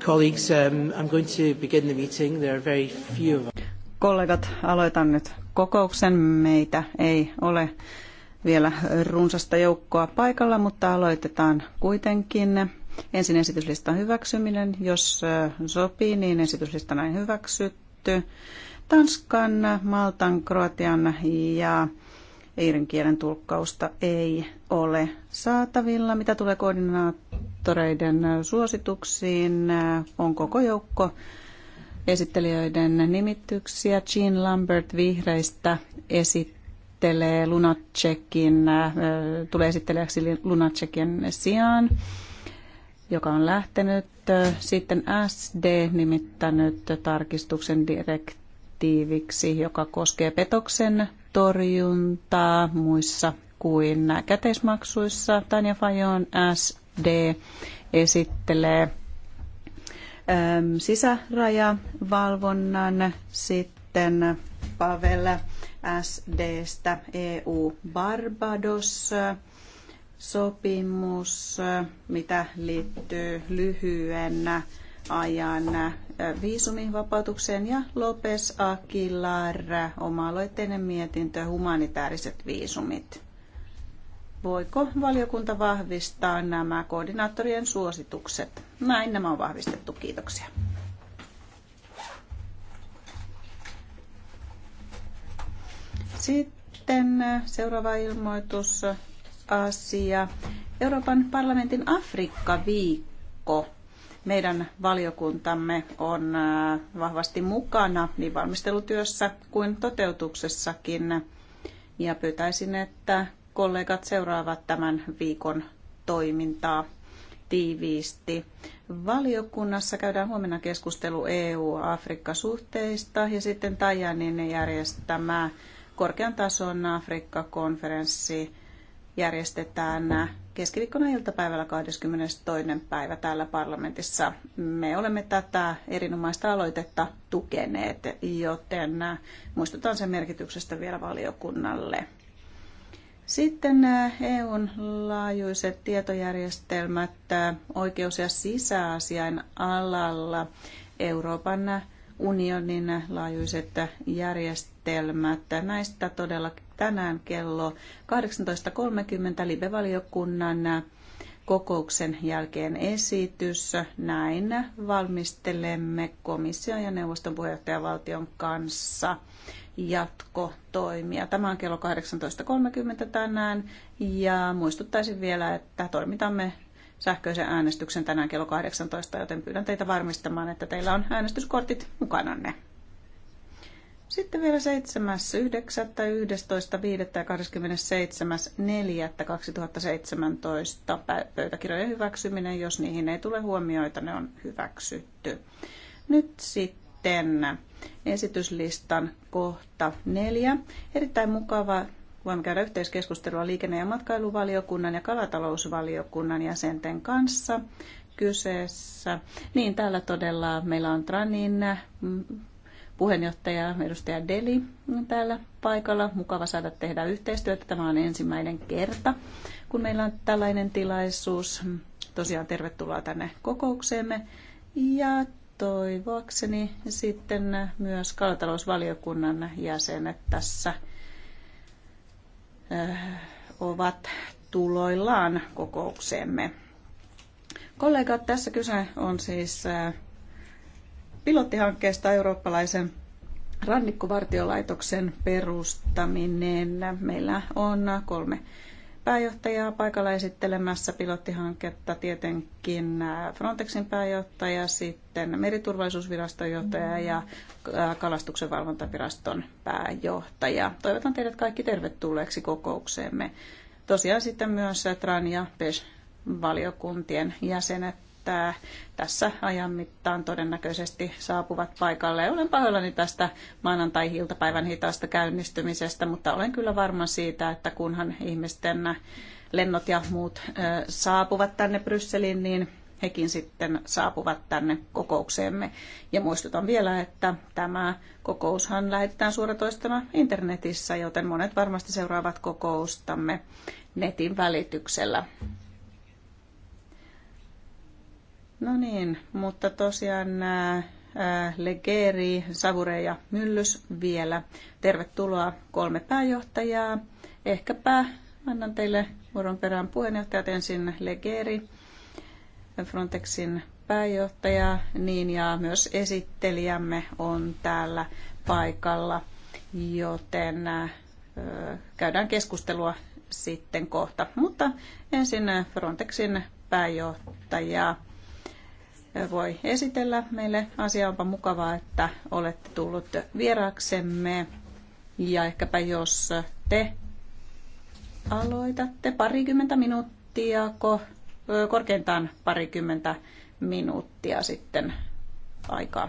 Colleagues, um, I'm going to begin the meeting. There are very few of us. Kollegat, aloitan nyt kokouksen. Meitä ei ole vielä runsasta joukkoa paikalla, mutta aloitetaan kuitenkin. Ensin esityslistan hyväksyminen. Jos äh, sopii, niin esityslista näin hyväksytty. Tanskan, Maltan, Kroatian ja kielen tulkkausta ei ole saatavilla. Mitä tulee koordinaattoreiden suosituksiin, on koko joukko esittelijöiden nimityksiä. Jean Lambert vihreistä esittelee Lunacekin, tulee esittelijäksi Lunacekin sijaan joka on lähtenyt. Sitten SD nimittänyt tarkistuksen direkt direktiiviksi, joka koskee petoksen torjuntaa muissa kuin käteismaksuissa. Tanja Fajon SD esittelee ähm, sisärajavalvonnan sitten Pavel SDstä EU Barbados sopimus, mitä liittyy lyhyen ajan viisumivapautukseen ja Lopes Aquilar oma-aloitteinen mietintö humanitaariset viisumit. Voiko valiokunta vahvistaa nämä koordinaattorien suositukset? Näin nämä on vahvistettu. Kiitoksia. Sitten seuraava ilmoitusasia. Euroopan parlamentin Afrikka-viikko meidän valiokuntamme on äh, vahvasti mukana niin valmistelutyössä kuin toteutuksessakin. Ja pyytäisin, että kollegat seuraavat tämän viikon toimintaa tiiviisti. Valiokunnassa käydään huomenna keskustelu EU-Afrikka-suhteista ja sitten Tajanin järjestämä korkean tason Afrikka-konferenssi järjestetään keskiviikkona iltapäivällä 22. päivä täällä parlamentissa. Me olemme tätä erinomaista aloitetta tukeneet, joten muistutan sen merkityksestä vielä valiokunnalle. Sitten eh, EUn laajuiset tietojärjestelmät eh, oikeus- ja sisäasiain alalla Euroopan unionin laajuiset järjestelmät. Näistä todella tänään kello 18.30 live-valiokunnan kokouksen jälkeen esitys. Näin valmistelemme komission ja neuvoston puheenjohtajavaltion kanssa jatkotoimia. Tämä on kello 18.30 tänään ja muistuttaisin vielä, että toimitamme sähköisen äänestyksen tänään kello 18, joten pyydän teitä varmistamaan, että teillä on äänestyskortit mukananne. Sitten vielä 7.9., 11.5. ja 27.4.2017 pöytäkirjojen hyväksyminen. Jos niihin ei tule huomioita, ne on hyväksytty. Nyt sitten esityslistan kohta neljä. Erittäin mukava Voimme käydä yhteiskeskustelua liikenne- ja matkailuvaliokunnan ja kalatalousvaliokunnan jäsenten kanssa kyseessä. Niin täällä todella meillä on Tranin Puheenjohtaja edustaja Deli on täällä paikalla. Mukava saada tehdä yhteistyötä. Tämä on ensimmäinen kerta, kun meillä on tällainen tilaisuus. Tosiaan tervetuloa tänne kokoukseemme. Ja toivoakseni sitten myös kalatalousvaliokunnan jäsenet tässä äh, ovat tuloillaan kokoukseemme. Kollegat, tässä kyse on siis äh, pilottihankkeesta eurooppalaisen rannikkovartiolaitoksen perustaminen. Meillä on kolme pääjohtajaa paikalla esittelemässä pilottihanketta, tietenkin Frontexin pääjohtaja, sitten meriturvallisuusviraston johtaja ja kalastuksen valvontaviraston pääjohtaja. Toivotan teidät kaikki tervetulleeksi kokoukseemme. Tosiaan sitten myös Tran ja PES valiokuntien jäsenet että tässä ajan mittaan todennäköisesti saapuvat paikalle. Olen pahoillani tästä maanantai-iltapäivän hitaasta käynnistymisestä, mutta olen kyllä varma siitä, että kunhan ihmisten lennot ja muut saapuvat tänne Brysseliin, niin hekin sitten saapuvat tänne kokoukseemme. Ja muistutan vielä, että tämä kokoushan lähetetään suoratoistona internetissä, joten monet varmasti seuraavat kokoustamme netin välityksellä. No niin, mutta tosiaan nämä Legeri, Savure ja Myllys vielä. Tervetuloa kolme pääjohtajaa. Ehkäpä annan teille vuoron perään puheenjohtajat ensin Legeri, Frontexin pääjohtaja, niin ja myös esittelijämme on täällä paikalla, joten käydään keskustelua sitten kohta. Mutta ensin Frontexin pääjohtajaa voi esitellä meille. Asia onpa mukavaa, että olette tullut vieraksemme. Ja ehkäpä jos te aloitatte parikymmentä minuuttia, korkeintaan parikymmentä minuuttia sitten aikaa.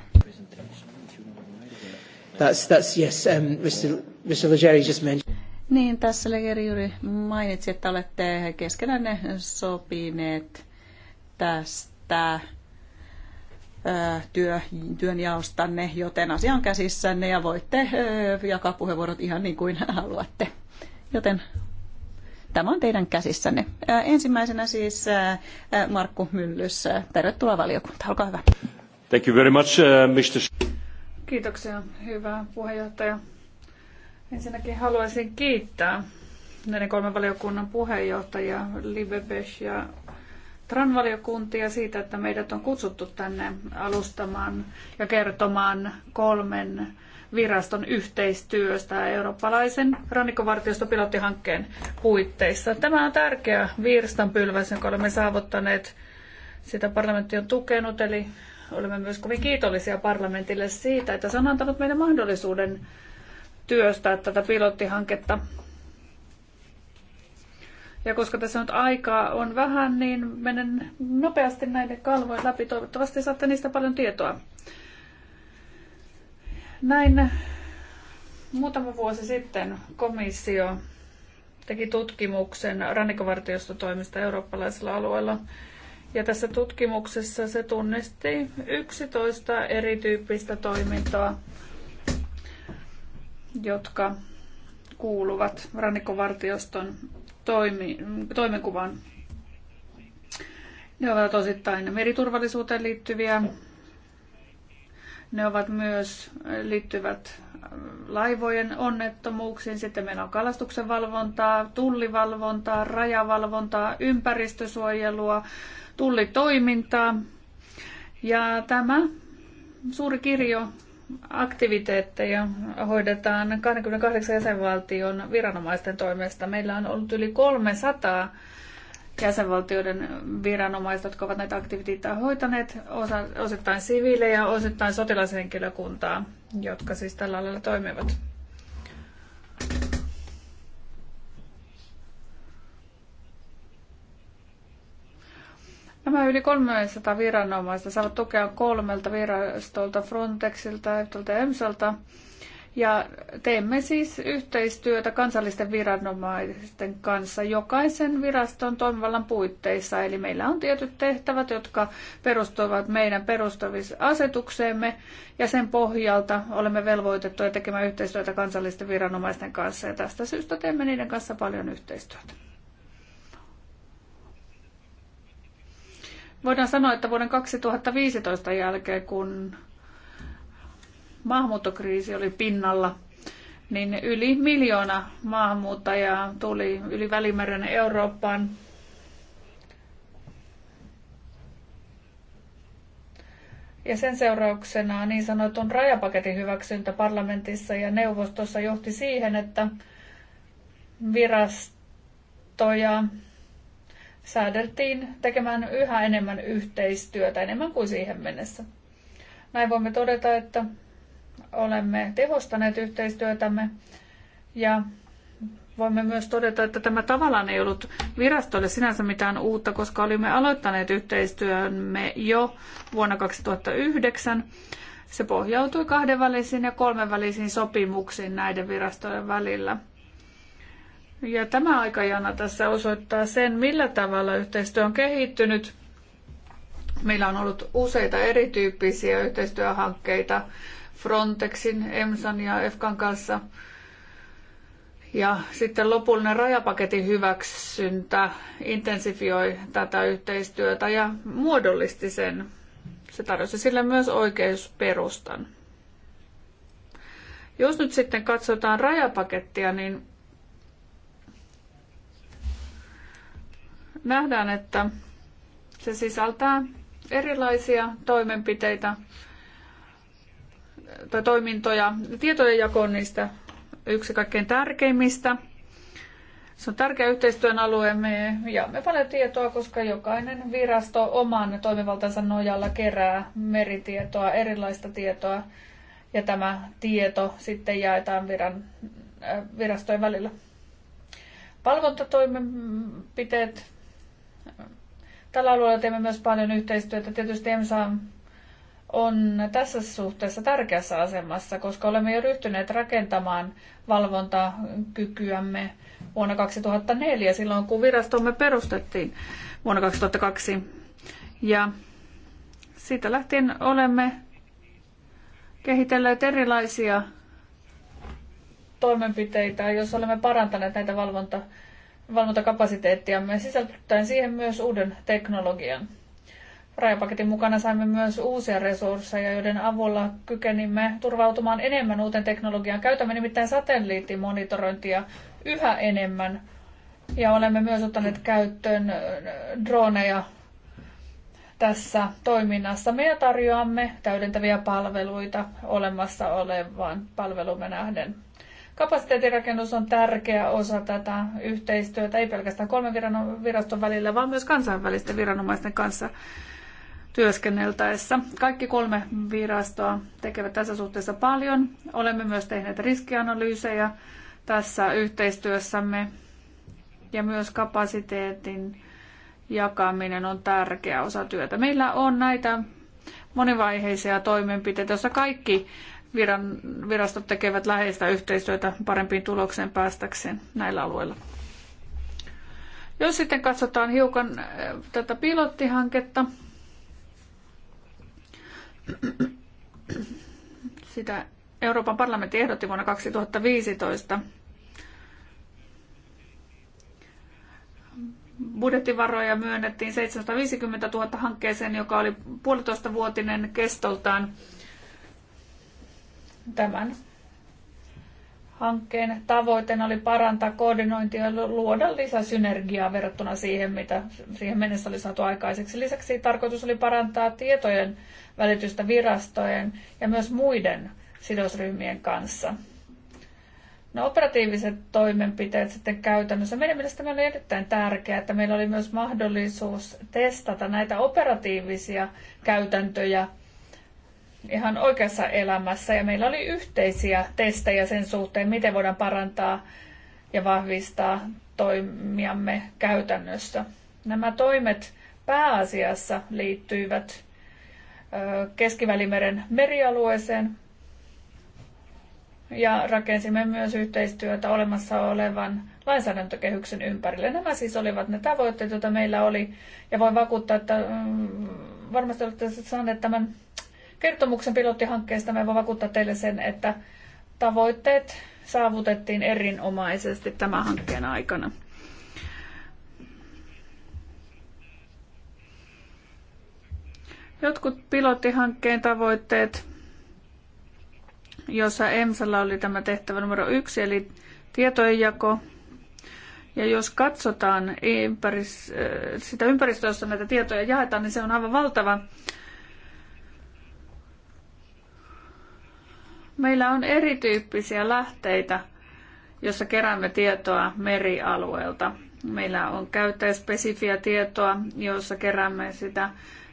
That's, that's yes, um, Mr. Mr. Legeri just mentioned. Niin, tässä Legeri juuri mainitsi, että olette keskenään sopineet tästä työ, työnjaostanne, joten asia on käsissänne ja voitte jakaa puheenvuorot ihan niin kuin haluatte. Joten tämä on teidän käsissänne. Ensimmäisenä siis Markku Myllys. Tervetuloa valiokuntaan. Olkaa hyvä. Thank you very much, uh, Mr. Kiitoksia, hyvä puheenjohtaja. Ensinnäkin haluaisin kiittää näiden kolmen valiokunnan puheenjohtajia, Libebesh ja TRAN-valiokuntia siitä, että meidät on kutsuttu tänne alustamaan ja kertomaan kolmen viraston yhteistyöstä eurooppalaisen rannikkovartiostopilottihankkeen puitteissa. Tämä on tärkeä virstanpylväs, jonka olemme saavuttaneet. Sitä parlamentti on tukenut, eli olemme myös kovin kiitollisia parlamentille siitä, että se on antanut meille mahdollisuuden työstää tätä pilottihanketta ja koska tässä nyt aikaa on vähän, niin menen nopeasti näiden kalvojen läpi. Toivottavasti saatte niistä paljon tietoa. Näin muutama vuosi sitten komissio teki tutkimuksen rannikovartiostotoimista eurooppalaisilla alueilla. Ja tässä tutkimuksessa se tunnisti 11 erityyppistä toimintaa, jotka kuuluvat rannikkovartioston toimi, toimenkuvan. Ne ovat osittain meriturvallisuuteen liittyviä. Ne ovat myös liittyvät äh, laivojen onnettomuuksiin. Sitten meillä on kalastuksen valvontaa, tullivalvontaa, rajavalvontaa, ympäristösuojelua, tullitoimintaa. Ja tämä suuri kirjo aktiviteetteja hoidetaan 28 jäsenvaltion viranomaisten toimesta. Meillä on ollut yli 300 jäsenvaltioiden viranomaista, jotka ovat näitä aktiviteetteja hoitaneet, osa, osittain siviilejä, osittain sotilashenkilökuntaa, jotka siis tällä alalla toimivat. Nämä yli 300 viranomaista saavat tukea kolmelta virastolta, Frontexilta, ja EMSalta. Ja teemme siis yhteistyötä kansallisten viranomaisten kanssa jokaisen viraston toimivallan puitteissa. Eli meillä on tietyt tehtävät, jotka perustuvat meidän perustavisasetukseemme ja sen pohjalta olemme velvoitettuja tekemään yhteistyötä kansallisten viranomaisten kanssa ja tästä syystä teemme niiden kanssa paljon yhteistyötä. Voidaan sanoa, että vuoden 2015 jälkeen, kun maahanmuuttokriisi oli pinnalla, niin yli miljoona maahanmuuttajaa tuli yli Välimeren Eurooppaan. Ja sen seurauksena niin sanotun rajapaketin hyväksyntä parlamentissa ja neuvostossa johti siihen, että virastoja säädeltiin tekemään yhä enemmän yhteistyötä, enemmän kuin siihen mennessä. Näin voimme todeta, että olemme tehostaneet yhteistyötämme ja voimme myös todeta, että tämä tavallaan ei ollut virastolle sinänsä mitään uutta, koska olimme aloittaneet yhteistyömme jo vuonna 2009. Se pohjautui kahdenvälisiin ja kolmenvälisiin sopimuksiin näiden virastojen välillä – ja tämä aikajana tässä osoittaa sen, millä tavalla yhteistyö on kehittynyt. Meillä on ollut useita erityyppisiä yhteistyöhankkeita Frontexin, EMSAN ja EFKAN kanssa. Ja sitten lopullinen rajapaketin hyväksyntä intensifioi tätä yhteistyötä ja muodollisti sen. Se tarjosi sille myös oikeusperustan. Jos nyt sitten katsotaan rajapakettia, niin nähdään, että se sisältää erilaisia toimenpiteitä tai toimintoja. Tietojen jako niistä yksi kaikkein tärkeimmistä. Se on tärkeä yhteistyön alue. Me jaamme paljon tietoa, koska jokainen virasto oman toimivaltansa nojalla kerää meritietoa, erilaista tietoa. Ja tämä tieto sitten jaetaan viran, äh, virastojen välillä. Valvontatoimenpiteet Tällä alueella teemme myös paljon yhteistyötä. Tietysti EMSA on tässä suhteessa tärkeässä asemassa, koska olemme jo ryhtyneet rakentamaan valvontakykyämme vuonna 2004, silloin kun virastomme perustettiin vuonna 2002. Ja siitä lähtien olemme kehitelleet erilaisia toimenpiteitä, jos olemme parantaneet näitä valvontakykyjä valvontakapasiteettiamme sisältäen siihen myös uuden teknologian. Rajapaketin mukana saimme myös uusia resursseja, joiden avulla kykenimme turvautumaan enemmän uuteen teknologiaan. Käytämme nimittäin satelliittimonitorointia yhä enemmän ja olemme myös ottaneet käyttöön droneja tässä toiminnassa. Me tarjoamme täydentäviä palveluita olemassa olevaan palvelumme nähden. Kapasiteettirakennus on tärkeä osa tätä yhteistyötä, ei pelkästään kolmen viraston välillä, vaan myös kansainvälisten viranomaisten kanssa työskenneltäessä. Kaikki kolme virastoa tekevät tässä suhteessa paljon. Olemme myös tehneet riskianalyysejä tässä yhteistyössämme ja myös kapasiteetin jakaminen on tärkeä osa työtä. Meillä on näitä monivaiheisia toimenpiteitä, joissa kaikki viran, virastot tekevät läheistä yhteistyötä parempiin tulokseen päästäkseen näillä alueilla. Jos sitten katsotaan hiukan äh, tätä pilottihanketta, sitä Euroopan parlamentti ehdotti vuonna 2015 budjettivaroja myönnettiin 750 000 hankkeeseen, joka oli puolitoista vuotinen kestoltaan Tämän hankkeen tavoitteena oli parantaa koordinointia ja luoda lisäsynergiaa verrattuna siihen, mitä siihen mennessä oli saatu aikaiseksi. Lisäksi tarkoitus oli parantaa tietojen välitystä virastojen ja myös muiden sidosryhmien kanssa. No operatiiviset toimenpiteet sitten käytännössä. Meidän mielestämme oli erittäin tärkeää, että meillä oli myös mahdollisuus testata näitä operatiivisia käytäntöjä ihan oikeassa elämässä ja meillä oli yhteisiä testejä sen suhteen, miten voidaan parantaa ja vahvistaa toimiamme käytännössä. Nämä toimet pääasiassa liittyivät Keskivälimeren merialueeseen ja rakensimme myös yhteistyötä olemassa olevan lainsäädäntökehyksen ympärille. Nämä siis olivat ne tavoitteet, joita meillä oli ja voin vakuuttaa, että mm, varmasti olette saaneet tämän kertomuksen pilottihankkeesta me voin vakuuttaa teille sen, että tavoitteet saavutettiin erinomaisesti tämän hankkeen aikana. Jotkut pilottihankkeen tavoitteet, jossa EMSalla oli tämä tehtävä numero yksi, eli tietojenjako. Ja jos katsotaan ympäris, sitä ympäristöä, jossa näitä tietoja jaetaan, niin se on aivan valtava Meillä on erityyppisiä lähteitä, jossa keräämme tietoa merialueelta. Meillä on käyttäjäspesifiä tietoa, jossa keräämme sitä.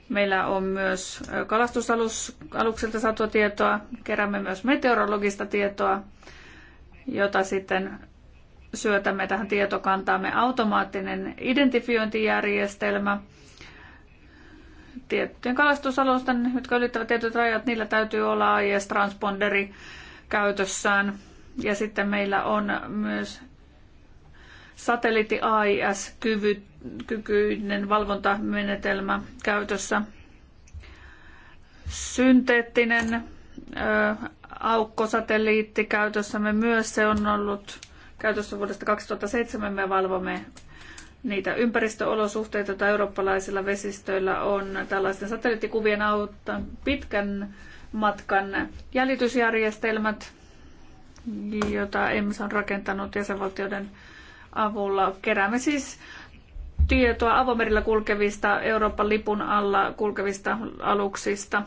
Meillä on myös kalastusalukselta saatua tietoa. Keräämme myös meteorologista tietoa, jota sitten syötämme tähän tietokantaamme automaattinen identifiointijärjestelmä – tiettyjen kalastusalusten, jotka ylittävät tietyt rajat, niillä täytyy olla AIS-transponderi käytössään. Ja sitten meillä on myös satelliitti AIS-kykyinen valvontamenetelmä käytössä. Synteettinen ö, aukkosatelliitti käytössämme myös se on ollut käytössä vuodesta 2007. Me valvomme niitä ympäristöolosuhteita, joita eurooppalaisilla vesistöillä on tällaisten satelliittikuvien autta pitkän matkan jäljitysjärjestelmät, joita EMS on rakentanut jäsenvaltioiden avulla. Keräämme siis tietoa avomerillä kulkevista, Euroopan lipun alla kulkevista aluksista.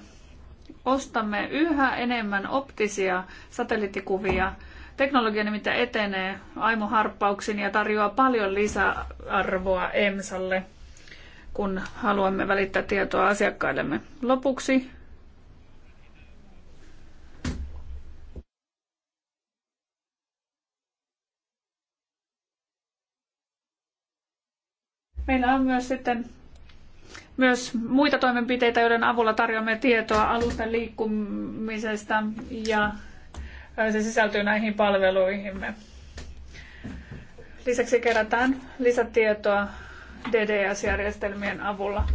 Ostamme yhä enemmän optisia satelliittikuvia Teknologia nimittäin etenee aimoharppauksin ja tarjoaa paljon lisäarvoa EMSalle, kun haluamme välittää tietoa asiakkaillemme. Lopuksi Meillä on myös sitten myös muita toimenpiteitä, joiden avulla tarjoamme tietoa alusten liikkumisesta ja se sisältyy näihin palveluihimme. Lisäksi kerätään lisätietoa DDS-järjestelmien avulla.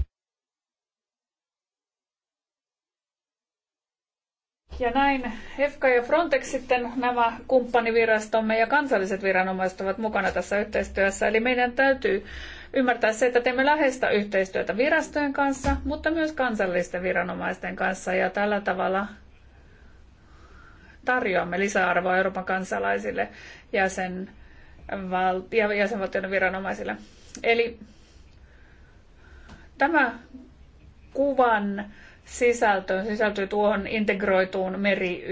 Ja näin EFKA ja Frontex sitten nämä kumppanivirastomme ja kansalliset viranomaiset ovat mukana tässä yhteistyössä. Eli meidän täytyy ymmärtää se, että teemme läheistä yhteistyötä virastojen kanssa, mutta myös kansallisten viranomaisten kanssa. Ja tällä tavalla tarjoamme lisäarvoa Euroopan kansalaisille ja jäsenvaltioiden viranomaisille. Eli tämä kuvan sisältö sisältyy tuohon integroituun meri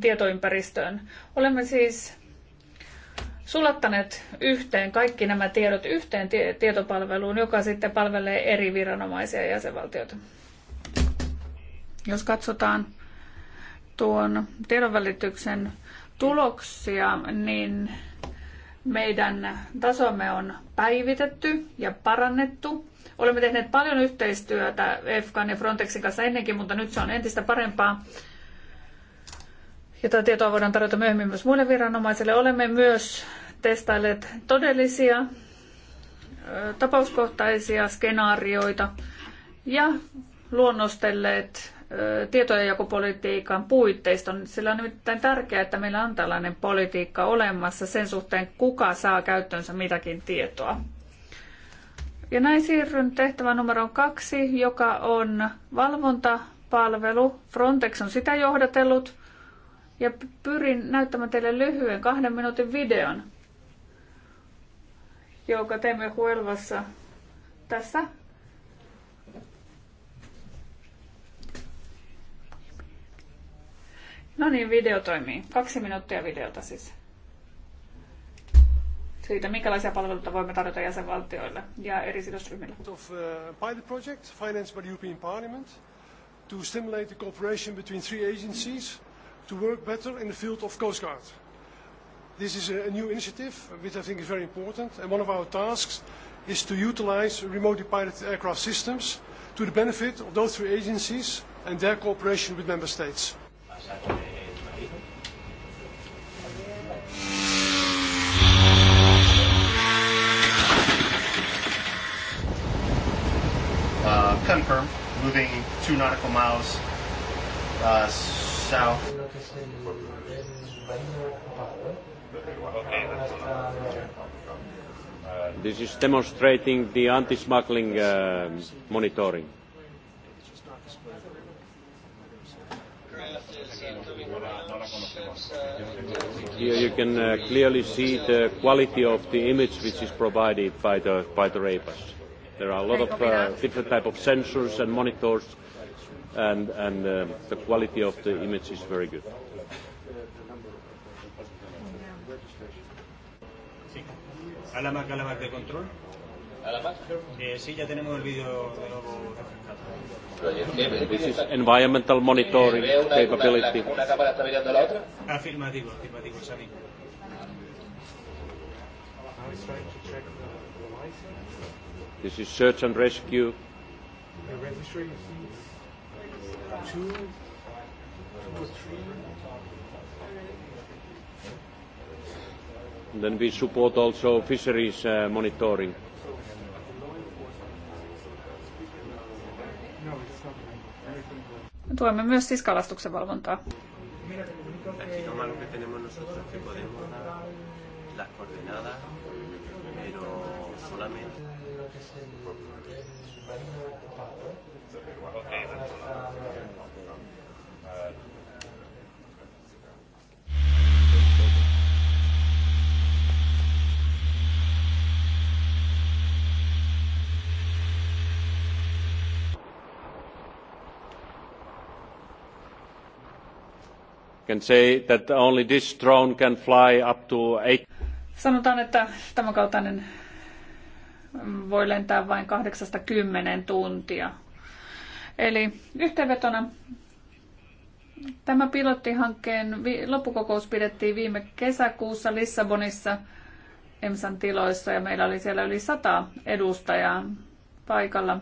tietoympäristöön. Olemme siis sulattaneet yhteen kaikki nämä tiedot yhteen tietopalveluun, joka sitten palvelee eri viranomaisia ja jäsenvaltioita. Jos katsotaan tuon tiedonvälityksen tuloksia, niin meidän tasomme on päivitetty ja parannettu. Olemme tehneet paljon yhteistyötä EFKAN ja Frontexin kanssa ennenkin, mutta nyt se on entistä parempaa. tätä tietoa voidaan tarjota myöhemmin myös muille viranomaisille. Olemme myös testailleet todellisia tapauskohtaisia skenaarioita ja luonnostelleet tietojenjakopolitiikan puitteista Sillä on nimittäin tärkeää, että meillä on tällainen politiikka olemassa sen suhteen, kuka saa käyttöönsä mitäkin tietoa. Ja näin siirryn tehtävän numero kaksi, joka on valvontapalvelu. Frontex on sitä johdatellut ja pyrin näyttämään teille lyhyen kahden minuutin videon, joka teemme Huelvassa tässä No niin, video toimii. Kaksi minuuttia videota siis. Siitä, minkälaisia palveluita voimme tarjota jäsenvaltioille ja eri sidosryhmille. Of, uh, project financed by the European Parliament to stimulate the cooperation between three agencies to work better in the field of Coast Guard. This is a new initiative, which I think is very important, and one of our tasks is to utilize remotely piloted aircraft systems to the benefit of those three agencies and their cooperation with member states. Exactly. uh, confirm, moving two nautical miles uh, south. This is demonstrating the anti-smuggling uh, monitoring. Here you can uh, clearly see the quality of the image which is provided by the, by the RAPAS. There are a lot of uh, different type of sensors and monitors, and, and uh, the quality of the image is very good. ¿A la de control? ¿A la Mac? Eh, sí, ya tenemos el vídeo de nuevo This is environmental monitoring eh, una, capability. Una, una cámara está mirando la otra? Afirmativo, afirmativo, Sami. Ah. I was trying to check This is search and rescue. two, two or three. And then we support also fisheries uh, monitoring. Tuemme myös siis kalastuksen valvontaa. las coordenadas, pero solamente can say that only this drone can fly up to eight. Sanotaan, että tämänkaltainen voi lentää vain 8-10 tuntia. Eli yhteenvetona tämä pilottihankkeen loppukokous pidettiin viime kesäkuussa Lissabonissa EMSAn tiloissa ja meillä oli siellä yli sata edustajaa paikalla.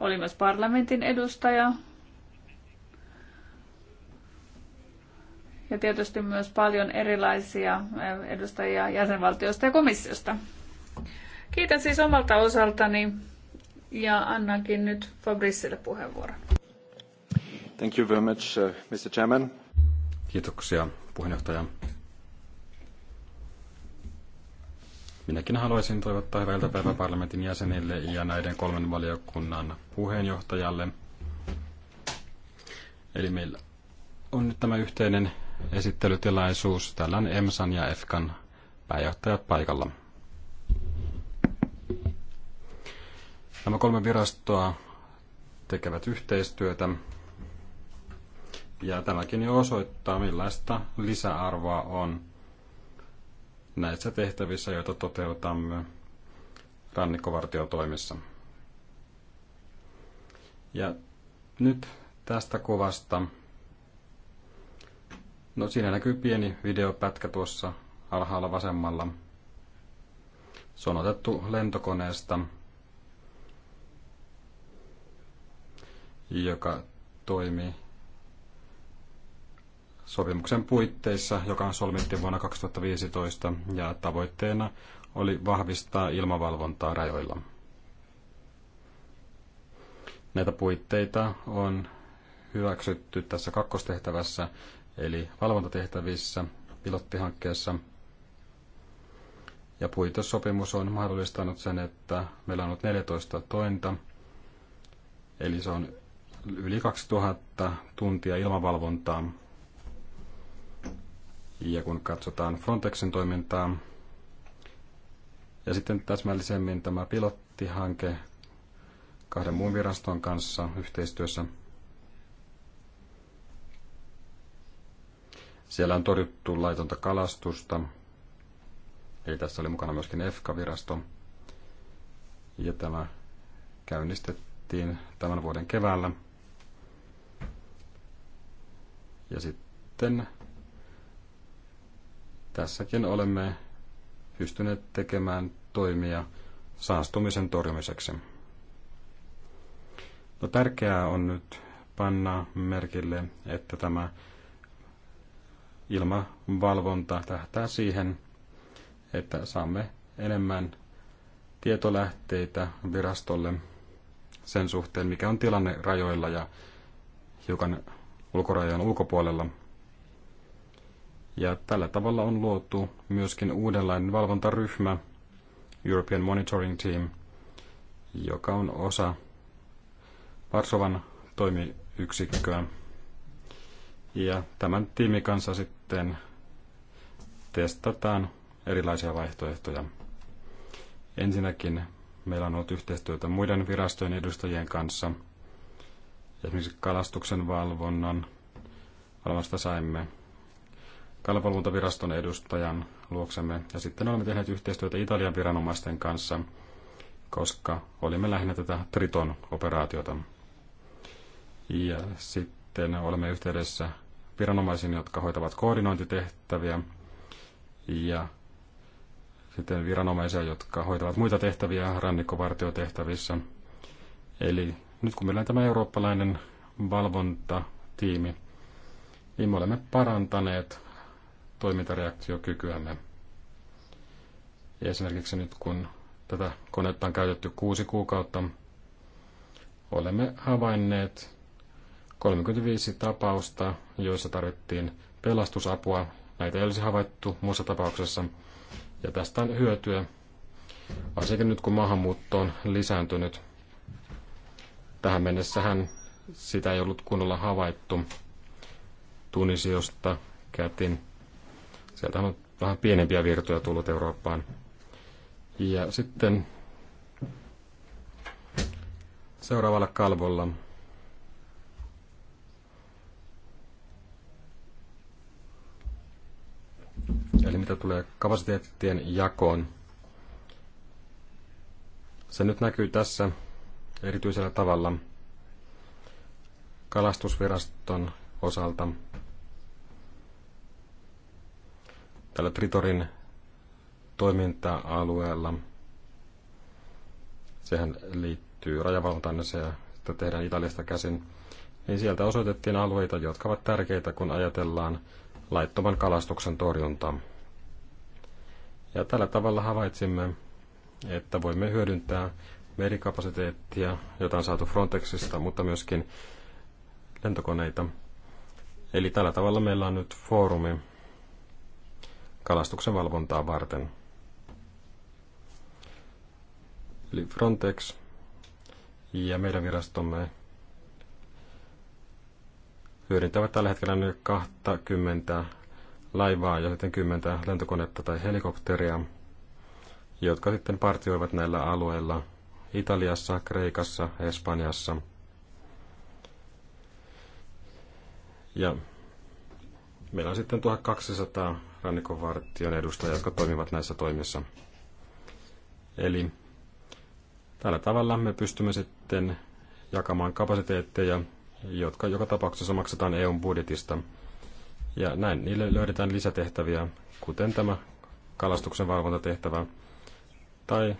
Oli myös parlamentin edustaja. Ja tietysti myös paljon erilaisia edustajia jäsenvaltioista ja komissiosta. Kiitän siis omalta osaltani ja annankin nyt Fabricelle puheenvuoron. Thank you very much, uh, Mr. Chairman. Kiitoksia, puheenjohtaja. Minäkin haluaisin toivottaa hyvää iltapäivää parlamentin jäsenille ja näiden kolmen valiokunnan puheenjohtajalle. Eli meillä on nyt tämä yhteinen esittelytilaisuus. Täällä on EMSAN ja EFKAN pääjohtajat paikalla. Nämä kolme virastoa tekevät yhteistyötä ja tämäkin jo osoittaa, millaista lisäarvoa on näissä tehtävissä, joita toteutamme rannikkovartiotoimissa. Ja nyt tästä kuvasta. No siinä näkyy pieni videopätkä tuossa alhaalla vasemmalla. Se on otettu lentokoneesta joka toimi sopimuksen puitteissa, joka solmittiin vuonna 2015 ja tavoitteena oli vahvistaa ilmavalvontaa rajoilla. Näitä puitteita on hyväksytty tässä kakkostehtävässä, eli valvontatehtävissä, pilottihankkeessa. Ja puitesopimus on mahdollistanut sen, että meillä on ollut 14 tointa, eli se on yli 2000 tuntia ilmavalvontaa. Ja kun katsotaan Frontexin toimintaa, ja sitten täsmällisemmin tämä pilottihanke kahden muun viraston kanssa yhteistyössä. Siellä on torjuttu laitonta kalastusta, eli tässä oli mukana myöskin EFKA-virasto, ja tämä käynnistettiin tämän vuoden keväällä. Ja sitten tässäkin olemme pystyneet tekemään toimia saastumisen torjumiseksi. No, tärkeää on nyt panna merkille, että tämä ilmavalvonta tähtää siihen, että saamme enemmän tietolähteitä virastolle sen suhteen, mikä on tilanne rajoilla ja hiukan ulkorajojen ulkopuolella. Ja tällä tavalla on luotu myöskin uudenlainen valvontaryhmä, European Monitoring Team, joka on osa Varsovan toimiyksikköä. Ja tämän tiimin kanssa sitten testataan erilaisia vaihtoehtoja. Ensinnäkin meillä on ollut yhteistyötä muiden virastojen edustajien kanssa – Esimerkiksi kalastuksen valvonnan valvonnasta saimme kalapalvontaviraston edustajan luoksemme. Ja sitten olemme tehneet yhteistyötä Italian viranomaisten kanssa, koska olimme lähinnä tätä Triton-operaatiota. Ja sitten olemme yhteydessä viranomaisiin, jotka hoitavat koordinointitehtäviä ja sitten viranomaisia, jotka hoitavat muita tehtäviä rannikkovartiotehtävissä. Eli nyt kun meillä on tämä eurooppalainen valvontatiimi, niin me olemme parantaneet toimintareaktiokykyämme. Ja esimerkiksi nyt kun tätä konetta on käytetty kuusi kuukautta, olemme havainneet 35 tapausta, joissa tarvittiin pelastusapua. Näitä ei olisi havaittu muussa tapauksessa. Ja tästä on hyötyä, varsinkin nyt kun maahanmuutto on lisääntynyt Tähän mennessähän sitä ei ollut kunnolla havaittu Tunisiosta kätin. Sieltä on vähän pienempiä virtoja tullut Eurooppaan. Ja sitten seuraavalla kalvolla Eli mitä tulee kapasiteettien jakoon. Se nyt näkyy tässä erityisellä tavalla kalastusviraston osalta tällä Tritorin toiminta-alueella. Sehän liittyy rajavalvontaan ja sitä tehdään Italiasta käsin. Niin sieltä osoitettiin alueita, jotka ovat tärkeitä, kun ajatellaan laittoman kalastuksen torjuntaa. Ja tällä tavalla havaitsimme, että voimme hyödyntää merikapasiteettia, jota on saatu Frontexista, mutta myöskin lentokoneita. Eli tällä tavalla meillä on nyt foorumi kalastuksen valvontaa varten. Eli Frontex ja meidän virastomme hyödyntävät tällä hetkellä nyt 20 laivaa ja sitten 10 lentokonetta tai helikopteria, jotka sitten partioivat näillä alueilla – Italiassa, Kreikassa, Espanjassa. Ja meillä on sitten 1200 rannikonvartijan edustajia, jotka toimivat näissä toimissa. Eli tällä tavalla me pystymme sitten jakamaan kapasiteetteja, jotka joka tapauksessa maksetaan EUn budjetista. Ja näin niille löydetään lisätehtäviä, kuten tämä kalastuksen valvontatehtävä tai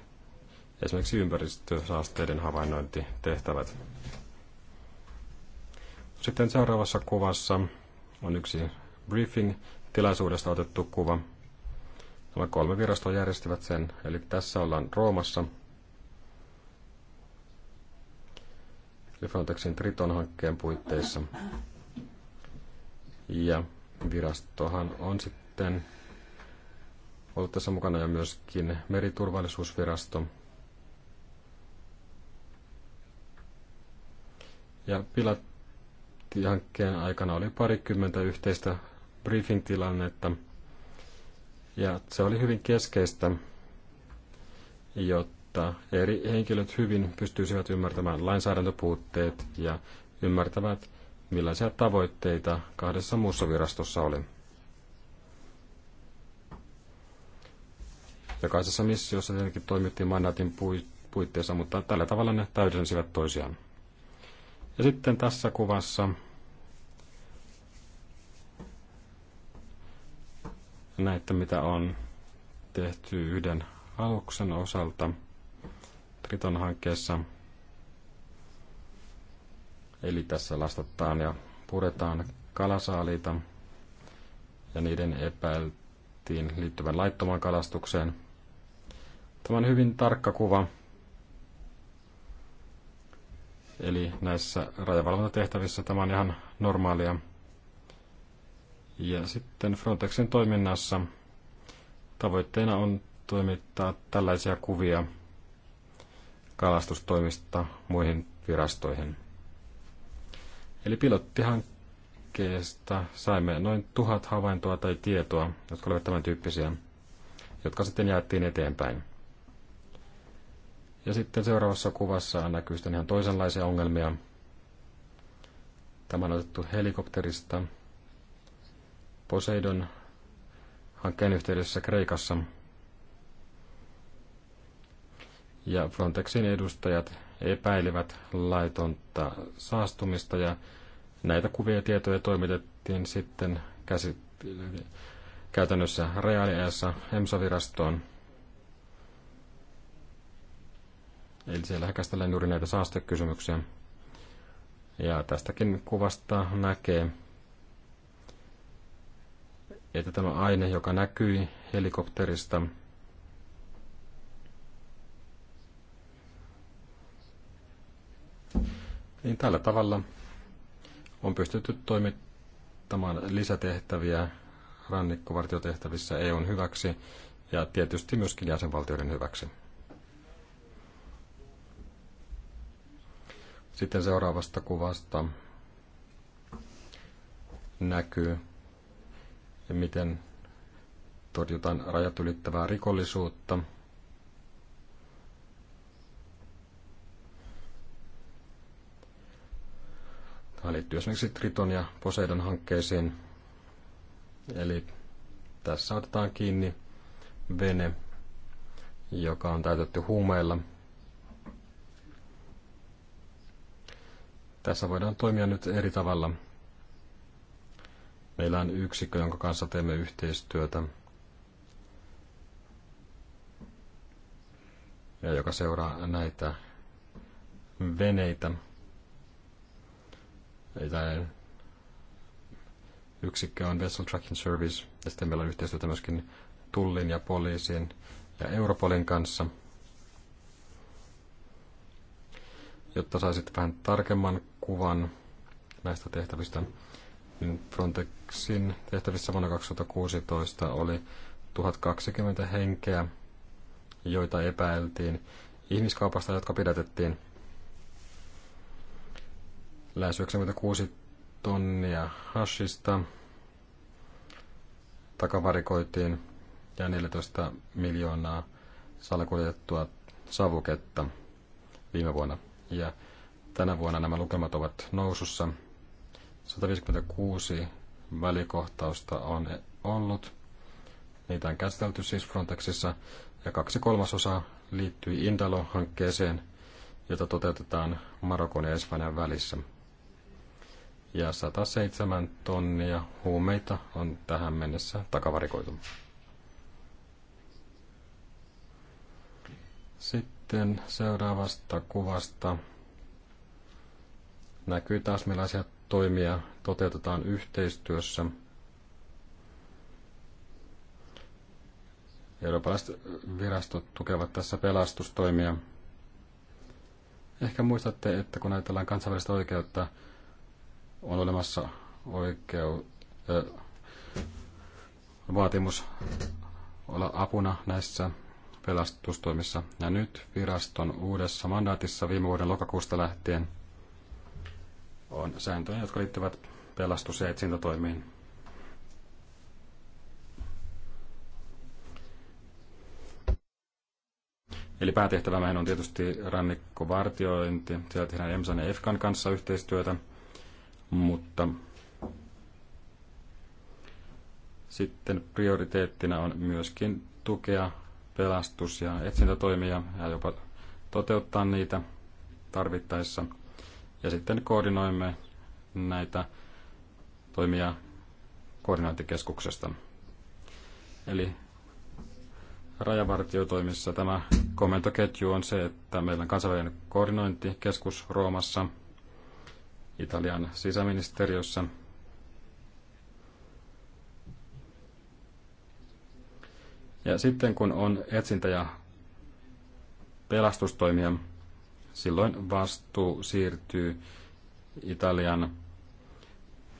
esimerkiksi ympäristösaasteiden havainnointitehtävät. Sitten seuraavassa kuvassa on yksi briefing-tilaisuudesta otettu kuva. Nämä kolme virastoa järjestivät sen, eli tässä ollaan Roomassa. Eli Frontexin Triton-hankkeen puitteissa. Ja virastohan on sitten ollut tässä mukana ja myöskin meriturvallisuusvirasto, Ja pilottihankkeen aikana oli parikymmentä yhteistä briefing-tilannetta. Ja se oli hyvin keskeistä, jotta eri henkilöt hyvin pystyisivät ymmärtämään lainsäädäntöpuutteet ja ymmärtävät, millaisia tavoitteita kahdessa muussa virastossa oli. Jokaisessa missiossa tietenkin toimittiin mandaatin puitteissa, mutta tällä tavalla ne täydensivät toisiaan. Ja sitten tässä kuvassa näette, mitä on tehty yhden aluksen osalta Triton hankkeessa. Eli tässä lastataan ja puretaan kalasaaliita ja niiden epäiltiin liittyvän laittomaan kalastukseen. Tämä on hyvin tarkka kuva Eli näissä rajavalvontatehtävissä tämä on ihan normaalia. Ja sitten Frontexin toiminnassa tavoitteena on toimittaa tällaisia kuvia kalastustoimista muihin virastoihin. Eli pilottihankkeesta saimme noin tuhat havaintoa tai tietoa, jotka olivat tämän tyyppisiä, jotka sitten jaettiin eteenpäin. Ja sitten seuraavassa kuvassa näkyy sitten ihan toisenlaisia ongelmia. Tämä on otettu helikopterista Poseidon hankkeen yhteydessä Kreikassa. Ja Frontexin edustajat epäilivät laitonta saastumista ja näitä kuvia ja tietoja toimitettiin sitten käsit- käytännössä reaaliajassa EMSA-virastoon. Eli siellä käsitellään juuri näitä saastekysymyksiä. Ja tästäkin kuvasta näkee, että tämä aine, joka näkyi helikopterista, niin tällä tavalla on pystytty toimittamaan lisätehtäviä rannikkovartiotehtävissä EUn hyväksi ja tietysti myöskin jäsenvaltioiden hyväksi. Sitten seuraavasta kuvasta näkyy, miten torjutaan rajat ylittävää rikollisuutta. Tämä liittyy esimerkiksi Triton ja Poseidon hankkeisiin. Eli tässä otetaan kiinni vene, joka on täytetty huumeilla – Tässä voidaan toimia nyt eri tavalla. Meillä on yksikkö, jonka kanssa teemme yhteistyötä ja joka seuraa näitä veneitä. Tämä yksikkö on Vessel Tracking Service ja sitten meillä on yhteistyötä myöskin Tullin ja poliisin ja Europolin kanssa. Jotta saisit vähän tarkemman kuvan näistä tehtävistä. Niin Frontexin tehtävissä vuonna 2016 oli 1020 henkeä, joita epäiltiin ihmiskaupasta, jotka pidätettiin. Lähes 96 tonnia hashista takavarikoitiin ja 14 miljoonaa salakuljetettua savuketta viime vuonna. Ja Tänä vuonna nämä lukemat ovat nousussa. 156 välikohtausta on ollut. Niitä on käsitelty siis Frontexissa ja kaksi kolmasosaa liittyi Indalo-hankkeeseen, jota toteutetaan Marokon ja Espanjan välissä. Ja 107 tonnia huumeita on tähän mennessä takavarikoitu. Sitten seuraavasta kuvasta näkyy taas millaisia toimia toteutetaan yhteistyössä. Eurooppalaiset virastot tukevat tässä pelastustoimia. Ehkä muistatte, että kun ajatellaan kansainvälistä oikeutta, on olemassa oikeu, äh, vaatimus olla apuna näissä pelastustoimissa. Ja nyt viraston uudessa mandaatissa viime vuoden lokakuusta lähtien – on sääntöjä, jotka liittyvät pelastus- ja etsintätoimiin. Eli päätehtävämme on tietysti rannikkovartiointi. Siellä tehdään EMSAN ja EFKAN kanssa yhteistyötä, mutta sitten prioriteettina on myöskin tukea pelastus- ja etsintätoimia ja jopa toteuttaa niitä tarvittaessa – ja sitten koordinoimme näitä toimia koordinointikeskuksesta. Eli rajavartiotoimissa tämä komentoketju on se, että meillä on kansainvälinen koordinointikeskus Roomassa, Italian sisäministeriössä. Ja sitten kun on etsintä- ja pelastustoimia, silloin vastuu siirtyy Italian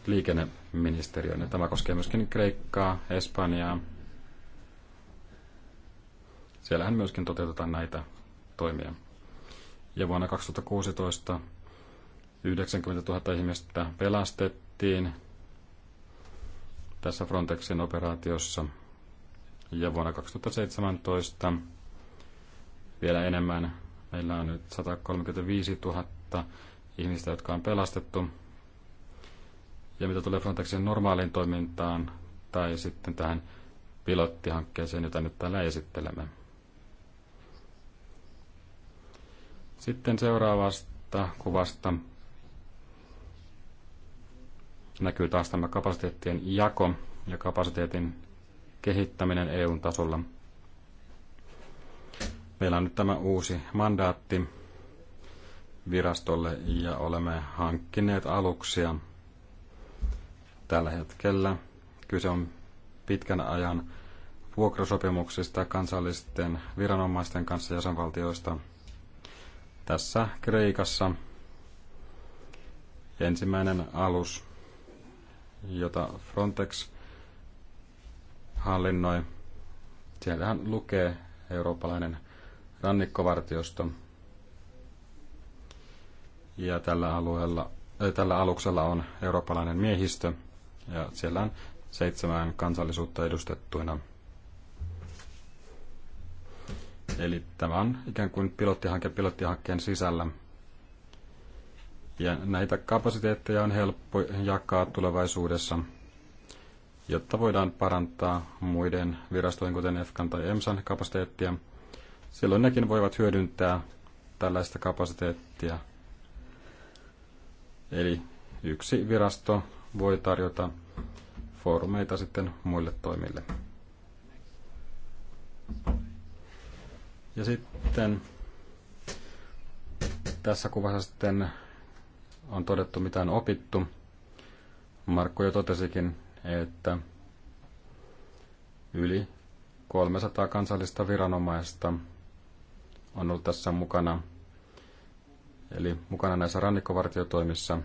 liikenneministeriöön. Ja tämä koskee myöskin Kreikkaa, Espanjaa. Siellähän myöskin toteutetaan näitä toimia. Ja vuonna 2016 90 000 ihmistä pelastettiin tässä Frontexin operaatiossa. Ja vuonna 2017 vielä enemmän Meillä on nyt 135 000 ihmistä, jotka on pelastettu. Ja mitä tulee Frontexin normaaliin toimintaan tai sitten tähän pilottihankkeeseen, jota nyt täällä esittelemme. Sitten seuraavasta kuvasta näkyy taas tämä kapasiteettien jako ja kapasiteetin kehittäminen eu tasolla – Meillä on nyt tämä uusi mandaatti virastolle ja olemme hankkineet aluksia tällä hetkellä. Kyse on pitkän ajan vuokrasopimuksista kansallisten viranomaisten kanssa jäsenvaltioista. Tässä Kreikassa ensimmäinen alus, jota Frontex hallinnoi. Siellähän lukee eurooppalainen rannikkovartiosto. Ja tällä, alueella, äh, tällä aluksella on eurooppalainen miehistö ja siellä on seitsemän kansallisuutta edustettuina. Eli tämä on ikään kuin pilottihanke pilottihankkeen sisällä. Ja näitä kapasiteetteja on helppo jakaa tulevaisuudessa, jotta voidaan parantaa muiden virastojen, kuten EFKAN tai EMSAN kapasiteettia – silloin nekin voivat hyödyntää tällaista kapasiteettia. Eli yksi virasto voi tarjota foorumeita sitten muille toimille. Ja sitten tässä kuvassa sitten on todettu, mitä on opittu. Markku jo totesikin, että yli 300 kansallista viranomaista on ollut tässä mukana. Eli mukana näissä rannikkovartiotoimissa.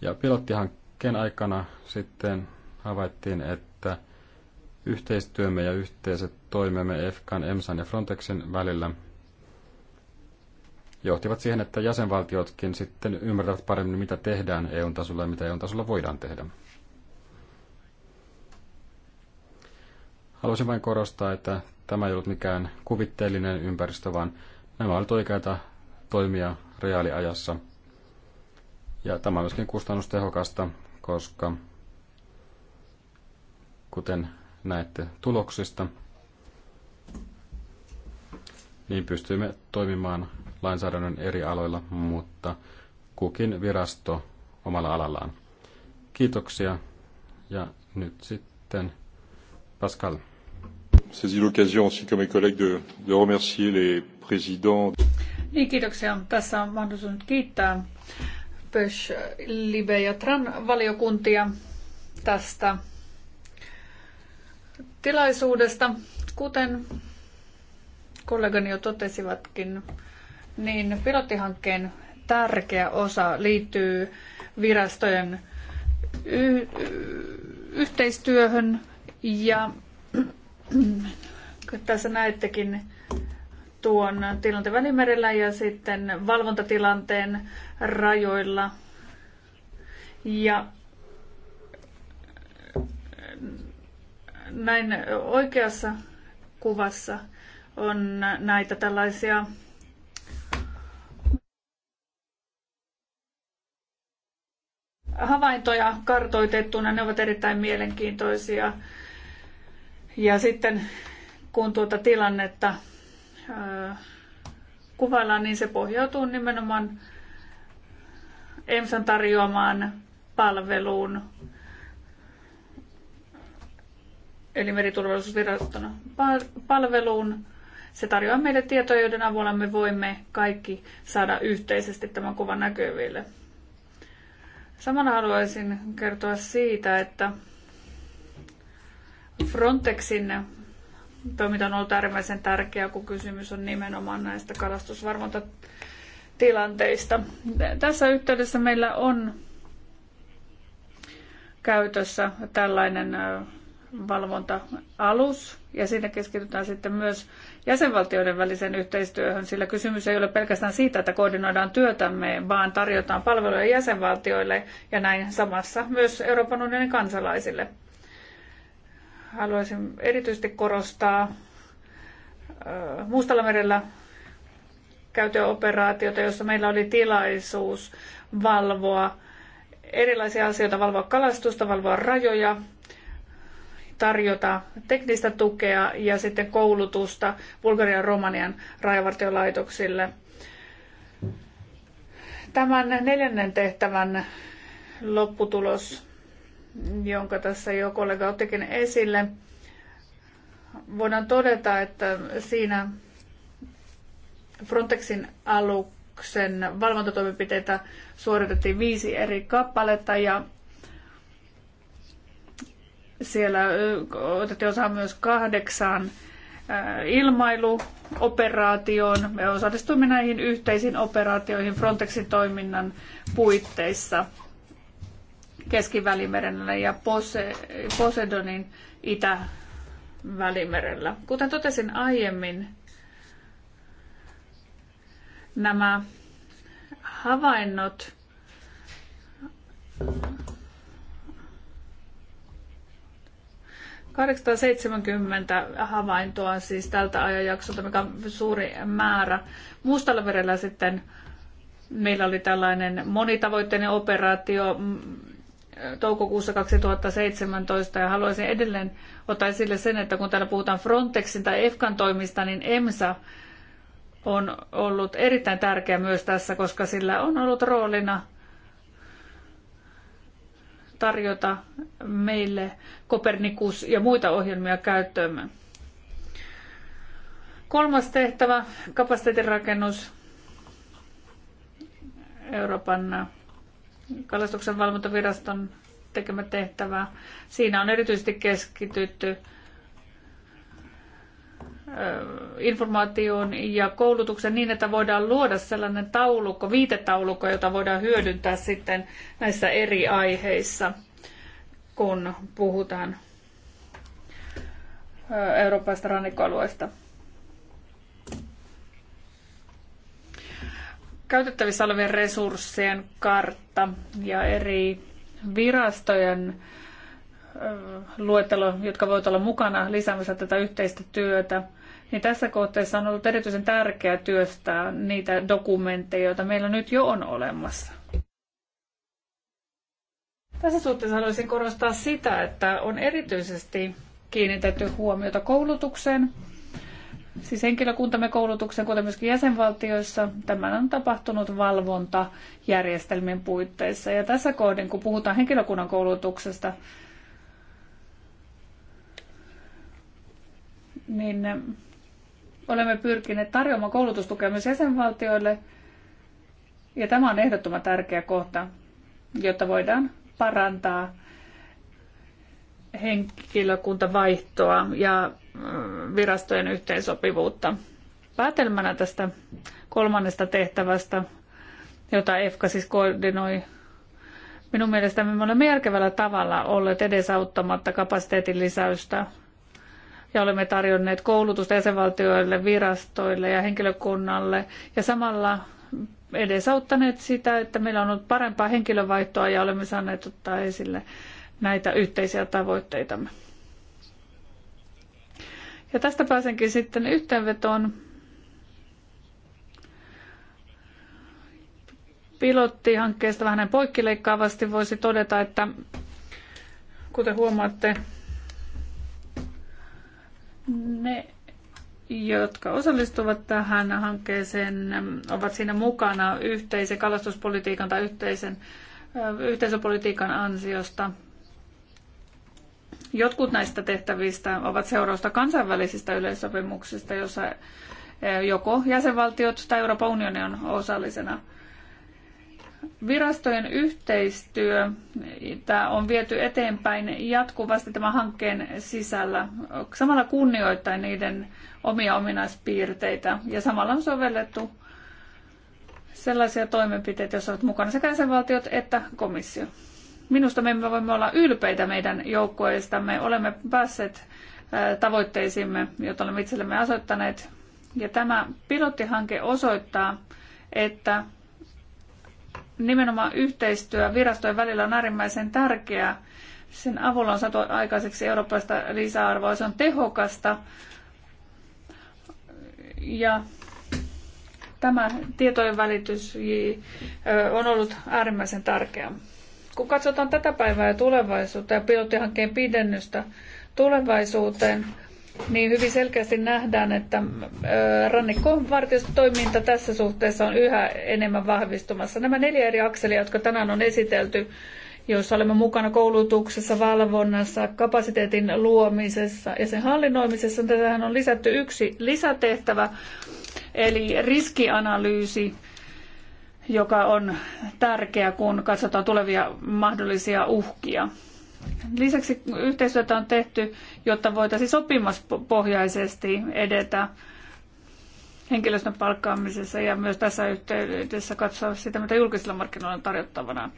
Ja pilottihankkeen aikana sitten havaittiin, että yhteistyömme ja yhteiset toimemme EFKAN, EMSAN ja Frontexin välillä johtivat siihen, että jäsenvaltiotkin sitten ymmärtävät paremmin, mitä tehdään EUn tasolla ja mitä EUn tasolla voidaan tehdä. Haluaisin vain korostaa, että Tämä ei ollut mikään kuvitteellinen ympäristö, vaan nämä olivat oikeita toimia reaaliajassa. Ja tämä on myöskin kustannustehokasta, koska kuten näette tuloksista, niin pystyimme toimimaan lainsäädännön eri aloilla, mutta kukin virasto omalla alallaan. Kiitoksia ja nyt sitten Pascal saisi l'occasion aussi comme mes collègues de, de remercier les présidents. Niin, kiitoksia. Tässä on mahdollisuus nyt kiittää Pösh, Libe ja Tran valiokuntia tästä tilaisuudesta. Kuten kollegani jo totesivatkin, niin pilottihankkeen tärkeä osa liittyy virastojen yhteistyöhön ja tässä näettekin tuon tilanteen välimerellä ja sitten valvontatilanteen rajoilla. Ja näin oikeassa kuvassa on näitä tällaisia havaintoja kartoitettuna. Ne ovat erittäin mielenkiintoisia ja sitten kun tuota tilannetta kuvaillaan, niin se pohjautuu nimenomaan EMSan tarjoamaan palveluun, eli meriturvallisuusviraston palveluun. Se tarjoaa meille tietoja, joiden avulla me voimme kaikki saada yhteisesti tämän kuvan näkyville. Samalla haluaisin kertoa siitä, että Frontexin toiminta on ollut äärimmäisen tärkeää, kun kysymys on nimenomaan näistä kalastusvarmontatilanteista. Tässä yhteydessä meillä on käytössä tällainen valvonta-alus, ja siinä keskitytään sitten myös jäsenvaltioiden väliseen yhteistyöhön, sillä kysymys ei ole pelkästään siitä, että koordinoidaan työtämme, vaan tarjotaan palveluja jäsenvaltioille ja näin samassa myös Euroopan unionin kansalaisille haluaisin erityisesti korostaa Mustalla merellä käytyä operaatiota, jossa meillä oli tilaisuus valvoa erilaisia asioita, valvoa kalastusta, valvoa rajoja, tarjota teknistä tukea ja sitten koulutusta Bulgarian ja Romanian rajavartiolaitoksille. Tämän neljännen tehtävän lopputulos jonka tässä jo kollega ottikin esille, voidaan todeta, että siinä Frontexin aluksen valvontatoimenpiteitä suoritettiin viisi eri kappaletta ja siellä otettiin osaa myös kahdeksaan ilmailuoperaatioon. Me osallistuimme näihin yhteisiin operaatioihin Frontexin toiminnan puitteissa. Keski-Välimerellä ja Poseidonin Itä-Välimerellä. Kuten totesin aiemmin, nämä havainnot ...870 havaintoa siis tältä ajanjaksolta, mikä on suuri määrä. Mustalla verellä sitten meillä oli tällainen monitavoitteinen operaatio toukokuussa 2017 ja haluaisin edelleen ottaa esille sen, että kun täällä puhutaan Frontexin tai EFKAN toimista, niin EMSA on ollut erittäin tärkeä myös tässä, koska sillä on ollut roolina tarjota meille Kopernikus ja muita ohjelmia käyttöömme. Kolmas tehtävä, kapasiteetin rakennus Euroopan kalastuksen valvontaviraston tekemä tehtävä. Siinä on erityisesti keskitytty informaatioon ja koulutuksen niin, että voidaan luoda sellainen taulukko, viitetaulukko, jota voidaan hyödyntää sitten näissä eri aiheissa, kun puhutaan Euroopasta rannikkoalueesta. käytettävissä olevien resurssien kartta ja eri virastojen luettelo, jotka voivat olla mukana lisäämässä tätä yhteistä työtä, niin tässä kohteessa on ollut erityisen tärkeää työstää niitä dokumentteja, joita meillä nyt jo on olemassa. Tässä suhteessa haluaisin korostaa sitä, että on erityisesti kiinnitetty huomiota koulutukseen, siis henkilökuntamme koulutuksen, kuten myöskin jäsenvaltioissa. Tämä on tapahtunut valvontajärjestelmien puitteissa. Ja tässä kohdin, kun puhutaan henkilökunnan koulutuksesta, niin olemme pyrkineet tarjoamaan koulutustukea myös jäsenvaltioille. Ja tämä on ehdottoman tärkeä kohta, jotta voidaan parantaa henkilökuntavaihtoa ja virastojen yhteensopivuutta. Päätelmänä tästä kolmannesta tehtävästä, jota EFKA siis koordinoi, minun mielestäni me olemme järkevällä tavalla olleet edesauttamatta kapasiteetin lisäystä ja olemme tarjonneet koulutusta jäsenvaltioille, virastoille ja henkilökunnalle ja samalla edesauttaneet sitä, että meillä on ollut parempaa henkilövaihtoa ja olemme saaneet ottaa esille näitä yhteisiä tavoitteitamme. Ja tästä pääsenkin sitten yhteenvetoon. Pilottihankkeesta vähän poikkileikkaavasti voisi todeta, että kuten huomaatte, ne, jotka osallistuvat tähän hankkeeseen, ovat siinä mukana yhteisen kalastuspolitiikan tai yhteisen yhteisöpolitiikan ansiosta. Jotkut näistä tehtävistä ovat seurausta kansainvälisistä yleissopimuksista, joissa eh, joko jäsenvaltiot tai Euroopan unioni on osallisena. Virastojen yhteistyö tämä on viety eteenpäin jatkuvasti tämän hankkeen sisällä, samalla kunnioittain niiden omia ominaispiirteitä ja samalla on sovellettu sellaisia toimenpiteitä, joissa ovat mukana sekä jäsenvaltiot että komissio. Minusta me emme voimme olla ylpeitä meidän joukkueestamme. Olemme päässeet tavoitteisiimme, joita olemme itsellemme asettaneet. Ja tämä pilottihanke osoittaa, että nimenomaan yhteistyö virastojen välillä on äärimmäisen tärkeää. Sen avulla on saatu aikaiseksi eurooppalaista lisäarvoa. Se on tehokasta. Ja tämä tietojen välitys on ollut äärimmäisen tärkeää. Kun katsotaan tätä päivää ja tulevaisuutta ja pilottihankkeen pidennystä tulevaisuuteen, niin hyvin selkeästi nähdään, että toiminta tässä suhteessa on yhä enemmän vahvistumassa. Nämä neljä eri akselia, jotka tänään on esitelty, joissa olemme mukana koulutuksessa, valvonnassa, kapasiteetin luomisessa ja sen hallinnoimisessa. Tähän on lisätty yksi lisätehtävä, eli riskianalyysi joka on tärkeä, kun katsotaan tulevia mahdollisia uhkia. Lisäksi yhteistyötä on tehty, jotta voitaisiin sopimuspohjaisesti edetä henkilöstön palkkaamisessa ja myös tässä yhteydessä katsoa sitä, mitä julkisilla markkinoilla on tarjottavana.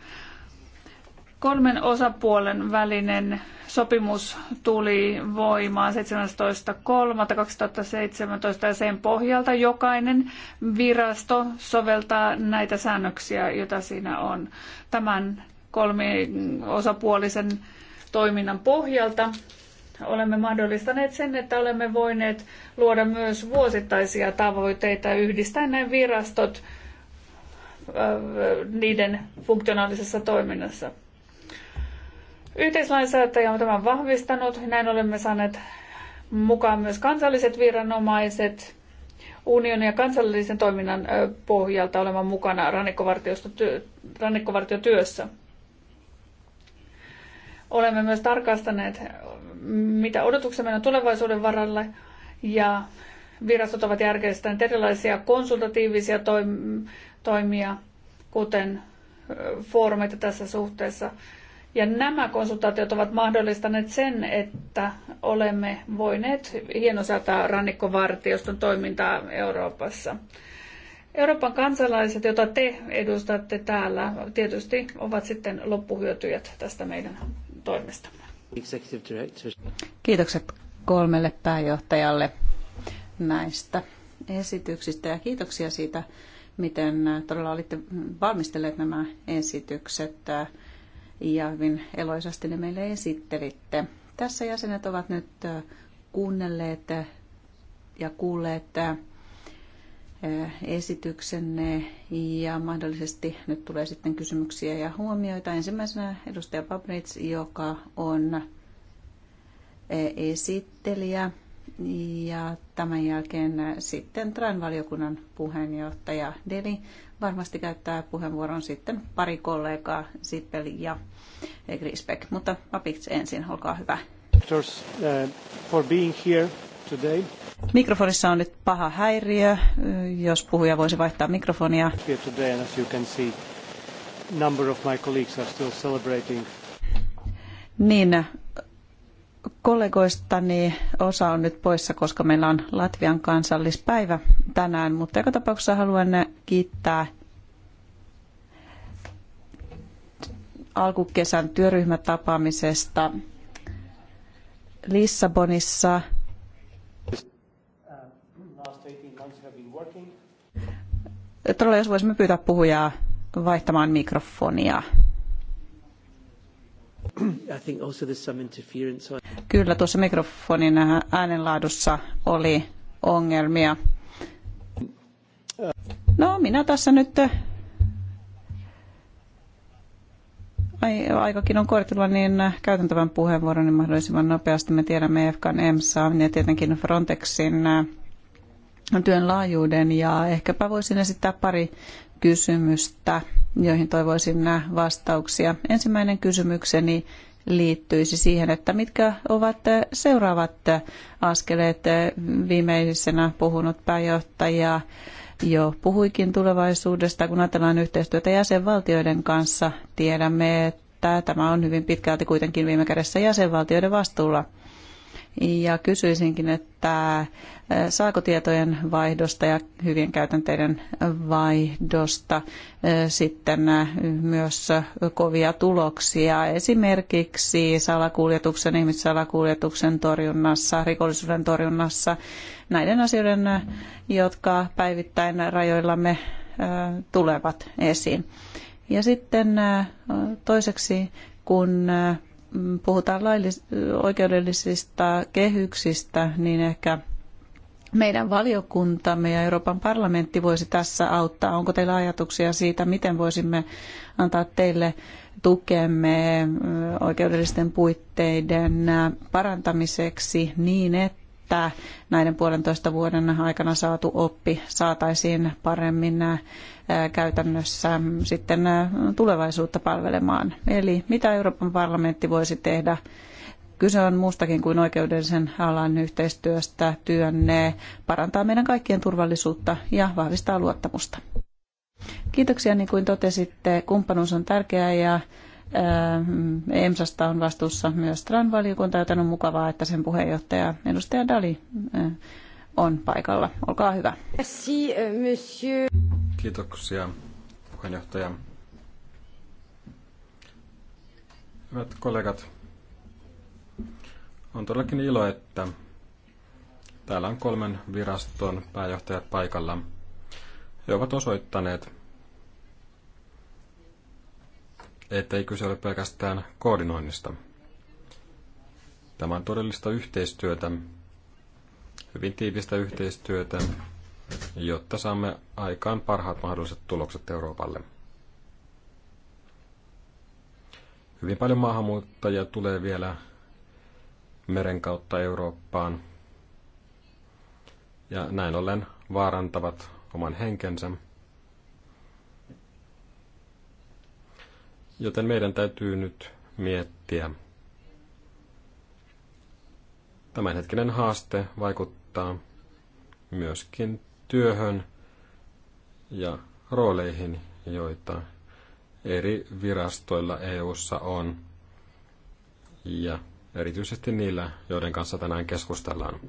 Kolmen osapuolen välinen sopimus tuli voimaan 17.3.2017 ja sen pohjalta jokainen virasto soveltaa näitä säännöksiä, joita siinä on. Tämän kolmiosapuolisen toiminnan pohjalta olemme mahdollistaneet sen, että olemme voineet luoda myös vuosittaisia tavoitteita yhdistäen näin virastot niiden funktionaalisessa toiminnassa. Yhteislainsäätäjä on tämän vahvistanut. Näin olemme saaneet mukaan myös kansalliset viranomaiset unionin ja kansallisen toiminnan pohjalta olemaan mukana rannikkovartiotyössä. Olemme myös tarkastaneet, mitä odotuksia meillä on tulevaisuuden varalle ja virastot ovat järjestäneet erilaisia konsultatiivisia toimia, kuten foorumeita tässä suhteessa. Ja nämä konsultaatiot ovat mahdollistaneet sen, että olemme voineet hienosata rannikkovartioston toimintaa Euroopassa. Euroopan kansalaiset, joita te edustatte täällä, tietysti ovat sitten loppuhyötyjät tästä meidän toimestamme. Kiitokset kolmelle pääjohtajalle näistä esityksistä ja kiitoksia siitä, miten todella olitte valmistelleet nämä esitykset ja hyvin eloisasti ne meille esittelitte. Tässä jäsenet ovat nyt kuunnelleet ja kuulleet esityksenne ja mahdollisesti nyt tulee sitten kysymyksiä ja huomioita. Ensimmäisenä edustaja Pabrits, joka on esittelijä ja tämän jälkeen sitten TRAN-valiokunnan puheenjohtaja Deli varmasti käyttää puheenvuoron sitten pari kollegaa, Sippeli ja Grisbeck. Mutta apiksi ensin, olkaa hyvä. Uh, for being here today. Mikrofonissa on nyt paha häiriö, jos puhuja voisi vaihtaa mikrofonia. niin kollegoistani osa on nyt poissa, koska meillä on Latvian kansallispäivä tänään, mutta joka tapauksessa haluan kiittää alkukesän työryhmätapaamisesta Lissabonissa. Todella jos voisimme pyytää puhujaa vaihtamaan mikrofonia. Kyllä tuossa mikrofonin äänenlaadussa oli ongelmia. No minä tässä nyt... Äh, ai, aikakin on kortilla, niin käytän tämän puheenvuoron niin mahdollisimman nopeasti. Me tiedämme EFKan EMSA ja tietenkin Frontexin äh, työn laajuuden ja ehkäpä voisin esittää pari kysymystä joihin toivoisin nämä vastauksia. Ensimmäinen kysymykseni liittyisi siihen, että mitkä ovat seuraavat askeleet. Viimeisenä puhunut pääjohtaja jo puhuikin tulevaisuudesta, kun ajatellaan yhteistyötä jäsenvaltioiden kanssa. Tiedämme, että tämä on hyvin pitkälti kuitenkin viime kädessä jäsenvaltioiden vastuulla ja kysyisinkin, että saako tietojen vaihdosta ja hyvien käytänteiden vaihdosta sitten myös kovia tuloksia esimerkiksi salakuljetuksen, ihmissalakuljetuksen torjunnassa, rikollisuuden torjunnassa, näiden asioiden, jotka päivittäin rajoillamme tulevat esiin. Ja sitten toiseksi, kun puhutaan laillis- oikeudellisista kehyksistä, niin ehkä meidän valiokuntamme ja Euroopan parlamentti voisi tässä auttaa. Onko teillä ajatuksia siitä, miten voisimme antaa teille tukemme oikeudellisten puitteiden parantamiseksi niin, että että näiden puolentoista vuoden aikana saatu oppi saataisiin paremmin käytännössä mm, sitten tulevaisuutta palvelemaan. Eli mitä Euroopan parlamentti voisi tehdä Kyse on muustakin kuin oikeudellisen alan yhteistyöstä. Työnne parantaa meidän kaikkien turvallisuutta ja vahvistaa luottamusta. Kiitoksia, niin kuin totesitte, kumppanuus on tärkeää ja EMSasta on vastuussa myös TRAN-valiokunta, joten on mukavaa, että sen puheenjohtaja edustaja Dali on paikalla. Olkaa hyvä. Merci, monsieur. Kiitoksia, puheenjohtaja. Hyvät kollegat, on todellakin ilo, että täällä on kolmen viraston pääjohtajat paikalla. He ovat osoittaneet, ei kyse ole pelkästään koordinoinnista. Tämä on todellista yhteistyötä, hyvin tiivistä yhteistyötä, jotta saamme aikaan parhaat mahdolliset tulokset Euroopalle. Hyvin paljon maahanmuuttajia tulee vielä meren kautta Eurooppaan ja näin ollen vaarantavat oman henkensä. Joten meidän täytyy nyt miettiä. Tämänhetkinen haaste vaikuttaa myöskin työhön ja rooleihin, joita eri virastoilla EU:ssa on ja erityisesti niillä, joiden kanssa tänään keskustellaan.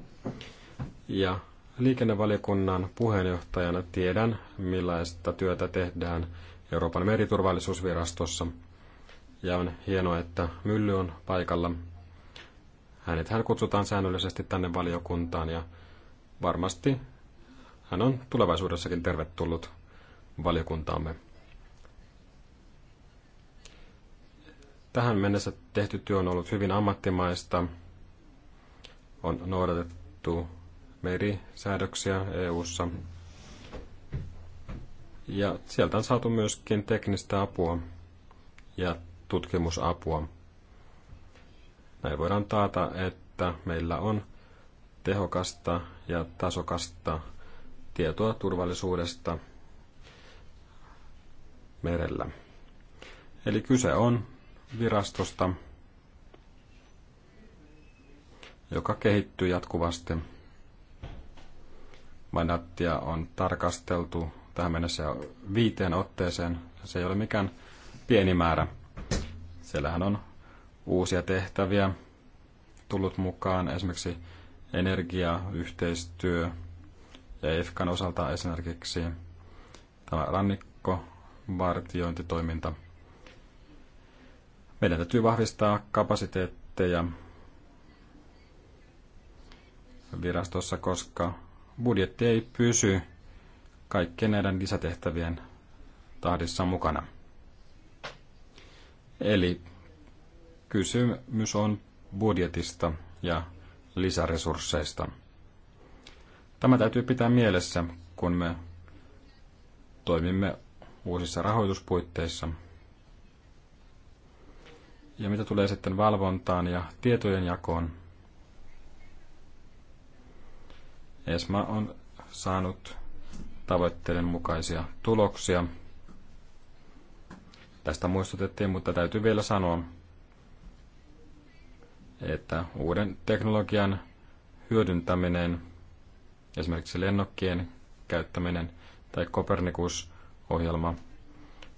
Ja liikennevaliokunnan puheenjohtajana tiedän, millaista työtä tehdään Euroopan meriturvallisuusvirastossa – ja on hienoa, että Mylly on paikalla. Hänet hän kutsutaan säännöllisesti tänne valiokuntaan ja varmasti hän on tulevaisuudessakin tervetullut valiokuntaamme. Tähän mennessä tehty työ on ollut hyvin ammattimaista. On noudatettu merisäädöksiä EU-ssa. Ja sieltä on saatu myöskin teknistä apua. Ja tutkimusapua. Näin voidaan taata, että meillä on tehokasta ja tasokasta tietoa turvallisuudesta merellä. Eli kyse on virastosta, joka kehittyy jatkuvasti. Mandaattia on tarkasteltu tähän mennessä jo viiteen otteeseen. Se ei ole mikään pieni määrä. Siellähän on uusia tehtäviä tullut mukaan, esimerkiksi energiayhteistyö ja EFKan osalta esimerkiksi tämä rannikkovartiointitoiminta. Meidän täytyy vahvistaa kapasiteetteja virastossa, koska budjetti ei pysy kaikkien näiden lisätehtävien tahdissa mukana. Eli kysymys on budjetista ja lisäresursseista. Tämä täytyy pitää mielessä, kun me toimimme uusissa rahoituspuitteissa. Ja mitä tulee sitten valvontaan ja tietojen jakoon, ESMA on saanut tavoitteiden mukaisia tuloksia Tästä muistutettiin, mutta täytyy vielä sanoa, että uuden teknologian hyödyntäminen, esimerkiksi lennokkien käyttäminen tai Kopernikus-ohjelma,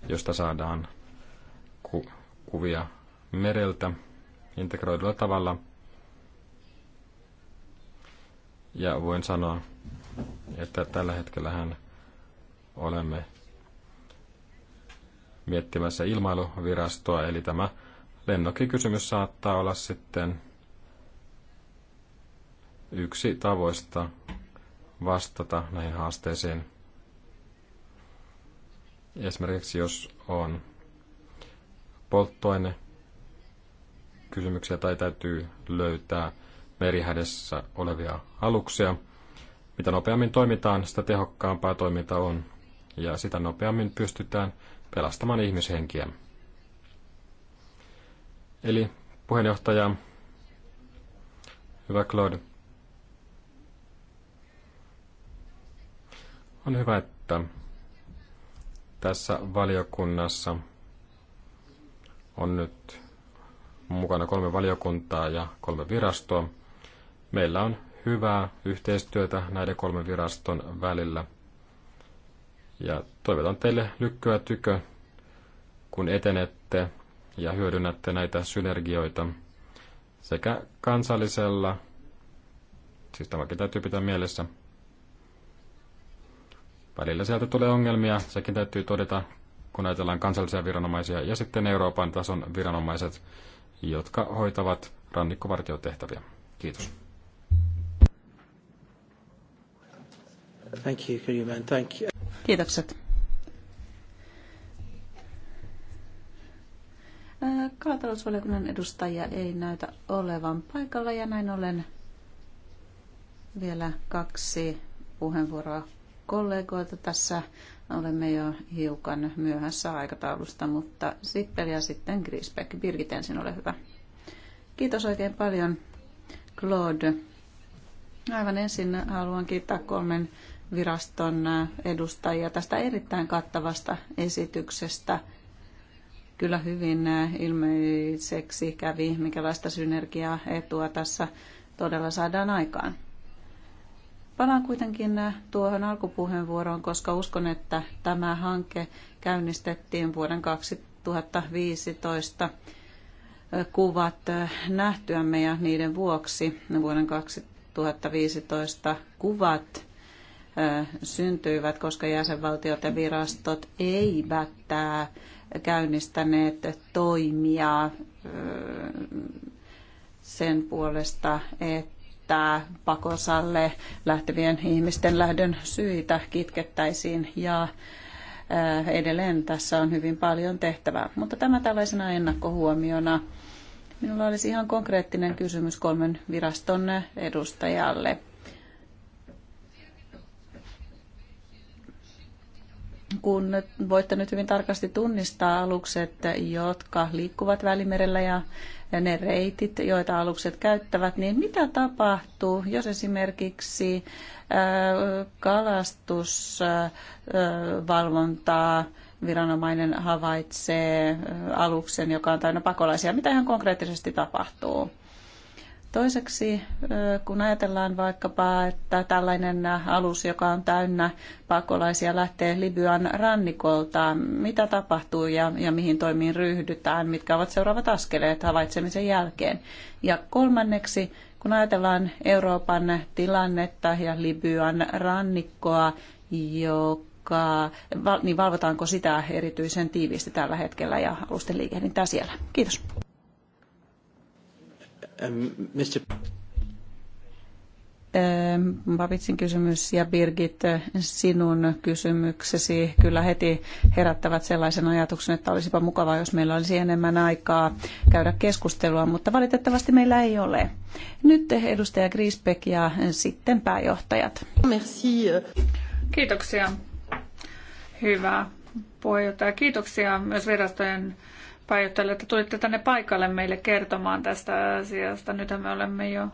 josta saadaan ku- kuvia mereltä integroidulla tavalla. Ja voin sanoa, että tällä hetkellähän olemme miettimässä ilmailuvirastoa, eli tämä lennokkikysymys saattaa olla sitten yksi tavoista vastata näihin haasteisiin. Esimerkiksi jos on polttoaine kysymyksiä tai täytyy löytää merihädessä olevia aluksia. Mitä nopeammin toimitaan, sitä tehokkaampaa toiminta on ja sitä nopeammin pystytään pelastamaan ihmishenkiä. Eli puheenjohtaja, hyvä Claude, on hyvä, että tässä valiokunnassa on nyt mukana kolme valiokuntaa ja kolme virastoa. Meillä on hyvää yhteistyötä näiden kolmen viraston välillä – ja toivotan teille lykkyä tykö, kun etenette ja hyödynnätte näitä synergioita sekä kansallisella, siis tämäkin täytyy pitää mielessä, välillä sieltä tulee ongelmia, sekin täytyy todeta, kun ajatellaan kansallisia viranomaisia ja sitten Euroopan tason viranomaiset, jotka hoitavat rannikkovartiotehtäviä. Kiitos. Thank you, Thank you. Kiitokset. Äh, Kaatalousvaliokunnan edustajia ei näytä olevan paikalla ja näin ollen vielä kaksi puheenvuoroa kollegoilta. Tässä olemme jo hiukan myöhässä aikataulusta, mutta sitten ja sitten Grisbeck. Birgit ensin, ole hyvä. Kiitos oikein paljon, Claude. Aivan ensin haluan kiittää kolmen viraston edustajia tästä erittäin kattavasta esityksestä. Kyllä hyvin ilmeiseksi kävi, minkälaista synergiaa etua tässä todella saadaan aikaan. Palaan kuitenkin tuohon alkupuheenvuoroon, koska uskon, että tämä hanke käynnistettiin vuoden 2015 kuvat nähtyämme ja niiden vuoksi vuoden 2015 kuvat syntyivät, koska jäsenvaltiot ja virastot eivät käynnistäneet toimia sen puolesta, että pakosalle lähtevien ihmisten lähdön syitä kitkettäisiin ja edelleen tässä on hyvin paljon tehtävää. Mutta tämä tällaisena ennakkohuomiona. Minulla olisi ihan konkreettinen kysymys kolmen viraston edustajalle. kun voitte nyt hyvin tarkasti tunnistaa alukset, jotka liikkuvat Välimerellä ja ne reitit, joita alukset käyttävät, niin mitä tapahtuu, jos esimerkiksi äh, kalastusvalvontaa äh, viranomainen havaitsee äh, aluksen, joka on täynnä pakolaisia? Mitä ihan konkreettisesti tapahtuu? Toiseksi, kun ajatellaan vaikkapa, että tällainen alus, joka on täynnä pakolaisia, lähtee Libyan rannikolta, mitä tapahtuu ja, ja mihin toimiin ryhdytään, mitkä ovat seuraavat askeleet havaitsemisen jälkeen. Ja kolmanneksi, kun ajatellaan Euroopan tilannetta ja Libyan rannikkoa, joka, niin valvotaanko sitä erityisen tiiviisti tällä hetkellä ja alusten liikehdintää niin siellä. Kiitos. Um, ähm, Mr. Ähm, Babitsin kysymys ja Birgit, äh, sinun kysymyksesi kyllä heti herättävät sellaisen ajatuksen, että olisipa mukavaa, jos meillä olisi enemmän aikaa käydä keskustelua, mutta valitettavasti meillä ei ole. Nyt edustaja Griesbeck ja sitten pääjohtajat. Merci. Äh. Kiitoksia. Hyvä puheenjohtaja. Kiitoksia myös virastojen pääjohtajalle, että tulitte tänne paikalle meille kertomaan tästä asiasta. Nyt me olemme jo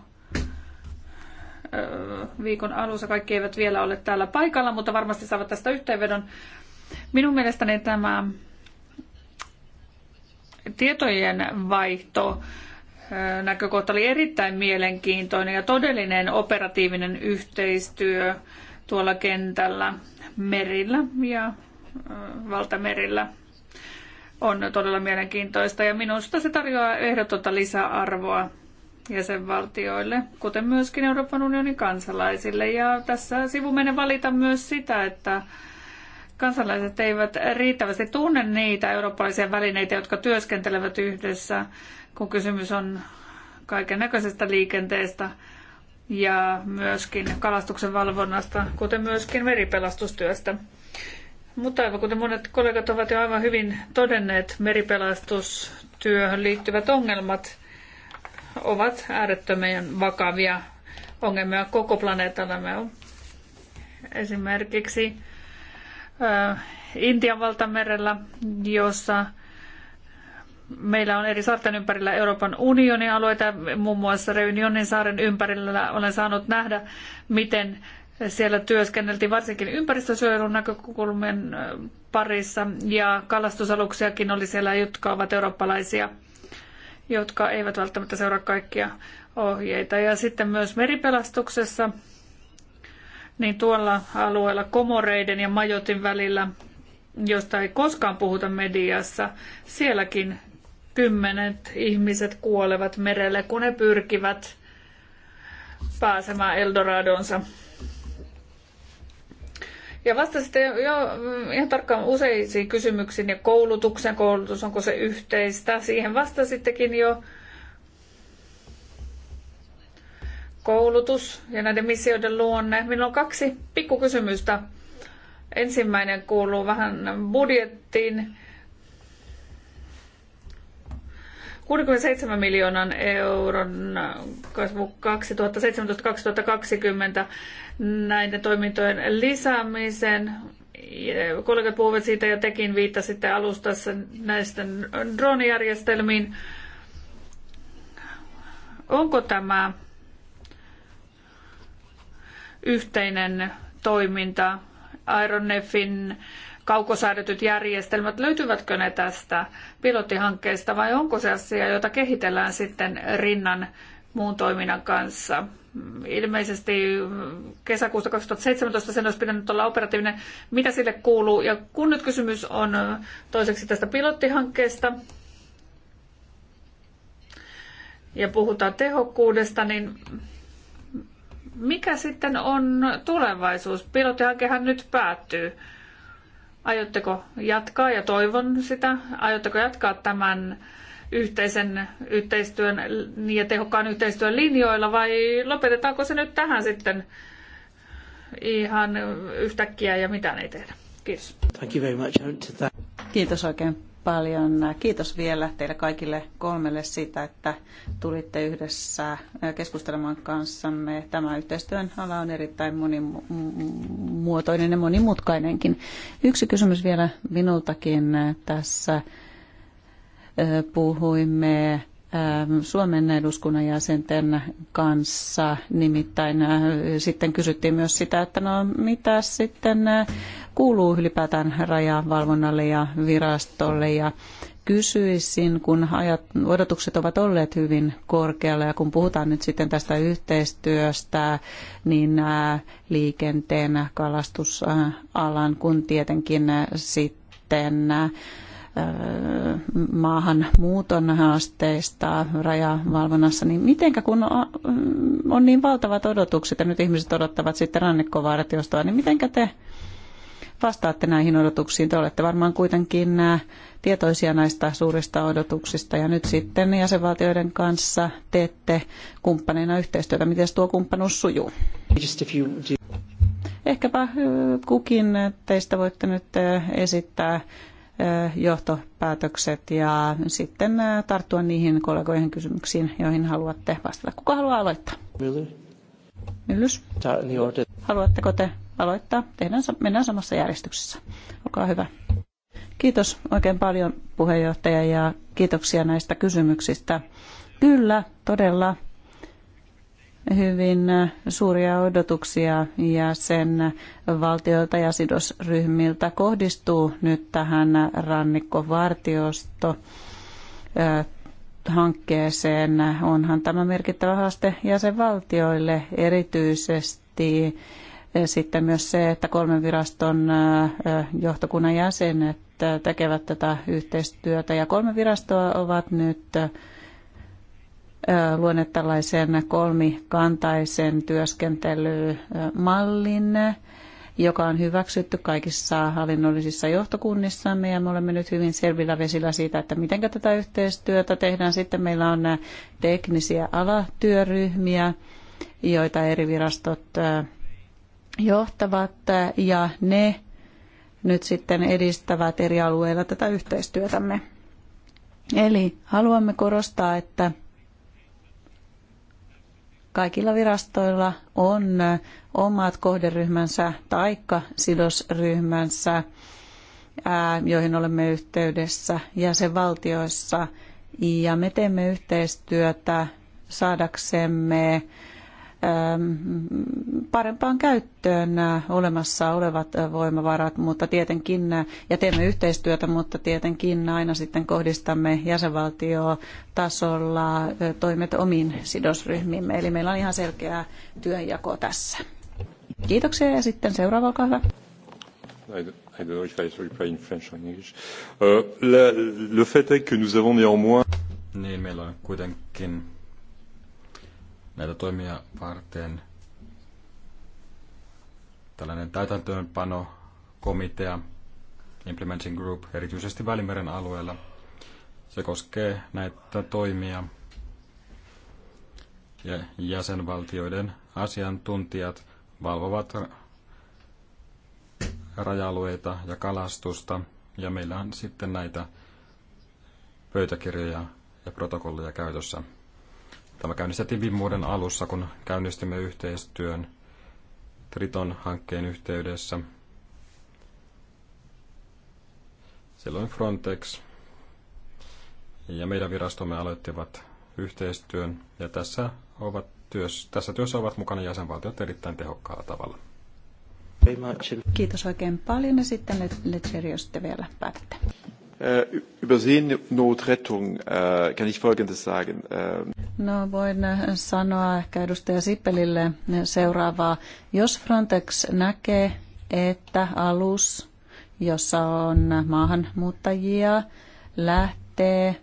viikon alussa. Kaikki eivät vielä ole täällä paikalla, mutta varmasti saavat tästä yhteenvedon. Minun mielestäni tämä tietojen vaihto näkökohta oli erittäin mielenkiintoinen ja todellinen operatiivinen yhteistyö tuolla kentällä merillä ja valtamerillä on todella mielenkiintoista ja minusta se tarjoaa ehdotonta lisäarvoa jäsenvaltioille, kuten myöskin Euroopan unionin kansalaisille. Ja tässä sivu menee valita myös sitä, että kansalaiset eivät riittävästi tunne niitä eurooppalaisia välineitä, jotka työskentelevät yhdessä, kun kysymys on kaiken näköisestä liikenteestä ja myöskin kalastuksen valvonnasta, kuten myöskin meripelastustyöstä. Mutta aivan kuten monet kollegat ovat jo aivan hyvin todenneet, meripelastustyöhön liittyvät ongelmat ovat äärettömän vakavia ongelmia koko planeetallamme. Esimerkiksi esimerkiksi Intian valtamerellä, jossa meillä on eri saarten ympärillä Euroopan unionin alueita, muun muassa Reunionin saaren ympärillä olen saanut nähdä, miten siellä työskenneltiin varsinkin ympäristösuojelun näkökulmien parissa ja kalastusaluksiakin oli siellä, jotka ovat eurooppalaisia, jotka eivät välttämättä seuraa kaikkia ohjeita. Ja sitten myös meripelastuksessa, niin tuolla alueella Komoreiden ja Majotin välillä, josta ei koskaan puhuta mediassa, sielläkin kymmenet ihmiset kuolevat merelle, kun he pyrkivät pääsemään Eldoradonsa. Ja vastasitte jo mm, ihan tarkkaan useisiin kysymyksiin ja koulutuksen koulutus, onko se yhteistä. Siihen vastasittekin jo koulutus ja näiden missioiden luonne. Minulla on kaksi pikkukysymystä. Ensimmäinen kuuluu vähän budjettiin 67 miljoonan euron kasvu 2017-2020 näiden toimintojen lisäämisen. Kollegat puhuvat siitä ja tekin viittasitte alustassa näistä dronejärjestelmiin. Onko tämä yhteinen toiminta Aeronefin kaukosäädetyt järjestelmät, löytyvätkö ne tästä pilottihankkeesta vai onko se asia, jota kehitellään sitten rinnan muun toiminnan kanssa? Ilmeisesti kesäkuusta 2017 sen olisi pitänyt olla operatiivinen. Mitä sille kuuluu? Ja kun nyt kysymys on toiseksi tästä pilottihankkeesta, ja puhutaan tehokkuudesta, niin mikä sitten on tulevaisuus? Pilottihankehan nyt päättyy. Aiotteko jatkaa, ja toivon sitä, aiotteko jatkaa tämän yhteisen yhteistyön ja tehokkaan yhteistyön linjoilla vai lopetetaanko se nyt tähän sitten ihan yhtäkkiä ja mitään ei tehdä? Kiitos. Thank you very much. Kiitos oikein paljon. Kiitos vielä teille kaikille kolmelle siitä, että tulitte yhdessä keskustelemaan kanssamme. Tämä yhteistyön ala on erittäin monimuotoinen ja monimutkainenkin. Yksi kysymys vielä minultakin tässä. Puhuimme Suomen eduskunnan jäsenten kanssa. Nimittäin sitten kysyttiin myös sitä, että no mitä sitten kuuluu ylipäätään rajavalvonnalle ja virastolle. Ja kysyisin, kun ajat, odotukset ovat olleet hyvin korkealla ja kun puhutaan nyt sitten tästä yhteistyöstä, niin liikenteen kalastusalan kun tietenkin sitten maahanmuuton haasteista rajavalvonnassa, niin mitenkä kun on niin valtavat odotukset ja nyt ihmiset odottavat sitten rannikkovartiostoa, niin mitenkä te vastaatte näihin odotuksiin. Te olette varmaan kuitenkin äh, tietoisia näistä suurista odotuksista ja nyt sitten jäsenvaltioiden kanssa teette kumppaneina yhteistyötä. Miten tuo kumppanuus sujuu? Ehkäpä äh, kukin teistä voitte nyt äh, esittää johtopäätökset ja sitten tarttua niihin kollegojen kysymyksiin, joihin haluatte vastata. Kuka haluaa aloittaa? Myllys. Niin Haluatteko te aloittaa. Tehdään, mennään samassa järjestyksessä. Olkaa hyvä. Kiitos oikein paljon puheenjohtaja ja kiitoksia näistä kysymyksistä. Kyllä, todella hyvin suuria odotuksia ja sen valtioilta ja sidosryhmiltä kohdistuu nyt tähän rannikkovartiosto hankkeeseen. Onhan tämä merkittävä haaste jäsenvaltioille erityisesti sitten myös se, että kolmen viraston johtokunnan jäsenet tekevät tätä yhteistyötä. Ja kolme virastoa ovat nyt luoneet tällaisen kolmikantaisen työskentelymallin, joka on hyväksytty kaikissa hallinnollisissa johtokunnissamme ja me olemme nyt hyvin selvillä vesillä siitä, että miten tätä yhteistyötä tehdään. Sitten meillä on teknisiä alatyöryhmiä, joita eri virastot johtavat ja ne nyt sitten edistävät eri alueilla tätä yhteistyötämme. Eli haluamme korostaa, että kaikilla virastoilla on omat kohderyhmänsä taikka sidosryhmänsä, joihin olemme yhteydessä jäsenvaltioissa. Ja me teemme yhteistyötä saadaksemme Ähm, parempaan käyttöön olemassa olevat voimavarat, mutta tietenkin, ja teemme yhteistyötä, mutta tietenkin aina sitten kohdistamme jäsenvaltiotasolla toimet omiin sidosryhmiimme. Eli meillä on ihan selkeä työnjako tässä. Kiitoksia ja sitten seuraava, olkaa hyvä. I don't know if I reply in French or in English. Euh, la, le fait est que nous avons néanmoins... Niin, meillä on kuitenkin näitä toimia varten tällainen täytäntöönpano komitea Implementing Group erityisesti Välimeren alueella. Se koskee näitä toimia ja jäsenvaltioiden asiantuntijat valvovat raja-alueita ja kalastusta ja meillä on sitten näitä pöytäkirjoja ja protokolleja käytössä. Tämä käynnistettiin viime vuoden alussa, kun käynnistimme yhteistyön Triton-hankkeen yhteydessä. Silloin Frontex ja meidän virastomme aloittivat yhteistyön ja tässä, ovat työs, tässä työssä ovat mukana jäsenvaltiot erittäin tehokkaalla tavalla. Kiitos oikein paljon ja sitten nyt Lecheri, jos te vielä päätätte. Äh, über Seenotrettung äh, kann ich Folgendes sagen. Ähm, no, voin äh, sanoa ehkä edustaja Sipelille seuraavaa. Jos Frontex näkee, että alus, jossa on maahanmuuttajia, lähtee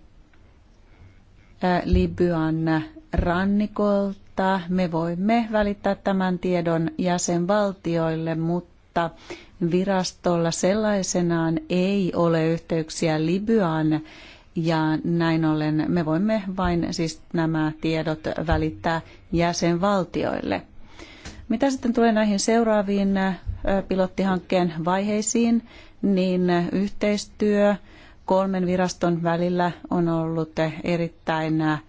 Libyan rannikolta, me voimme välittää tämän tiedon jäsenvaltioille, mutta virastolla sellaisenaan ei ole yhteyksiä Libyaan ja näin ollen me voimme vain siis nämä tiedot välittää jäsenvaltioille. Mitä sitten tulee näihin seuraaviin äh, pilottihankkeen vaiheisiin, niin yhteistyö kolmen viraston välillä on ollut erittäin äh,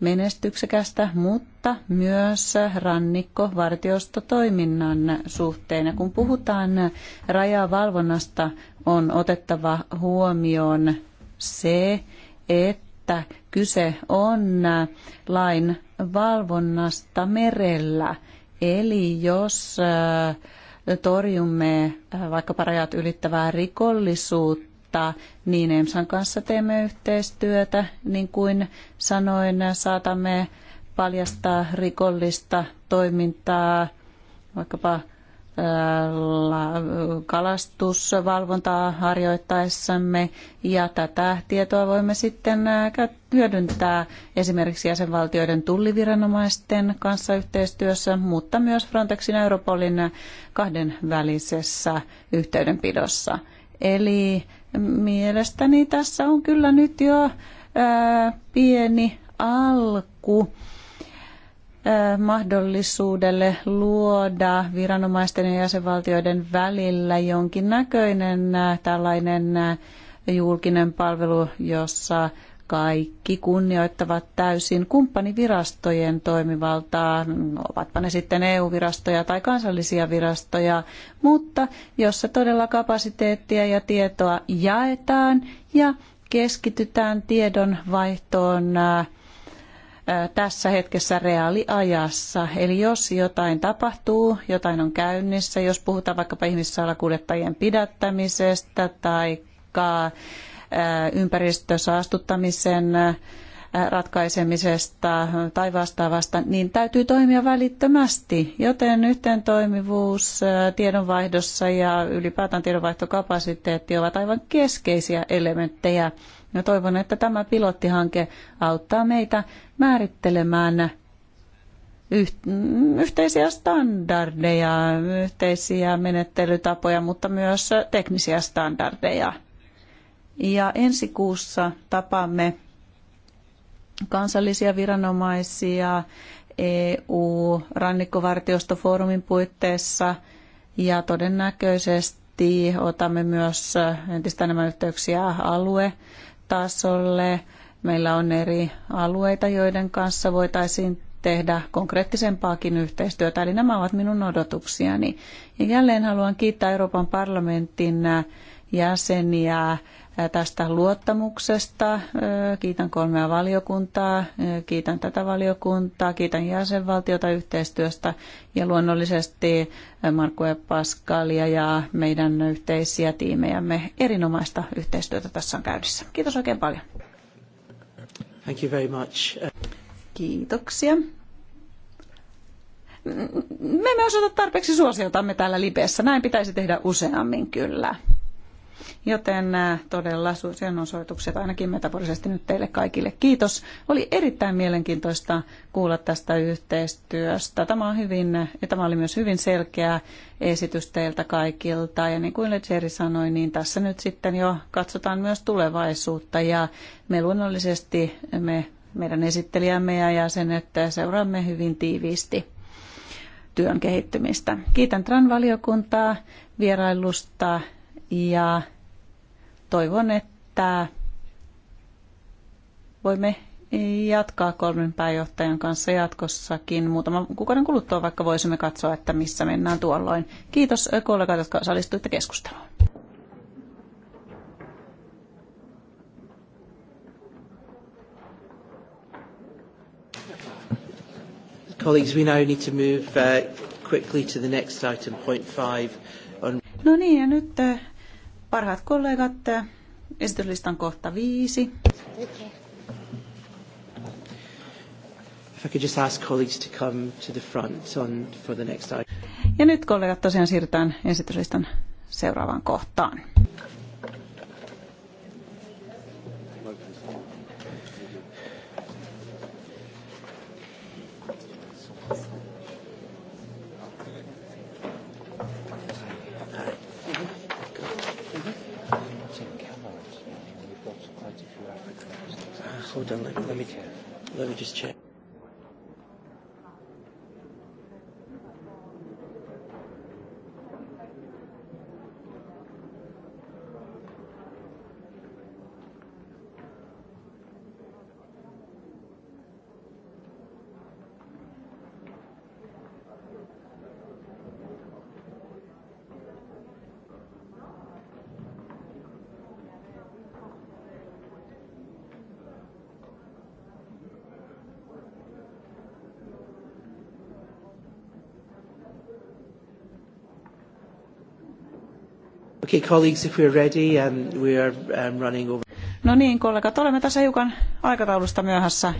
menestyksekästä, mutta myös rannikkovartiostotoiminnan toiminnan suhteen. Ja kun puhutaan rajavalvonnasta, on otettava huomioon se, että kyse on lain valvonnasta merellä. Eli jos torjumme vaikkapa rajat ylittävää rikollisuutta, kannattaa, niin EMSAn kanssa teemme yhteistyötä. Niin kuin sanoin, saatamme paljastaa rikollista toimintaa, vaikkapa kalastusvalvontaa harjoittaessamme ja tätä tietoa voimme sitten hyödyntää esimerkiksi jäsenvaltioiden tulliviranomaisten kanssa yhteistyössä, mutta myös Frontexin Europolin kahdenvälisessä yhteydenpidossa. Eli Mielestäni tässä on kyllä nyt jo ää, pieni alku mahdollisuudelle luoda viranomaisten ja jäsenvaltioiden välillä jonkinnäköinen tällainen julkinen palvelu, jossa kaikki kunnioittavat täysin kumppanivirastojen toimivaltaa, ovatpa ne sitten EU-virastoja tai kansallisia virastoja, mutta jossa todella kapasiteettia ja tietoa jaetaan ja keskitytään tiedon vaihtoon äh, äh, tässä hetkessä reaaliajassa. Eli jos jotain tapahtuu, jotain on käynnissä, jos puhutaan vaikkapa ihmissalakuljettajien pidättämisestä tai Äh, ympäristösaastuttamisen äh, ratkaisemisesta tai vastaavasta, niin täytyy toimia välittömästi, joten yhteen toimivuus äh, tiedonvaihdossa ja ylipäätään tiedonvaihtokapasiteetti ovat aivan keskeisiä elementtejä. Ja toivon, että tämä pilottihanke auttaa meitä määrittelemään yhteisiä standardeja, yhteisiä menettelytapoja, mutta myös teknisiä standardeja. Ja ensi kuussa tapaamme kansallisia viranomaisia EU-rannikkovartiostofoorumin puitteissa ja todennäköisesti otamme myös entistä enemmän yhteyksiä aluetasolle. Meillä on eri alueita, joiden kanssa voitaisiin tehdä konkreettisempaakin yhteistyötä. Eli nämä ovat minun odotuksiani. Ja jälleen haluan kiittää Euroopan parlamentin jäseniä tästä luottamuksesta. Kiitän kolmea valiokuntaa, kiitän tätä valiokuntaa, kiitän jäsenvaltiota yhteistyöstä ja luonnollisesti Markku ja Paskalia ja meidän yhteisiä tiimejämme. Erinomaista yhteistyötä tässä on käynnissä. Kiitos oikein paljon. Thank you very much. Kiitoksia. Me emme osoita tarpeeksi suosiotamme täällä Lipeessä. Näin pitäisi tehdä useammin kyllä. Joten äh, todella sen osoitukset ainakin metaforisesti nyt teille kaikille. Kiitos. Oli erittäin mielenkiintoista kuulla tästä yhteistyöstä. Tämä, on hyvin, ja tämä oli myös hyvin selkeä esitys teiltä kaikilta. Ja niin kuin Legeri sanoi, niin tässä nyt sitten jo katsotaan myös tulevaisuutta. Ja me luonnollisesti me meidän esittelijämme ja jäsenet seuraamme hyvin tiiviisti työn kehittymistä. Kiitän Tran-valiokuntaa vierailusta ja toivon, että voimme jatkaa kolmen pääjohtajan kanssa jatkossakin muutaman kuukauden kuluttua, vaikka voisimme katsoa, että missä mennään tuolloin. Kiitos eh, kollegat, jotka osallistuitte keskusteluun. Colleagues, we now need to move uh, quickly to the next item, point five. On... No niin, ja nyt eh, Parhaat kollegat, esityslistan kohta viisi. If I could just ask colleagues to come to the front on, for the next item. Ja nyt kollegat tosiaan siirrytään esityslistan seuraavaan kohtaan. Let me, let me just check. Okay, colleagues, if we're ready, um, we are um, running over. No niin, kollegat, olemme tässä hiukan aikataulusta myöhässä.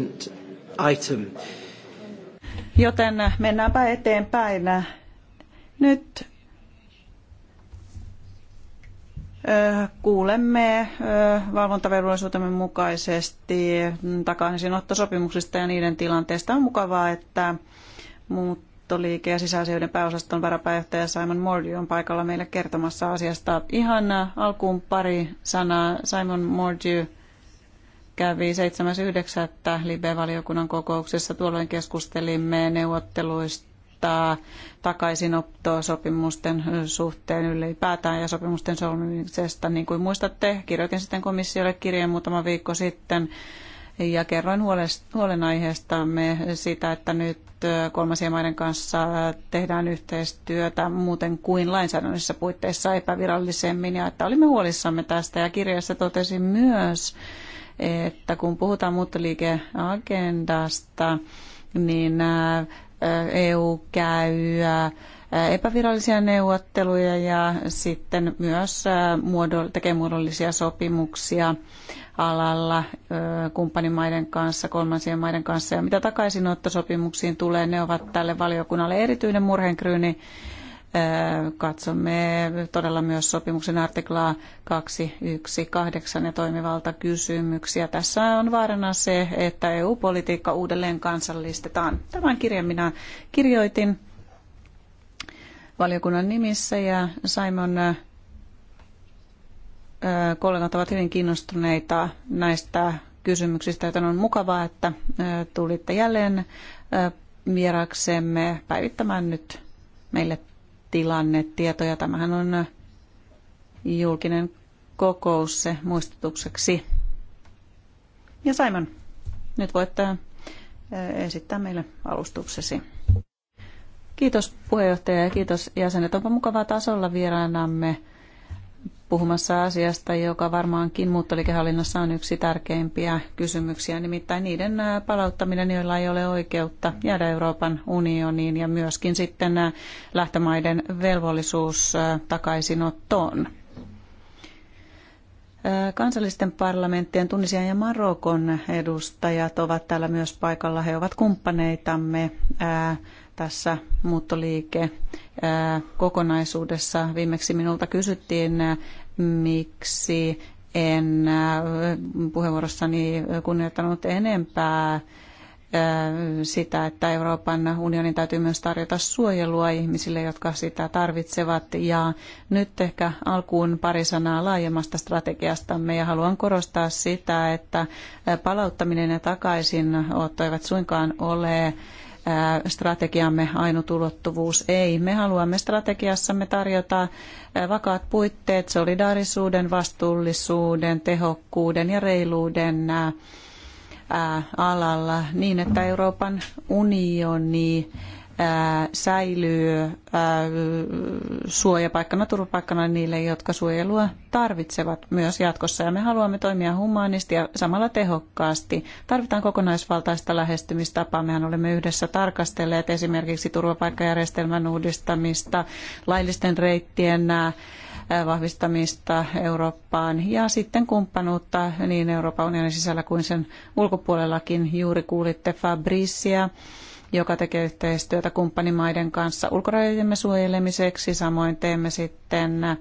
Item. Joten mennäänpä eteenpäin. Nyt kuulemme valvontavelvollisuutemme mukaisesti takaisinottosopimuksista ja niiden tilanteesta. On mukavaa, että muut muuttoliike- ja sisäasioiden pääosaston varapääjohtaja Simon Mordy on paikalla meille kertomassa asiasta. Ihan äh, alkuun pari sanaa. Simon Mordy kävi 7.9. Libe-valiokunnan kokouksessa. Tuolloin keskustelimme neuvotteluista takaisinoptosopimusten äh, suhteen ylipäätään ja sopimusten solmimisesta. Niin kuin muistatte, kirjoitin sitten komissiolle kirjeen muutama viikko sitten ja kerroin huolenaiheestamme sitä, että nyt kolmansien maiden kanssa tehdään yhteistyötä muuten kuin lainsäädännöllisissä puitteissa epävirallisemmin ja että olimme huolissamme tästä. Ja kirjassa totesin myös, että kun puhutaan muuttoliikeagendasta, niin EU käy epävirallisia neuvotteluja ja sitten myös tekee muodollisia sopimuksia alalla kumppanimaiden kanssa, kolmansien maiden kanssa. Ja mitä takaisinottosopimuksiin tulee, ne ovat tälle valiokunnalle erityinen murhenkryyni. Katsomme todella myös sopimuksen artiklaa 218 ja toimivalta kysymyksiä. Tässä on vaarana se, että EU-politiikka uudelleen kansallistetaan. Tämän kirjan minä kirjoitin valiokunnan nimissä ja Simon kollegat ovat hyvin kiinnostuneita näistä kysymyksistä, joten on mukavaa, että tulitte jälleen vieraksemme päivittämään nyt meille tilannetietoja. Tämähän on julkinen kokous se muistutukseksi. Ja Simon, nyt voit esittää meille alustuksesi. Kiitos puheenjohtaja ja kiitos jäsenet. Onpa mukavaa tasolla vieraanamme puhumassa asiasta, joka varmaankin muuttolikehallinnassa on yksi tärkeimpiä kysymyksiä, nimittäin niiden palauttaminen, joilla ei ole oikeutta jäädä Euroopan unioniin ja myöskin sitten lähtömaiden velvollisuus takaisinottoon. Kansallisten parlamenttien Tunisian ja Marokon edustajat ovat täällä myös paikalla. He ovat kumppaneitamme tässä muuttoliike kokonaisuudessa. Viimeksi minulta kysyttiin, miksi en puheenvuorossani kunnioittanut enempää sitä, että Euroopan unionin täytyy myös tarjota suojelua ihmisille, jotka sitä tarvitsevat. Ja nyt ehkä alkuun pari sanaa laajemmasta strategiastamme ja haluan korostaa sitä, että palauttaminen ja takaisinotto eivät suinkaan ole strategiamme ainutulottuvuus. Ei, me haluamme strategiassamme tarjota vakaat puitteet solidaarisuuden, vastuullisuuden, tehokkuuden ja reiluuden alalla niin, että Euroopan unioni säilyy suojapaikkana, turvapaikkana niille, jotka suojelua tarvitsevat myös jatkossa. Ja me haluamme toimia humaanisti ja samalla tehokkaasti. Tarvitaan kokonaisvaltaista lähestymistapaa. Mehän olemme yhdessä tarkastelleet esimerkiksi turvapaikkajärjestelmän uudistamista, laillisten reittien vahvistamista Eurooppaan ja sitten kumppanuutta niin Euroopan unionin sisällä kuin sen ulkopuolellakin. Juuri kuulitte fabrizia joka tekee yhteistyötä kumppanimaiden kanssa ulkorajojemme suojelemiseksi. Samoin teemme sitten ähm,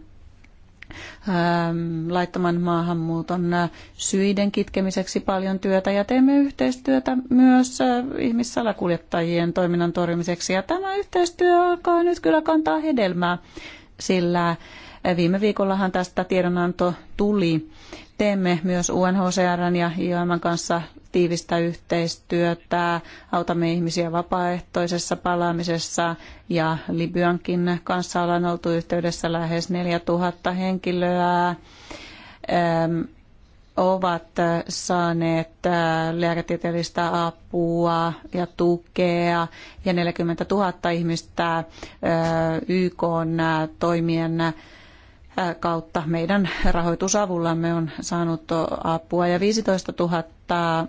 laittoman maahanmuuton äh, syiden kitkemiseksi paljon työtä ja teemme yhteistyötä myös äh, ihmissalakuljettajien toiminnan torjumiseksi. Ja tämä yhteistyö alkaa nyt kyllä kantaa hedelmää, sillä äh, viime viikollahan tästä tiedonanto tuli. Teemme myös UNHCRn ja IOM kanssa tiivistä yhteistyötä, autamme ihmisiä vapaaehtoisessa palaamisessa ja Libyankin kanssa ollaan oltu yhteydessä lähes 4000 henkilöä ovat saaneet lääketieteellistä apua ja tukea ja 40 000 ihmistä YK toimien kautta meidän rahoitusavullamme on saanut apua ja 15 000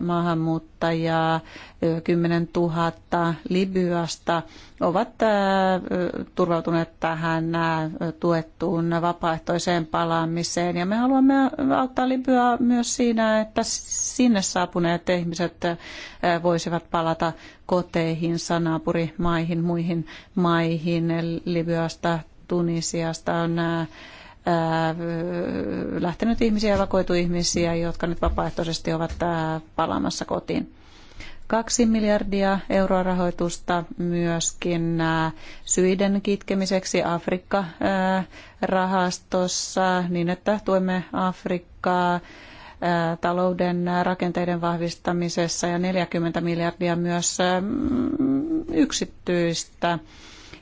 maahanmuuttajaa, 10 000 Libyasta ovat turvautuneet tähän tuettuun vapaaehtoiseen palaamiseen. Ja me haluamme auttaa Libyaa myös siinä, että sinne saapuneet ihmiset voisivat palata koteihinsa, naapurimaihin, muihin maihin. Libyasta, Tunisiasta on lähtenyt ihmisiä, evakuoitu ihmisiä, jotka nyt vapaaehtoisesti ovat palaamassa kotiin. Kaksi miljardia euroa rahoitusta myöskin syiden kitkemiseksi Afrikka-rahastossa niin, että tuemme Afrikkaa talouden rakenteiden vahvistamisessa ja 40 miljardia myös yksityistä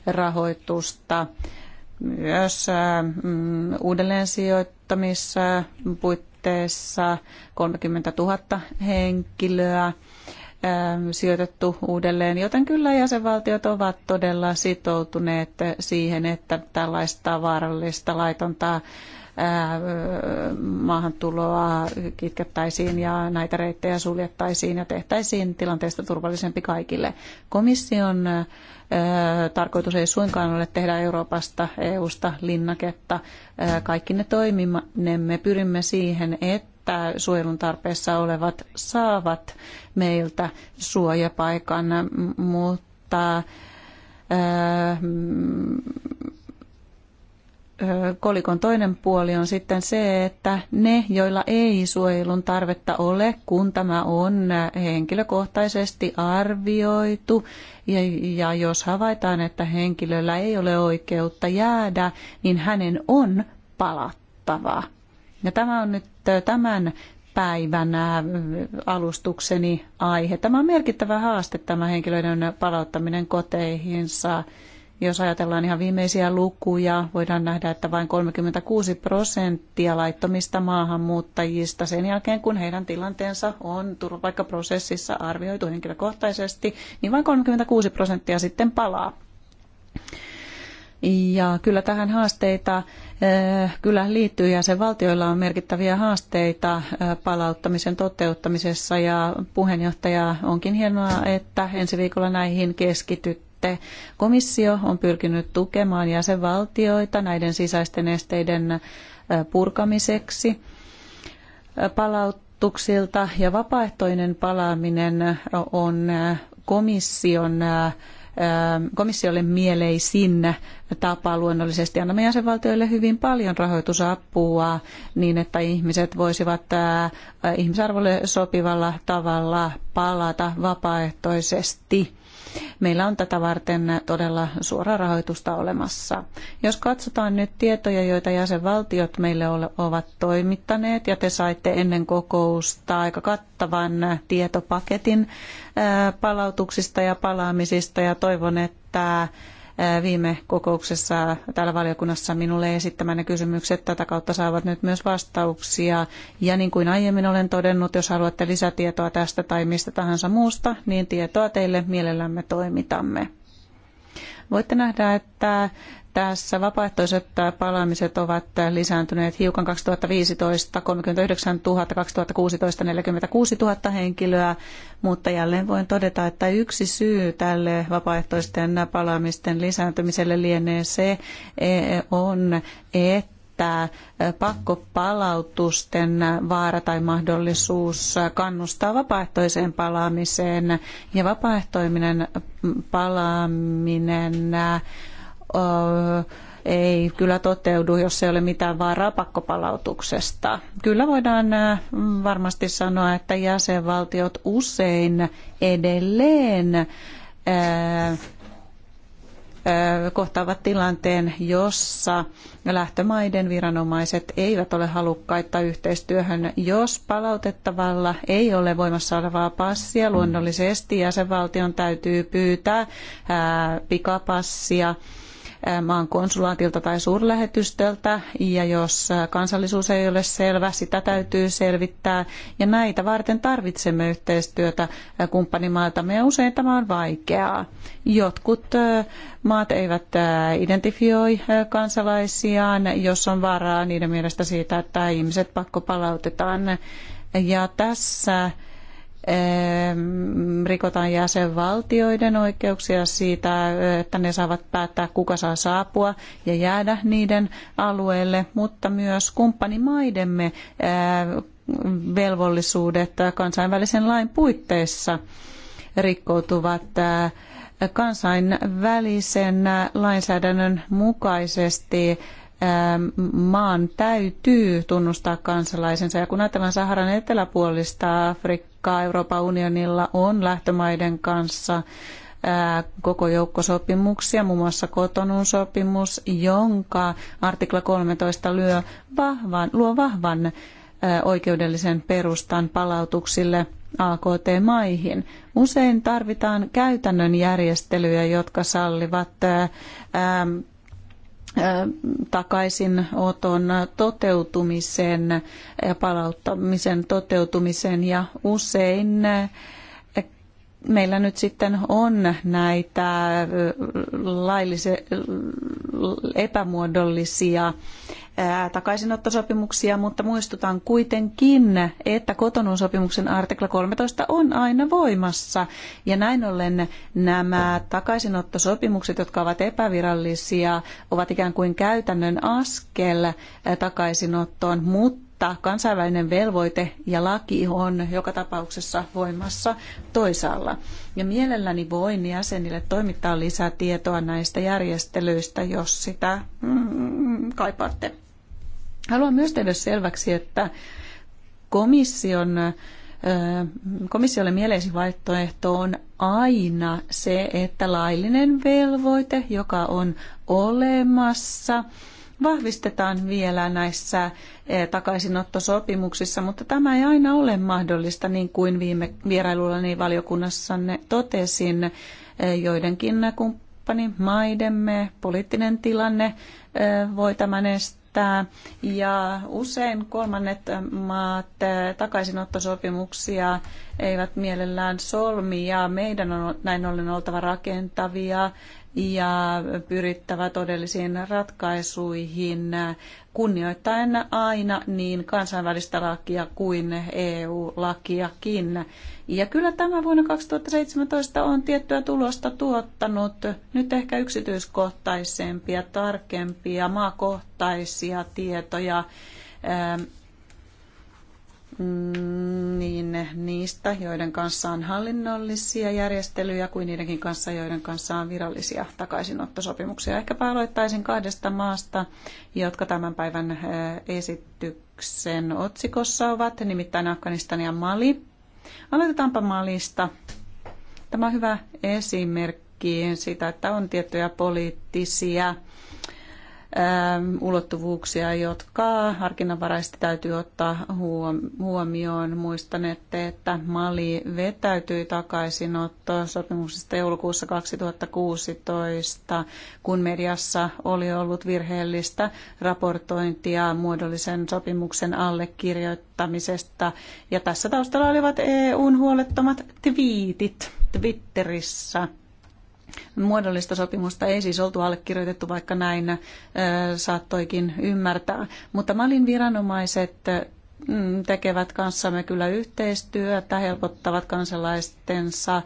rahoitusta myös mm, uudelleen puitteissa 30 000 henkilöä ähm, sijoitettu uudelleen, joten kyllä jäsenvaltiot ovat todella sitoutuneet siihen, että tällaista vaarallista laitonta maahantuloa kitkettäisiin ja näitä reittejä suljettaisiin ja tehtäisiin tilanteesta turvallisempi kaikille. Komission tarkoitus ei suinkaan ole tehdä Euroopasta, EUsta linnaketta. Kaikki ne toimimme pyrimme siihen, että suojelun tarpeessa olevat saavat meiltä suojapaikan, mutta mutta kolikon toinen puoli on sitten se, että ne, joilla ei suojelun tarvetta ole, kun tämä on henkilökohtaisesti arvioitu, ja, ja jos havaitaan, että henkilöllä ei ole oikeutta jäädä, niin hänen on palattava. Ja tämä on nyt tämän päivän alustukseni aihe. Tämä on merkittävä haaste, tämä henkilöiden palauttaminen koteihinsa. Jos ajatellaan ihan viimeisiä lukuja, voidaan nähdä, että vain 36 prosenttia laittomista maahanmuuttajista sen jälkeen, kun heidän tilanteensa on turvapaikkaprosessissa arvioitu henkilökohtaisesti, niin vain 36 prosenttia sitten palaa. Ja kyllä tähän haasteita eh, kyllä liittyy ja sen valtioilla on merkittäviä haasteita eh, palauttamisen toteuttamisessa ja puheenjohtaja onkin hienoa, että ensi viikolla näihin keskityt sitten Komissio on pyrkinyt tukemaan jäsenvaltioita näiden sisäisten esteiden purkamiseksi palautuksilta ja vapaaehtoinen palaaminen on komission komissiolle mieleisin tapa luonnollisesti. Annamme jäsenvaltioille hyvin paljon rahoitusapua niin, että ihmiset voisivat ihmisarvolle sopivalla tavalla palata vapaaehtoisesti Meillä on tätä varten todella suora rahoitusta olemassa. Jos katsotaan nyt tietoja, joita jäsenvaltiot meille ovat toimittaneet, ja te saitte ennen kokousta aika kattavan tietopaketin palautuksista ja palaamisista, ja toivon, että viime kokouksessa täällä valiokunnassa minulle esittämänne kysymykset tätä kautta saavat nyt myös vastauksia. Ja niin kuin aiemmin olen todennut, jos haluatte lisätietoa tästä tai mistä tahansa muusta, niin tietoa teille mielellämme toimitamme. Voitte nähdä, että tässä vapaaehtoiset palaamiset ovat lisääntyneet hiukan 2015 39 000, 2016 46 000 henkilöä, mutta jälleen voin todeta, että yksi syy tälle vapaaehtoisten palaamisten lisääntymiselle lienee se on, että että pakkopalautusten vaara tai mahdollisuus kannustaa vapaaehtoiseen palaamiseen ja vapaaehtoinen palaaminen ei kyllä toteudu, jos ei ole mitään vaaraa pakkopalautuksesta. Kyllä voidaan varmasti sanoa, että jäsenvaltiot usein edelleen kohtaavat tilanteen, jossa lähtömaiden viranomaiset eivät ole halukkaita yhteistyöhön, jos palautettavalla ei ole voimassa olevaa passia. Luonnollisesti jäsenvaltion täytyy pyytää pikapassia Äh, maan konsulaatilta tai suurlähetystöltä ja jos äh, kansallisuus ei ole selvä, sitä täytyy selvittää ja näitä varten tarvitsemme yhteistyötä äh, kumppanimailtamme ja usein tämä on vaikeaa. Jotkut maat eivät identifioi kansalaisiaan, jos on varaa niiden mielestä siitä, että ihmiset pakkopalautetaan ja tässä rikotaan jäsenvaltioiden oikeuksia siitä, että ne saavat päättää, kuka saa saapua ja jäädä niiden alueelle, mutta myös kumppanimaidemme eh, velvollisuudet kansainvälisen lain puitteissa rikkoutuvat eh, kansainvälisen lainsäädännön mukaisesti eh, maan täytyy tunnustaa kansalaisensa. Ja kun ajatellaan Saharan eteläpuolista Afrikkaa, politiikkaa Euroopan unionilla on lähtömaiden kanssa koko joukko sopimuksia, muun muassa Kotonun sopimus, jonka artikla 13 lyö vahvan, luo vahvan oikeudellisen perustan palautuksille AKT-maihin. Usein tarvitaan käytännön järjestelyjä, jotka sallivat takaisin oton toteutumisen ja palauttamisen toteutumisen ja usein meillä nyt sitten on näitä laillise, epämuodollisia takaisinottosopimuksia, mutta muistutan kuitenkin, että kotonun sopimuksen artikla 13 on aina voimassa. Ja näin ollen nämä takaisinottosopimukset, jotka ovat epävirallisia, ovat ikään kuin käytännön askel takaisinottoon, mutta mutta kansainvälinen velvoite ja laki on joka tapauksessa voimassa toisaalla. Ja mielelläni voin jäsenille toimittaa lisää tietoa näistä järjestelyistä, jos sitä mm, kaipaatte. Haluan myös tehdä selväksi, että komission komissiolle mieleisin vaihtoehto on aina se, että laillinen velvoite, joka on olemassa, vahvistetaan vielä näissä eh, takaisinottosopimuksissa, mutta tämä ei aina ole mahdollista, niin kuin viime vierailullani valiokunnassanne totesin, eh, joidenkin kumppanimaidemme poliittinen tilanne eh, voi tämän estää. Ja usein kolmannet maat takaisinottosopimuksia eivät mielellään solmi ja meidän on näin ollen oltava rakentavia ja pyrittävä todellisiin ratkaisuihin kunnioittaen aina niin kansainvälistä lakia kuin EU-lakiakin. Ja kyllä tämä vuonna 2017 on tiettyä tulosta tuottanut, nyt ehkä yksityiskohtaisempia, tarkempia, maakohtaisia tietoja niin niistä, joiden kanssa on hallinnollisia järjestelyjä, kuin niidenkin kanssa, joiden kanssa on virallisia takaisinottosopimuksia. Ehkäpä aloittaisin kahdesta maasta, jotka tämän päivän esityksen otsikossa ovat, nimittäin Afganistan ja Mali. Aloitetaanpa Malista. Tämä on hyvä esimerkki siitä, että on tiettyjä poliittisia Ähm, ulottuvuuksia, jotka harkinnanvaraisesti täytyy ottaa huomioon. Muistanette, että Mali vetäytyi takaisin sopimuksesta joulukuussa 2016, kun mediassa oli ollut virheellistä raportointia muodollisen sopimuksen allekirjoittamisesta. Ja tässä taustalla olivat EUn huolettomat twiitit Twitterissä. Muodollista sopimusta ei siis oltu allekirjoitettu, vaikka näin saattoikin ymmärtää. Mutta Malin viranomaiset mm, tekevät kanssamme kyllä yhteistyötä, helpottavat kansalaistensa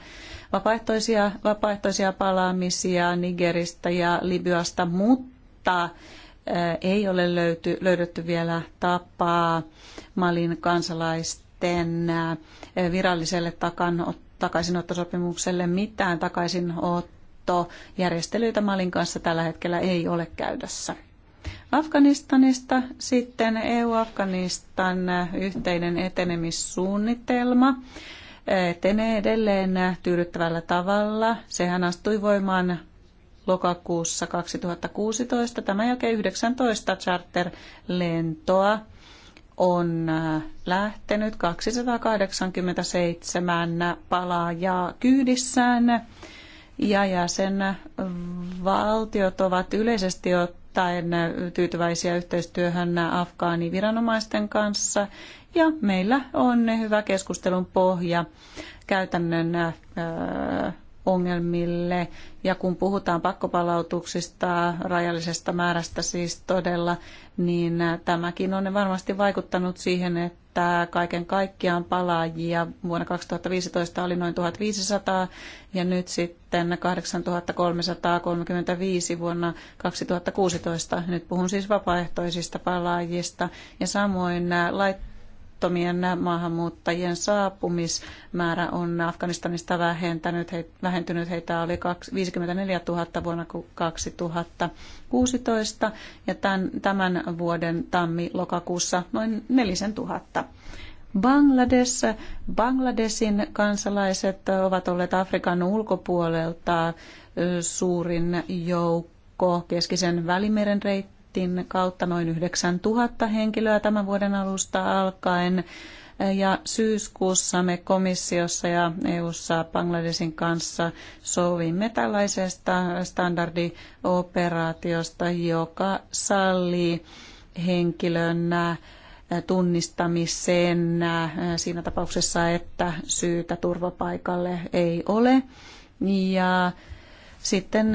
vapaaehtoisia, vapaaehtoisia palaamisia Nigeristä ja Libyasta, mutta ei ole löyty, löydetty vielä tapaa Malin kansalaisten viralliselle takanot takaisinottosopimukselle mitään takaisinottojärjestelyitä Malin kanssa tällä hetkellä ei ole käytössä. Afganistanista sitten EU-Afganistan yhteinen etenemissuunnitelma etenee edelleen tyydyttävällä tavalla. Sehän astui voimaan lokakuussa 2016. Tämän jälkeen 19 lentoa on äh, lähtenyt 287 palaajaa kyydissään ja jäsenvaltiot ovat yleisesti ottaen tyytyväisiä yhteistyöhön afgaaniviranomaisten kanssa ja meillä on hyvä keskustelun pohja käytännön äh, ongelmille. Ja kun puhutaan pakkopalautuksista, rajallisesta määrästä siis todella, niin tämäkin on varmasti vaikuttanut siihen, että kaiken kaikkiaan palaajia vuonna 2015 oli noin 1500 ja nyt sitten 8335 vuonna 2016. Nyt puhun siis vapaaehtoisista palaajista ja samoin lait laittomien maahanmuuttajien saapumismäärä on Afganistanista vähentänyt, he, vähentynyt. Heitä oli 54 000 vuonna 2016 ja tämän, tämän vuoden tammi-lokakuussa noin 4 000. Bangladesh, Bangladesin kansalaiset ovat olleet Afrikan ulkopuolelta suurin joukko keskisen välimeren reitti paketin kautta noin 9000 henkilöä tämän vuoden alusta alkaen. Ja syyskuussa me komissiossa ja EU:ssa Bangladesin kanssa sovimme tällaisesta standardioperaatiosta, joka sallii henkilön äh, tunnistamiseen äh, siinä tapauksessa, että syytä turvapaikalle ei ole. Ja sitten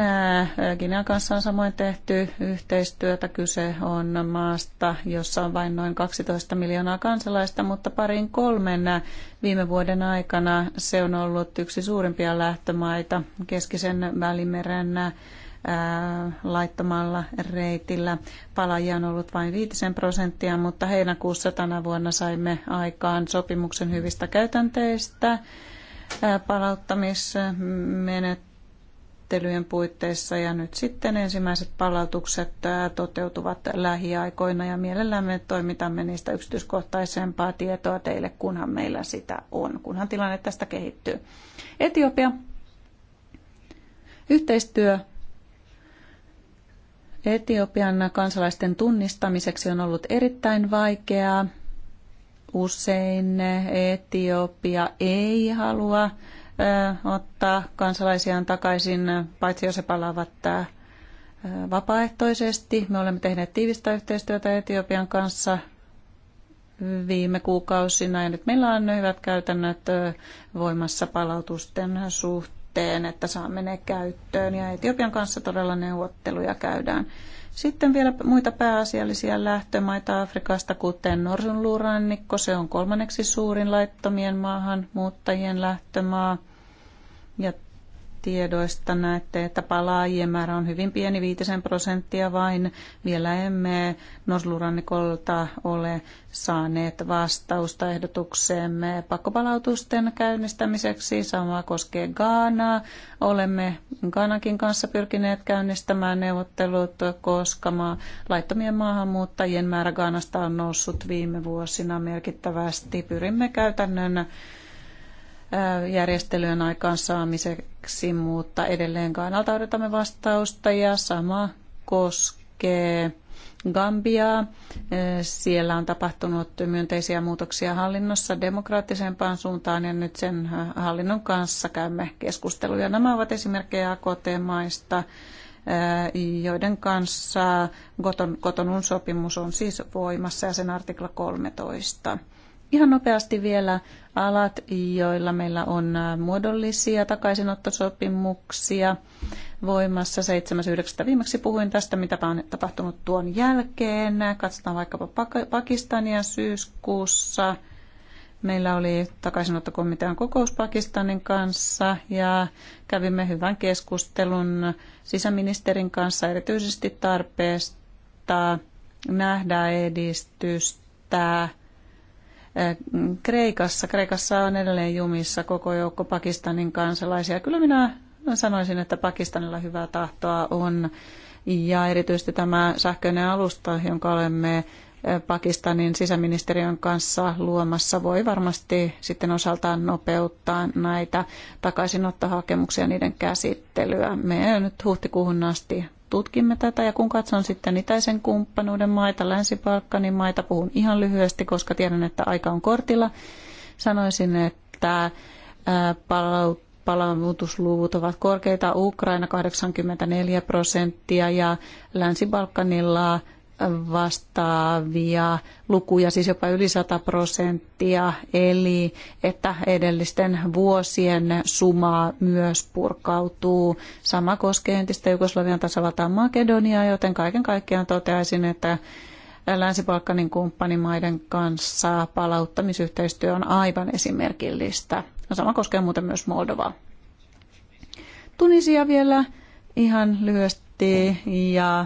Kiinan äh, kanssa on samoin tehty yhteistyötä. Kyse on maasta, jossa on vain noin 12 miljoonaa kansalaista, mutta parin kolmen äh, viime vuoden aikana se on ollut yksi suurimpia lähtömaita keskisen välimeren äh, laittomalla reitillä. Palajia on ollut vain viitisen prosenttia, mutta heinäkuussa tänä vuonna saimme aikaan sopimuksen hyvistä käytänteistä palauttamismenettelyä menettelyjen puitteissa ja nyt sitten ensimmäiset palautukset toteutuvat lähiaikoina ja me toimitamme niistä yksityiskohtaisempaa tietoa teille, kunhan meillä sitä on, kunhan tilanne tästä kehittyy. Etiopia. Yhteistyö Etiopian kansalaisten tunnistamiseksi on ollut erittäin vaikeaa. Usein Etiopia ei halua ottaa kansalaisiaan takaisin, paitsi jos he palaavat vapaaehtoisesti. Me olemme tehneet tiivistä yhteistyötä Etiopian kanssa viime kuukausina ja nyt meillä on hyvät käytännöt voimassa palautusten suhteen, että saamme ne käyttöön ja Etiopian kanssa todella neuvotteluja käydään. Sitten vielä muita pääasiallisia lähtömaita Afrikasta, kuten Norsunluurannikko, se on kolmanneksi suurin laittomien muuttajien lähtömaa ja tiedoista näette, että palaajien määrä on hyvin pieni, viitisen prosenttia vain. Vielä emme Noslurannikolta ole saaneet vastausta ehdotukseemme pakkopalautusten käynnistämiseksi. Sama koskee Gaanaa. Olemme Gaanakin kanssa pyrkineet käynnistämään neuvottelut, koska laittomien maahanmuuttajien määrä Gaanasta on noussut viime vuosina merkittävästi. Pyrimme käytännön järjestelyjen aikaansaamiseksi, mutta edelleen kannalta odotamme vastausta ja sama koskee Gambiaa. Siellä on tapahtunut myönteisiä muutoksia hallinnossa demokraattisempaan suuntaan ja nyt sen hallinnon kanssa käymme keskusteluja. Nämä ovat esimerkkejä AKT-maista, joiden kanssa Kotonun sopimus on siis voimassa ja sen artikla 13. Ihan nopeasti vielä alat, joilla meillä on äh, muodollisia takaisinottosopimuksia voimassa 7.9. Viimeksi puhuin tästä, mitä on tapahtunut tuon jälkeen. Katsotaan vaikkapa Pakistania syyskuussa. Meillä oli takaisinottokomitean kokous Pakistanin kanssa ja kävimme hyvän keskustelun sisäministerin kanssa erityisesti tarpeesta nähdä edistystä Kreikassa. Kreikassa on edelleen jumissa koko joukko Pakistanin kansalaisia. Kyllä minä sanoisin, että Pakistanilla hyvää tahtoa on. Ja erityisesti tämä sähköinen alusta, jonka olemme eh, Pakistanin sisäministeriön kanssa luomassa voi varmasti sitten osaltaan nopeuttaa näitä takaisinottohakemuksia ja niiden käsittelyä. Me nyt huhtikuuhun asti tutkimme tätä ja kun katson sitten itäisen kumppanuuden maita, länsi maita, puhun ihan lyhyesti, koska tiedän, että aika on kortilla. Sanoisin, että palautusluvut ovat korkeita. Ukraina 84 prosenttia ja länsi vastaavia lukuja, siis jopa yli 100 prosenttia, eli että edellisten vuosien suma myös purkautuu. Sama koskee entistä Jugoslavian tasavaltaa Makedoniaa, joten kaiken kaikkiaan toteaisin, että Länsi-Balkanin kumppanimaiden kanssa palauttamisyhteistyö on aivan esimerkillistä. No sama koskee muuten myös Moldovaa. Tunisia vielä ihan lyhyesti ja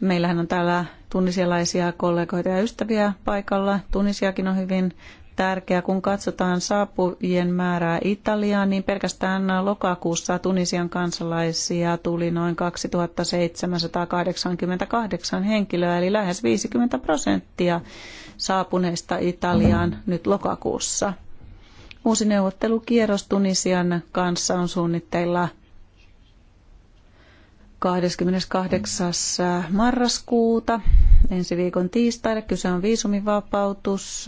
meillähän on täällä tunisialaisia kollegoita ja ystäviä paikalla. Tunisiakin on hyvin tärkeä. Kun katsotaan saapujien määrää Italiaan, niin pelkästään lokakuussa Tunisian kansalaisia tuli noin 2788 henkilöä, eli lähes 50 prosenttia saapuneista Italiaan nyt lokakuussa. Uusi neuvottelukierros Tunisian kanssa on suunnitteilla 28. marraskuuta ensi viikon tiistaille. Kyse on viisumivapautus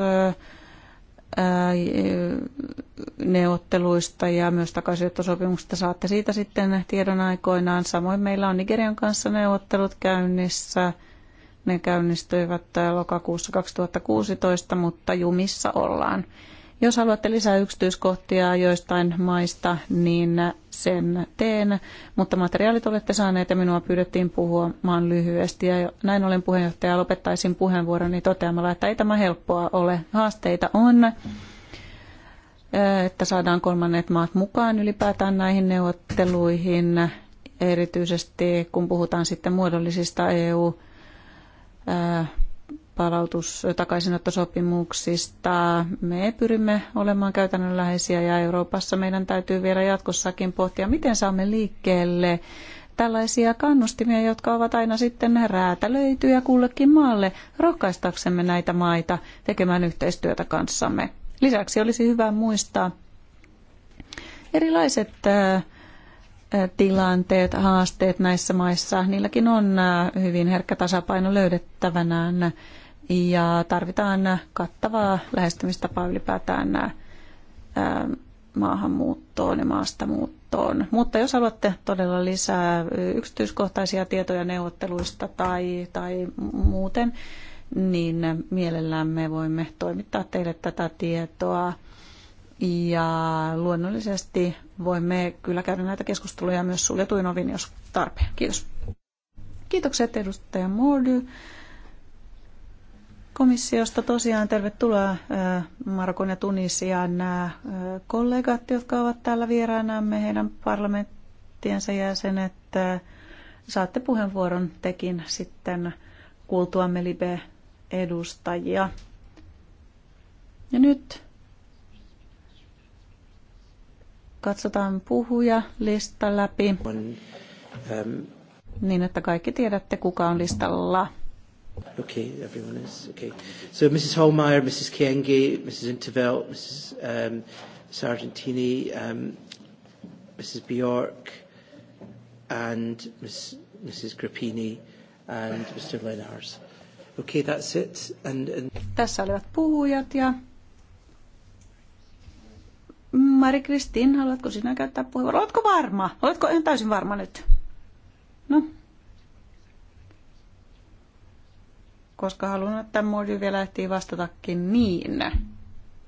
neuvotteluista ja myös takaisinottosopimuksista. saatte siitä sitten tiedon aikoinaan. Samoin meillä on Nigerian kanssa neuvottelut käynnissä. Ne käynnistyivät lokakuussa 2016, mutta jumissa ollaan. Jos haluatte lisää yksityiskohtia joistain maista, niin sen teen, mutta materiaalit olette saaneet ja minua pyydettiin puhumaan lyhyesti. Ja näin olen puheenjohtaja lopettaisin puheenvuoroni toteamalla, että ei tämä helppoa ole. Haasteita on että saadaan kolmannet maat mukaan ylipäätään näihin neuvotteluihin, erityisesti kun puhutaan sitten muodollisista EU- palautus- takaisinottosopimuksista. Me pyrimme olemaan käytännönläheisiä ja Euroopassa meidän täytyy vielä jatkossakin pohtia, miten saamme liikkeelle tällaisia kannustimia, jotka ovat aina sitten räätälöityjä kullekin maalle, rohkaistaksemme näitä maita tekemään yhteistyötä kanssamme. Lisäksi olisi hyvä muistaa erilaiset tilanteet, haasteet näissä maissa. Niilläkin on hyvin herkkä tasapaino löydettävänään ja tarvitaan kattavaa lähestymistapaa ylipäätään maahanmuuttoon ja maastamuuttoon. Mutta jos haluatte todella lisää yksityiskohtaisia tietoja neuvotteluista tai, tai muuten, niin me voimme toimittaa teille tätä tietoa. Ja luonnollisesti voimme kyllä käydä näitä keskusteluja myös suljetuin ovin, jos tarpeen. Kiitos. Kiitokset edustaja Mordy komissiosta tosiaan tervetuloa äh, Marokon ja Tunisian nämä äh, kollegat, jotka ovat täällä vieraanamme, heidän parlamenttiensa jäsenet. Äh, saatte puheenvuoron tekin sitten kuultuamme Libe-edustajia. Ja nyt katsotaan puhuja lista läpi, ähm, niin että kaikki tiedätte, kuka on listalla. Okay, everyone is. Okay. So Mrs. Hallmeyer, Mrs. Kienge, Mrs. Intervelt, Mrs. Um, Sargentini, um, Mrs. Bjork, and Ms. Mrs. Grappini and Mr. Lenars. Okay, that's it. And, and... Tässä olivat puhujat ja Mari Kristin, haluatko sinä käyttää puheenvuoron? Oletko varma? Oletko ihan täysin varma nyt? No, koska haluan, että Mordi vielä ehtii vastatakin niin.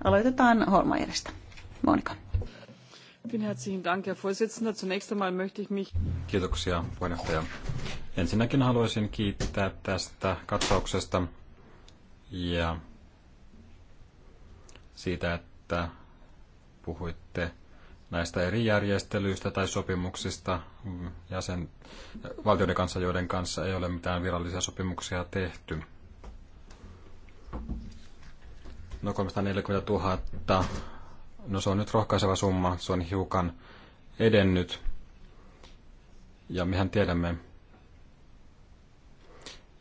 Aloitetaan Holmajärjestä. Monika. Kiitoksia, puheenjohtaja. Ensinnäkin haluaisin kiittää tästä katsauksesta ja siitä, että puhuitte näistä eri järjestelyistä tai sopimuksista jäsen, valtioiden kanssa, joiden kanssa ei ole mitään virallisia sopimuksia tehty. No 340 000, no se on nyt rohkaiseva summa, se on hiukan edennyt. Ja mehän tiedämme,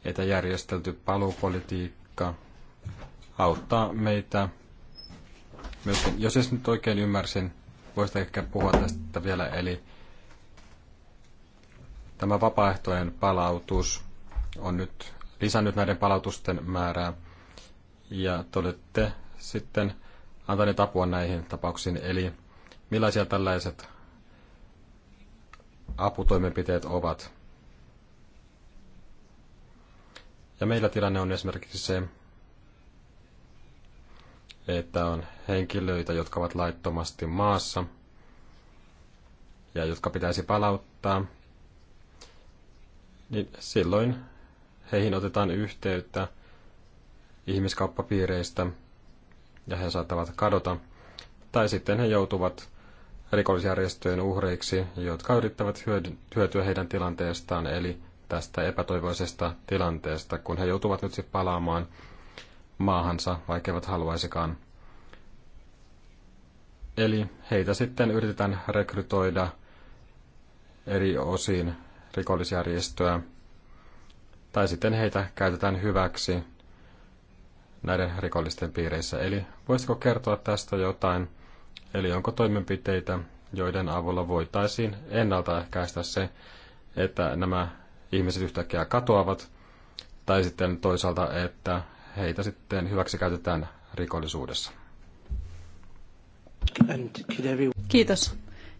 että järjestelty paluupolitiikka auttaa meitä. Myöskin, jos es nyt oikein ymmärsin, voisit ehkä puhua tästä vielä, eli tämä vapaaehtoinen palautus on nyt lisännyt näiden palautusten määrää – ja te olette sitten antaneet apua näihin tapauksiin. Eli millaisia tällaiset aputoimenpiteet ovat? Ja meillä tilanne on esimerkiksi se, että on henkilöitä, jotka ovat laittomasti maassa ja jotka pitäisi palauttaa, niin silloin heihin otetaan yhteyttä – ihmiskauppapiireistä ja he saattavat kadota. Tai sitten he joutuvat rikollisjärjestöjen uhreiksi, jotka yrittävät hyötyä heidän tilanteestaan, eli tästä epätoivoisesta tilanteesta, kun he joutuvat nyt sitten palaamaan maahansa, vaikka eivät haluaisikaan. Eli heitä sitten yritetään rekrytoida eri osiin rikollisjärjestöä, tai sitten heitä käytetään hyväksi näiden rikollisten piireissä. Eli voisitko kertoa tästä jotain? Eli onko toimenpiteitä, joiden avulla voitaisiin ennaltaehkäistä se, että nämä ihmiset yhtäkkiä katoavat, tai sitten toisaalta, että heitä sitten hyväksikäytetään rikollisuudessa. Kiitos.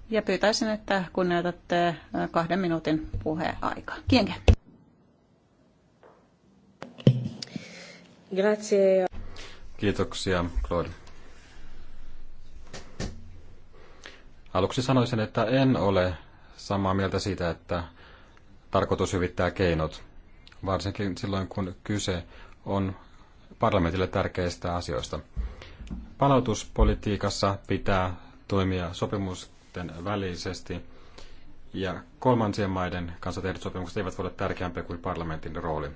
Ja pyytäisin, että kunnioitatte äh, kahden minuutin puheaikaa. Kienke. Grazie. Kiitoksia, Claude. Aluksi sanoisin, että en ole samaa mieltä siitä, että tarkoitus hyvittää keinot, varsinkin silloin kun kyse on parlamentille tärkeistä asioista. Palautuspolitiikassa pitää toimia sopimusten välisesti ja kolmansien maiden kanssa tehdyt sopimukset eivät voi olla tärkeämpiä kuin parlamentin rooli.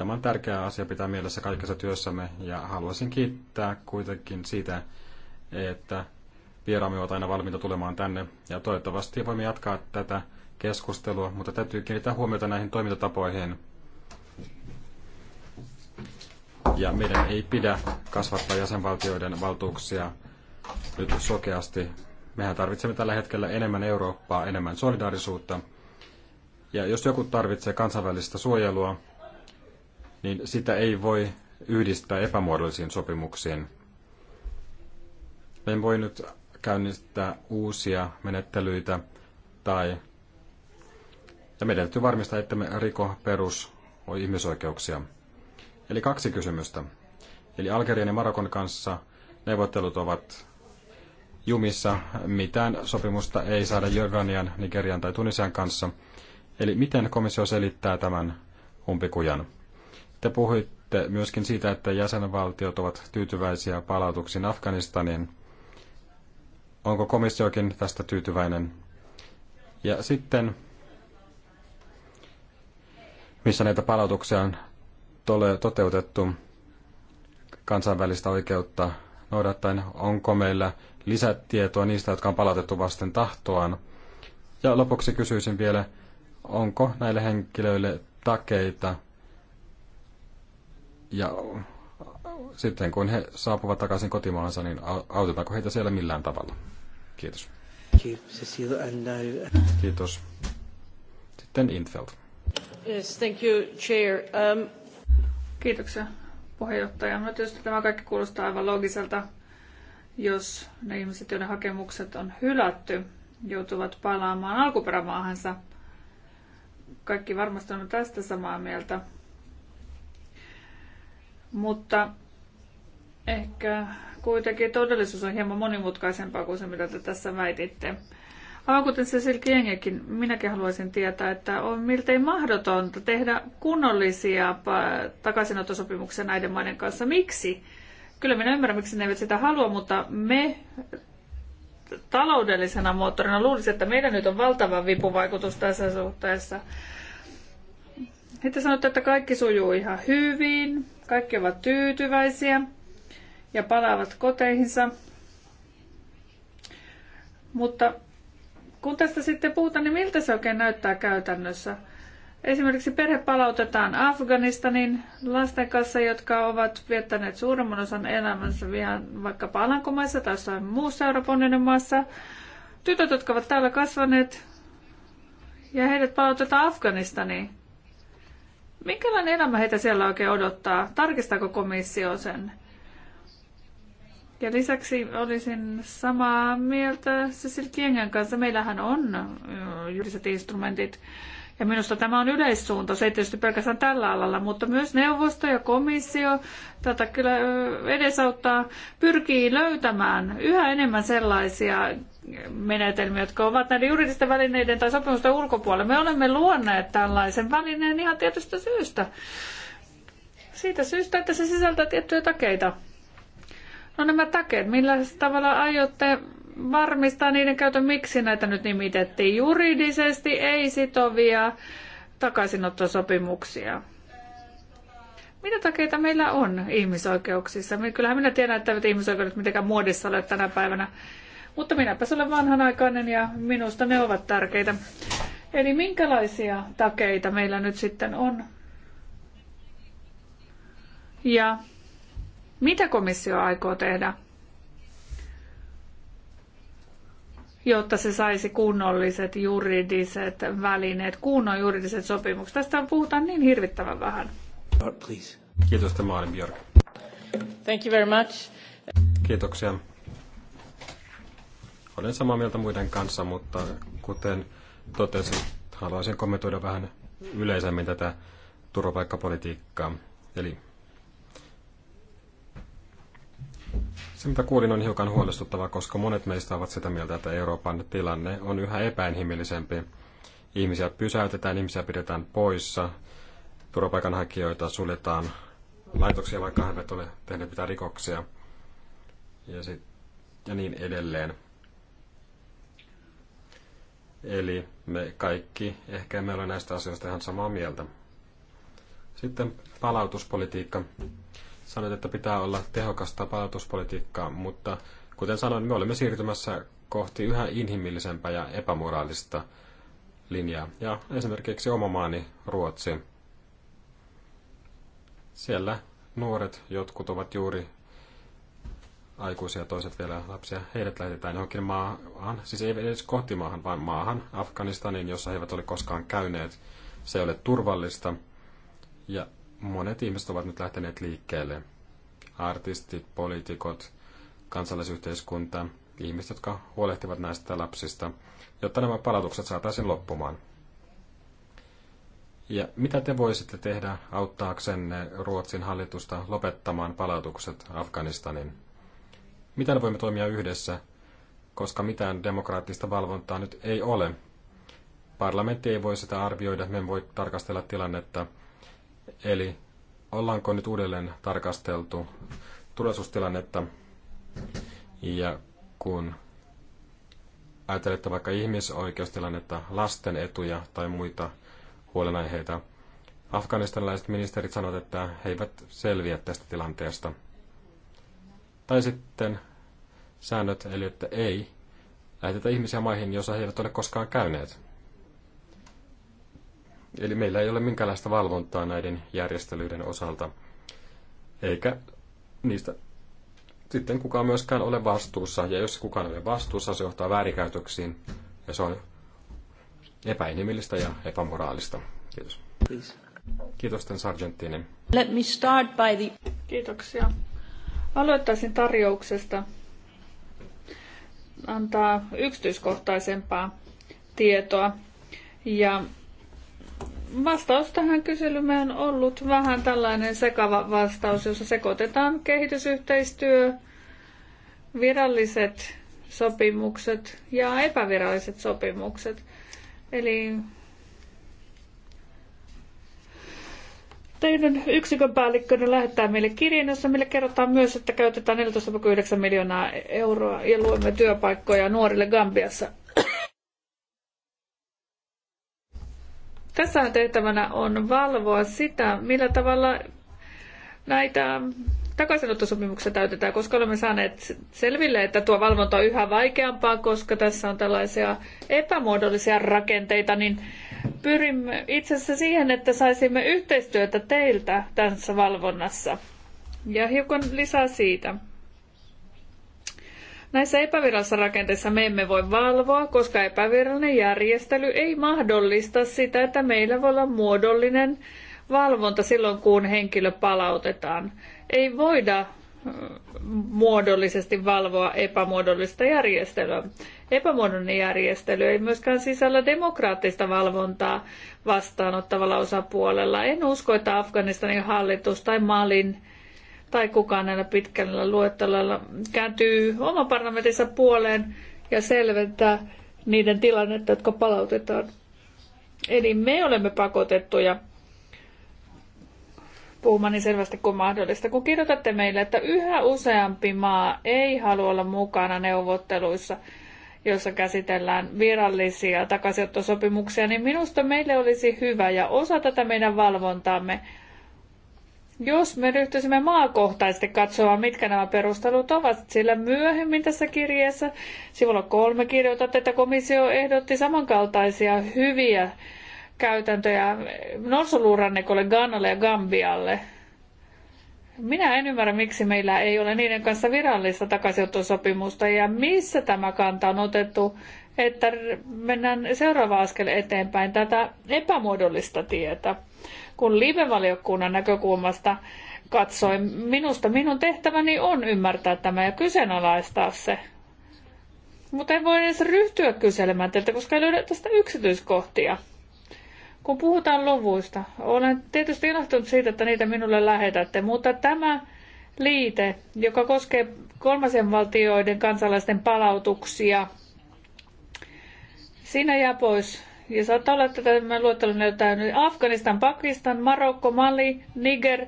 Tämä on tärkeä asia pitää mielessä kaikessa työssämme ja haluaisin kiittää kuitenkin siitä, että vieraamme ovat aina valmiita tulemaan tänne ja toivottavasti voimme jatkaa tätä keskustelua, mutta täytyy kiinnittää huomiota näihin toimintatapoihin. Ja meidän ei pidä kasvattaa jäsenvaltioiden valtuuksia nyt sokeasti. Mehän tarvitsemme tällä hetkellä enemmän Eurooppaa, enemmän solidaarisuutta. Ja jos joku tarvitsee kansainvälistä suojelua, niin sitä ei voi yhdistää epämuodollisiin sopimuksiin. Me voi nyt käynnistää uusia menettelyitä tai ja meidän täytyy varmistaa, että me riko perus ihmisoikeuksia. Eli kaksi kysymystä. Eli Algerian ja Marokon kanssa neuvottelut ovat jumissa. Mitään sopimusta ei saada Jordanian, Nigerian tai Tunisian kanssa. Eli miten komissio selittää tämän umpikujan? Te puhuitte myöskin siitä, että jäsenvaltiot ovat tyytyväisiä palautuksiin Afganistaniin. Onko komissiokin tästä tyytyväinen? Ja sitten, missä näitä palautuksia on toteutettu kansainvälistä oikeutta noudattaen, onko meillä lisätietoa niistä, jotka on palautettu vasten tahtoaan? Ja lopuksi kysyisin vielä, onko näille henkilöille takeita ja sitten kun he saapuvat takaisin kotimaansa, niin autetaanko heitä siellä millään tavalla? Kiitos. Kiitos. Siis sitten Infeld. Yes, thank you, Chair. Um... Kiitoksia, puheenjohtaja. No tietysti tämä kaikki kuulostaa aivan logiselta, jos ne ihmiset, joiden hakemukset on hylätty, joutuvat palaamaan alkuperämaahansa. Kaikki varmasti on tästä samaa mieltä, mutta ehkä kuitenkin todellisuus on hieman monimutkaisempaa kuin se, mitä te tässä väititte. Aivan kuten Cecil Kiengekin, minäkin haluaisin tietää, että on miltei mahdotonta tehdä kunnollisia takaisinottosopimuksia näiden maiden kanssa. Miksi? Kyllä minä ymmärrän, miksi ne eivät sitä halua, mutta me taloudellisena moottorina luulisin, että meidän nyt on valtava vipuvaikutus tässä suhteessa. Sitten sanotte, että kaikki sujuu ihan hyvin, kaikki ovat tyytyväisiä ja palaavat koteihinsa. Mutta kun tästä sitten puhutaan, niin miltä se oikein näyttää käytännössä? Esimerkiksi perhe palautetaan Afganistanin lasten kanssa, jotka ovat viettäneet suurimman osan elämänsä vihan vaikka palankomaissa tai jossain muussa Euroopan maassa. Tytöt, jotka ovat täällä kasvaneet, ja heidät palautetaan Afganistaniin. Minkälainen elämä heitä siellä oikein odottaa? Tarkistaako komissio sen? Ja lisäksi olisin samaa mieltä Cecil Kiengen kanssa. Meillähän on äh, juridiset instrumentit. Ja minusta tämä on yleissuunta. Se ei tietysti pelkästään tällä alalla, mutta myös neuvosto ja komissio tätä kyllä äh, edesauttaa, pyrkii löytämään yhä enemmän sellaisia menetelmiä, jotka ovat näiden juridisten välineiden tai sopimusten ulkopuolella. Me olemme luonneet tällaisen välineen ihan tietystä syystä. Siitä syystä, että se sisältää tiettyjä takeita. No nämä takeet, millä tavalla aiotte varmistaa niiden käytön, miksi näitä nyt nimitettiin juridisesti ei sitovia takaisinottosopimuksia? Mitä takeita meillä on ihmisoikeuksissa? Kyllähän minä tiedän, että eivät ihmisoikeudet mitenkään muodissa ole tänä päivänä. Mutta minäpä olen vanhanaikainen ja minusta ne ovat tärkeitä. Eli minkälaisia takeita meillä nyt sitten on? Ja mitä komissio aikoo tehdä, jotta se saisi kunnolliset juridiset välineet, kunnon juridiset sopimukset? Tästä puhutaan niin hirvittävän vähän. Please. Kiitos, Björk. Thank you very much. Kiitoksia. Olen samaa mieltä muiden kanssa, mutta kuten totesin, haluaisin kommentoida vähän yleisemmin tätä turvapaikkapolitiikkaa. Eli se, mitä kuulin, on hiukan huolestuttavaa, koska monet meistä ovat sitä mieltä, että Euroopan tilanne on yhä epäinhimillisempi. Ihmisiä pysäytetään, ihmisiä pidetään poissa, turvapaikanhakijoita suljetaan laitoksia, vaikka he eivät ole tehneet mitään rikoksia ja, sit, ja niin edelleen. Eli me kaikki ehkä emme ole näistä asioista ihan samaa mieltä. Sitten palautuspolitiikka. Sanoit, että pitää olla tehokasta palautuspolitiikkaa, mutta kuten sanoin, me olemme siirtymässä kohti yhä inhimillisempää ja epämoraalista linjaa. Ja esimerkiksi oma maani Ruotsi. Siellä nuoret jotkut ovat juuri aikuisia, toiset vielä lapsia, heidät lähetetään johonkin maahan, siis ei edes kotimaahan, vaan maahan, Afganistaniin, jossa he eivät ole koskaan käyneet. Se ei ole turvallista. Ja monet ihmiset ovat nyt lähteneet liikkeelle. Artistit, poliitikot, kansalaisyhteiskunta, ihmiset, jotka huolehtivat näistä lapsista, jotta nämä palautukset saataisiin loppumaan. Ja mitä te voisitte tehdä auttaaksenne Ruotsin hallitusta lopettamaan palautukset Afganistanin? Miten voimme toimia yhdessä, koska mitään demokraattista valvontaa nyt ei ole? Parlamentti ei voi sitä arvioida, me voi tarkastella tilannetta. Eli ollaanko nyt uudelleen tarkasteltu turvallisuustilannetta ja kun ajattelette vaikka ihmisoikeustilannetta, lasten etuja tai muita huolenaiheita, afganistanilaiset ministerit sanovat, että he eivät selviä tästä tilanteesta. Tai sitten säännöt, eli että ei lähetetä ihmisiä maihin, joissa he eivät ole koskaan käyneet. Eli meillä ei ole minkäänlaista valvontaa näiden järjestelyiden osalta, eikä niistä sitten kukaan myöskään ole vastuussa. Ja jos kukaan ei ole vastuussa, se johtaa väärikäytöksiin, ja se on epäinhimillistä ja epämoraalista. Kiitos. Please. Kiitos tämän sargenttinen. Let me start by the... Kiitoksia. Aloittaisin tarjouksesta, antaa yksityiskohtaisempaa tietoa. Ja vastaus tähän kyselymme on ollut vähän tällainen sekava vastaus, jossa sekoitetaan kehitysyhteistyö, viralliset sopimukset ja epäviralliset sopimukset. Eli teidän yksikön päällikkönne lähettää meille kirjeen, jossa meille kerrotaan myös, että käytetään 14,9 miljoonaa euroa ja luomme työpaikkoja nuorille Gambiassa. Tässä tehtävänä on valvoa sitä, millä tavalla näitä takaisinottosopimuksessa täytetään, koska olemme saaneet selville, että tuo valvonta on yhä vaikeampaa, koska tässä on tällaisia epämuodollisia rakenteita, niin pyrimme itse asiassa siihen, että saisimme yhteistyötä teiltä tässä valvonnassa. Ja hiukan lisää siitä. Näissä epävirallisissa rakenteissa me emme voi valvoa, koska epävirallinen järjestely ei mahdollista sitä, että meillä voi olla muodollinen valvonta silloin, kun henkilö palautetaan. Ei voida muodollisesti valvoa epämuodollista järjestelyä. Epämuodollinen järjestely ei myöskään sisällä demokraattista valvontaa vastaanottavalla osapuolella. En usko, että Afganistanin hallitus tai Malin tai kukaan näillä pitkällä luettelolla kääntyy oma parlamentinsa puoleen ja selventää niiden tilannetta, jotka palautetaan. Eli me olemme pakotettuja puhumaan niin selvästi kuin mahdollista. Kun kirjoitatte meille, että yhä useampi maa ei halua olla mukana neuvotteluissa, jossa käsitellään virallisia takaisinottosopimuksia, niin minusta meille olisi hyvä ja osa tätä meidän valvontaamme, jos me ryhtyisimme maakohtaisesti katsoa, mitkä nämä perustelut ovat, sillä myöhemmin tässä kirjeessä sivulla kolme kirjoitat, että komissio ehdotti samankaltaisia hyviä käytäntöjä norsuluurannikolle, Ghanalle ja Gambialle. Minä en ymmärrä, miksi meillä ei ole niiden kanssa virallista takaisinottosopimusta ja missä tämä kanta on otettu, että mennään seuraava askel eteenpäin tätä epämuodollista tietä. Kun live-valiokunnan näkökulmasta katsoin, minusta minun tehtäväni on ymmärtää tämä ja kyseenalaistaa se. Mutta en voi edes ryhtyä kyselemään teiltä, koska ei löydä tästä yksityiskohtia. Kun puhutaan luvuista, olen tietysti ilahtunut siitä, että niitä minulle lähetätte, mutta tämä liite, joka koskee kolmasen valtioiden kansalaisten palautuksia, siinä jää pois. Ja saattaa olla, että tämä luettelo näyttää nyt Afganistan, Pakistan, Marokko, Mali, Niger,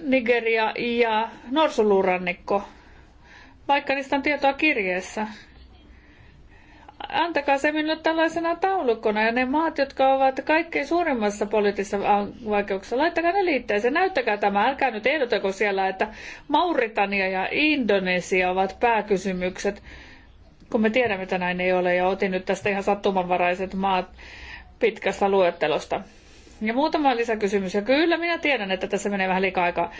Nigeria ja Norsulurannikko. Vaikka niistä on tietoa kirjeessä antakaa se minulle tällaisena taulukkona ja ne maat, jotka ovat kaikkein suurimmassa poliittisessa vaikeuksessa, laittakaa ne liitteeseen, näyttäkää tämä, älkää nyt ehdotako siellä, että Mauritania ja Indonesia ovat pääkysymykset, kun me tiedämme, että näin ei ole ja otin nyt tästä ihan sattumanvaraiset maat pitkästä luettelosta. Ja muutama lisäkysymys, ja kyllä minä tiedän, että tässä menee vähän liikaa aikaa.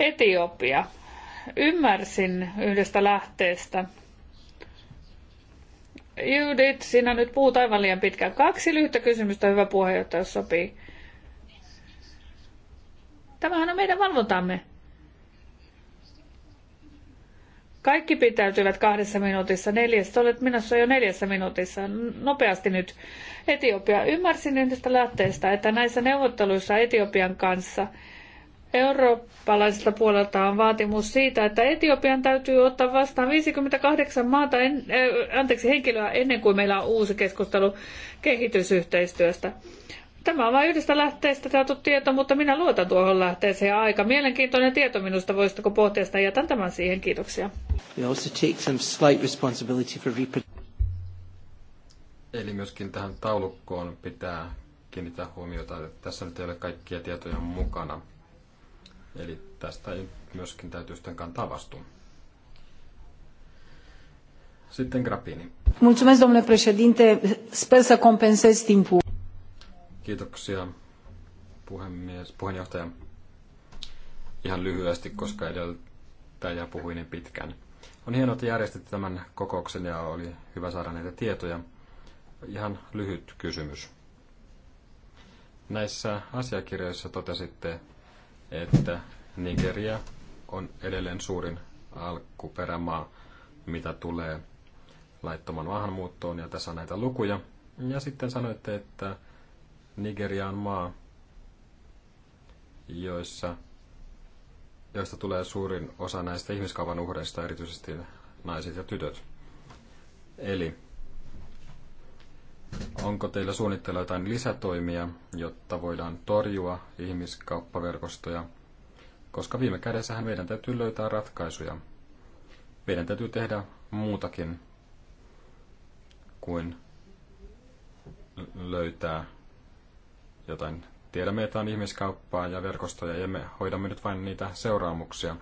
Etiopia. Ymmärsin yhdestä lähteestä, Judith, sinä nyt puhut aivan liian pitkään. Kaksi lyhyttä kysymystä, hyvä puheenjohtaja, jos sopii. Tämähän on meidän valvontamme. Kaikki pitäytyvät kahdessa minuutissa neljästä. Olet minussa jo neljässä minuutissa. Nopeasti nyt. Etiopia. Ymmärsin yhdestä lähteestä, että näissä neuvotteluissa Etiopian kanssa – Eurooppalaiselta puolelta on vaatimus siitä, että Etiopian täytyy ottaa vastaan 58 maata, en, äh, anteeksi, henkilöä ennen kuin meillä on uusi keskustelu kehitysyhteistyöstä. Tämä on vain yhdestä lähteestä saatu tieto, mutta minä luotan tuohon lähteeseen aika mielenkiintoinen tieto minusta. Voisitko pohtia sitä? Jätän tämän siihen. Kiitoksia. Eli myöskin tähän taulukkoon pitää kiinnittää huomiota, että tässä nyt ei ole kaikkia tietoja mukana. Eli tästä ei myöskin täytyy sitten kantaa vastuun. Sitten Grappini. Mulțumesc, domnule președinte. Sper să compensez timpul. Kiitoksia, puhemies, puheenjohtaja. Ihan lyhyesti, koska edeltäjä puhui niin pitkään. On hienoa, että järjestitte tämän kokouksen ja oli hyvä saada näitä tietoja. Ihan lyhyt kysymys. Näissä asiakirjoissa totesitte, että Nigeria on edelleen suurin alkuperämaa, mitä tulee laittoman maahanmuuttoon, ja tässä on näitä lukuja. Ja sitten sanoitte, että Nigeria on maa, joissa, joista tulee suurin osa näistä ihmiskaupan uhreista, erityisesti naiset ja tytöt. Eli Onko teillä suunnitteilla jotain lisätoimia, jotta voidaan torjua ihmiskauppaverkostoja? Koska viime kädessähän meidän täytyy löytää ratkaisuja. Meidän täytyy tehdä muutakin kuin löytää jotain. Tiedämme, että on ihmiskauppaa ja verkostoja ja me hoidamme nyt vain niitä seuraamuksia.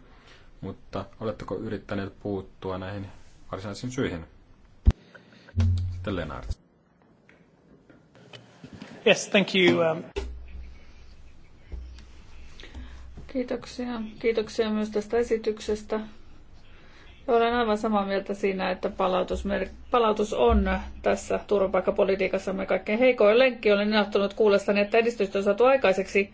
Mutta oletteko yrittäneet puuttua näihin varsinaisiin syihin? Sitten Lennart. Yes, thank you. Um, Kiitoksia. Kiitoksia myös tästä esityksestä. Olen aivan samaa mieltä siinä, että palautus, palautus on tässä turvapaikkapolitiikassamme kaikkein heikoin lenkki. Olen innoittunut kuullessani, että edistystä on saatu aikaiseksi,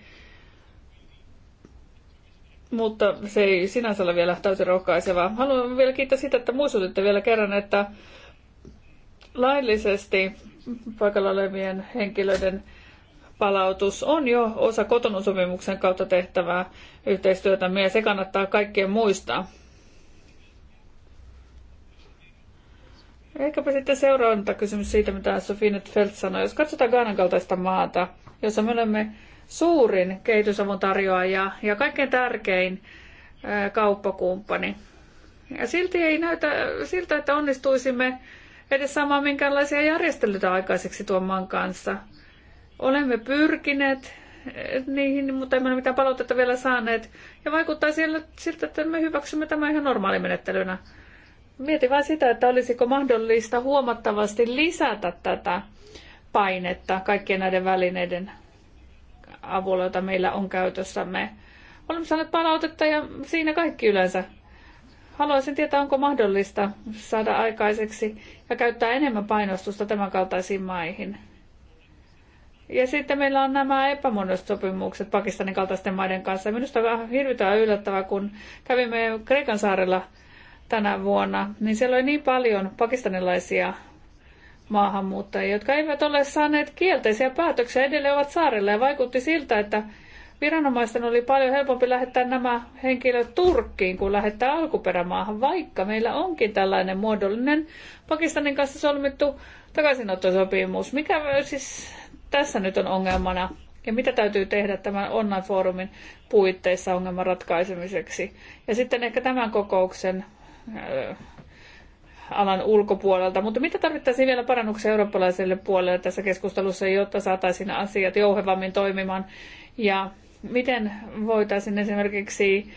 mutta se ei sinänsä ole vielä täysin rohkaisevaa. Haluan vielä kiittää sitä, että muistutitte vielä kerran, että laillisesti paikalla olevien henkilöiden palautus on jo osa kotonusopimuksen kautta tehtävää yhteistyötämme ja se kannattaa kaikkien muistaa. Ehkäpä sitten seuraava kysymys siitä, mitä Sofine Felt sanoi. Jos katsotaan Ghanan kaltaista maata, jossa me olemme suurin kehitysavun tarjoaja ja kaikkein tärkein kauppakumppani. Ja silti ei näytä siltä, että onnistuisimme edes saamaan minkäänlaisia järjestelyitä aikaiseksi tuon maan kanssa. Olemme pyrkineet eh, niihin, mutta emme ole mitään palautetta vielä saaneet. Ja vaikuttaa siltä, että me hyväksymme tämän ihan normaalimenettelynä. Mietin vain sitä, että olisiko mahdollista huomattavasti lisätä tätä painetta kaikkien näiden välineiden avulla, joita meillä on käytössämme. Olemme saaneet palautetta ja siinä kaikki yleensä. Haluaisin tietää, onko mahdollista saada aikaiseksi ja käyttää enemmän painostusta tämänkaltaisiin maihin. Ja sitten meillä on nämä epämuodolliset sopimukset Pakistanin kaltaisten maiden kanssa. Minusta on vähän hirvittävän yllättävää, kun kävimme Kreikan saarella tänä vuonna, niin siellä oli niin paljon pakistanilaisia maahanmuuttajia, jotka eivät ole saaneet kielteisiä päätöksiä, edelleen ovat saarella ja vaikutti siltä, että Viranomaisten oli paljon helpompi lähettää nämä henkilöt Turkkiin kuin lähettää alkuperämaahan, vaikka meillä onkin tällainen muodollinen Pakistanin kanssa solmittu takaisinottosopimus. Mikä siis tässä nyt on ongelmana? ja mitä täytyy tehdä tämän online-foorumin puitteissa ongelman ratkaisemiseksi. Ja sitten ehkä tämän kokouksen äh, alan ulkopuolelta, mutta mitä tarvittaisiin vielä parannuksia eurooppalaiselle puolelle tässä keskustelussa, jotta saataisiin asiat jouhevammin toimimaan ja Miten voitaisiin esimerkiksi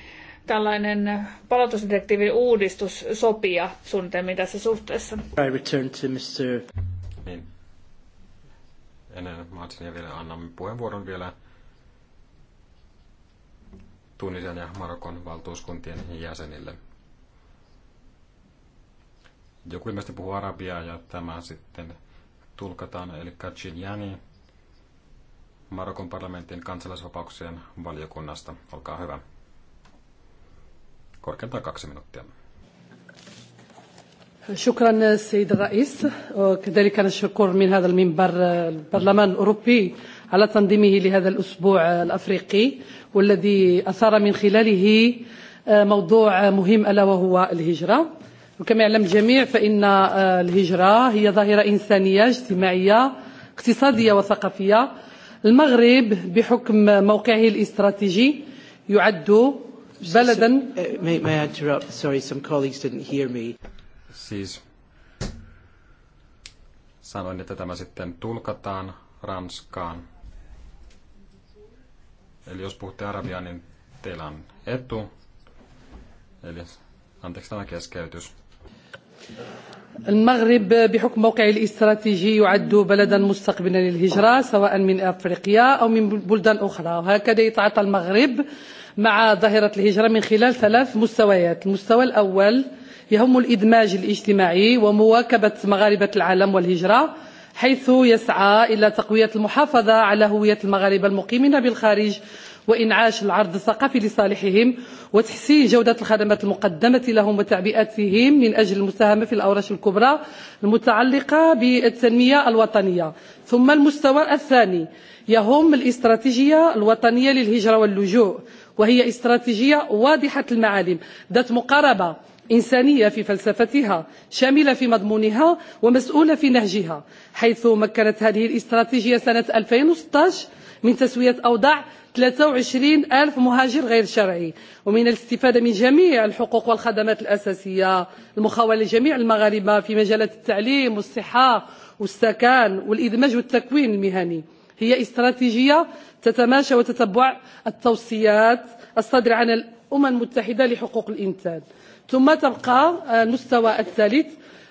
tällainen palautusdirektiivin uudistus sopia suunnitelmiin tässä suhteessa? I return to Mr. Niin. Ennen Martinia vielä annamme puheenvuoron vielä Tunisian ja Marokon valtuuskuntien jäsenille. Joku ilmeisesti puhuu arabiaa ja tämä sitten tulkataan, eli Jani. Marokon parlamentin kansalaisvapauksien valiokunnasta. Olkaa hyvä. Korkeintaan kaksi minuuttia. شكرا سيد الرئيس وكذلك نشكر من هذا المنبر البرلمان الأوروبي على تنظيمه لهذا الأسبوع الأفريقي والذي أثار من خلاله موضوع مهم ألا وهو الهجرة وكما يعلم الجميع فإن الهجرة هي ظاهرة إنسانية اجتماعية اقتصادية وثقافية المغرب بحكم موقعه الاستراتيجي يعد بلدا uh, may, may I interrupt? Sorry, some colleagues didn't hear me. Siis sanoin, että tämä sitten tulkataan Ranskaan. Eli jos puhutte arabiaa, niin teillä on etu. Eli anteeksi tämä keskeytys. المغرب بحكم موقعه الاستراتيجي يعد بلدا مستقبلا للهجرة سواء من أفريقيا أو من بلدان أخرى وهكذا يتعاطى المغرب مع ظاهرة الهجرة من خلال ثلاث مستويات المستوى الأول يهم الإدماج الاجتماعي ومواكبة مغاربة العالم والهجرة حيث يسعى إلى تقوية المحافظة على هوية المغاربة المقيمين بالخارج وإنعاش العرض الثقافي لصالحهم وتحسين جودة الخدمات المقدمة لهم وتعبئتهم من أجل المساهمة في الأوراش الكبرى المتعلقة بالتنمية الوطنية ثم المستوى الثاني يهم الاستراتيجية الوطنية للهجرة واللجوء وهي استراتيجية واضحة المعالم ذات مقاربة إنسانية في فلسفتها شاملة في مضمونها ومسؤولة في نهجها حيث مكنت هذه الاستراتيجية سنة 2016 من تسوية أوضاع 23 ألف مهاجر غير شرعي ومن الاستفادة من جميع الحقوق والخدمات الأساسية المخاولة لجميع المغاربة في مجالات التعليم والصحة والسكن والإدماج والتكوين المهني هي استراتيجية تتماشى وتتبع التوصيات الصادرة عن الأمم المتحدة لحقوق الإنسان ثم تبقى المستوى الثالث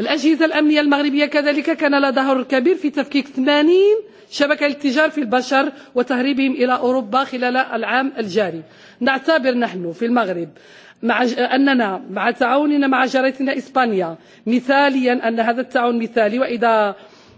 الأجهزة الأمنية المغربية كذلك كان لها دور كبير في تفكيك 80 شبكة للتجار في البشر وتهريبهم إلى أوروبا خلال العام الجاري نعتبر نحن في المغرب مع أننا مع تعاوننا مع جارتنا إسبانيا مثاليا أن هذا التعاون مثالي وإذا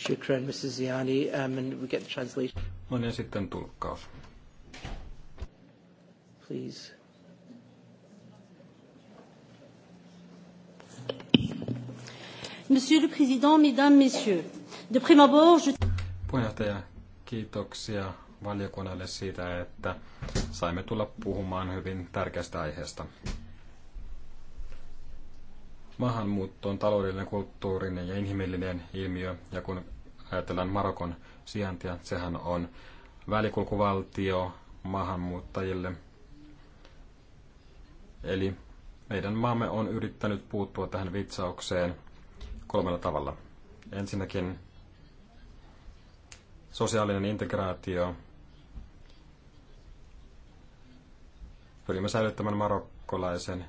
Shukran, Mrs. Ziani, um, and we get the translation. No niin, sitten tulkkaus. Please. Monsieur le Président, Mesdames, Messieurs, de prime abord, je... Puheenjohtaja, kiitoksia valiokunnalle siitä, että saimme tulla puhumaan hyvin tärkeästä aiheesta. Maahanmuutto on taloudellinen, kulttuurinen ja inhimillinen ilmiö, ja kun ajatellaan Marokon sijaintia, sehän on välikulkuvaltio maahanmuuttajille. Eli meidän maamme on yrittänyt puuttua tähän vitsaukseen kolmella tavalla. Ensinnäkin sosiaalinen integraatio. Pyrimme säilyttämään marokkolaisen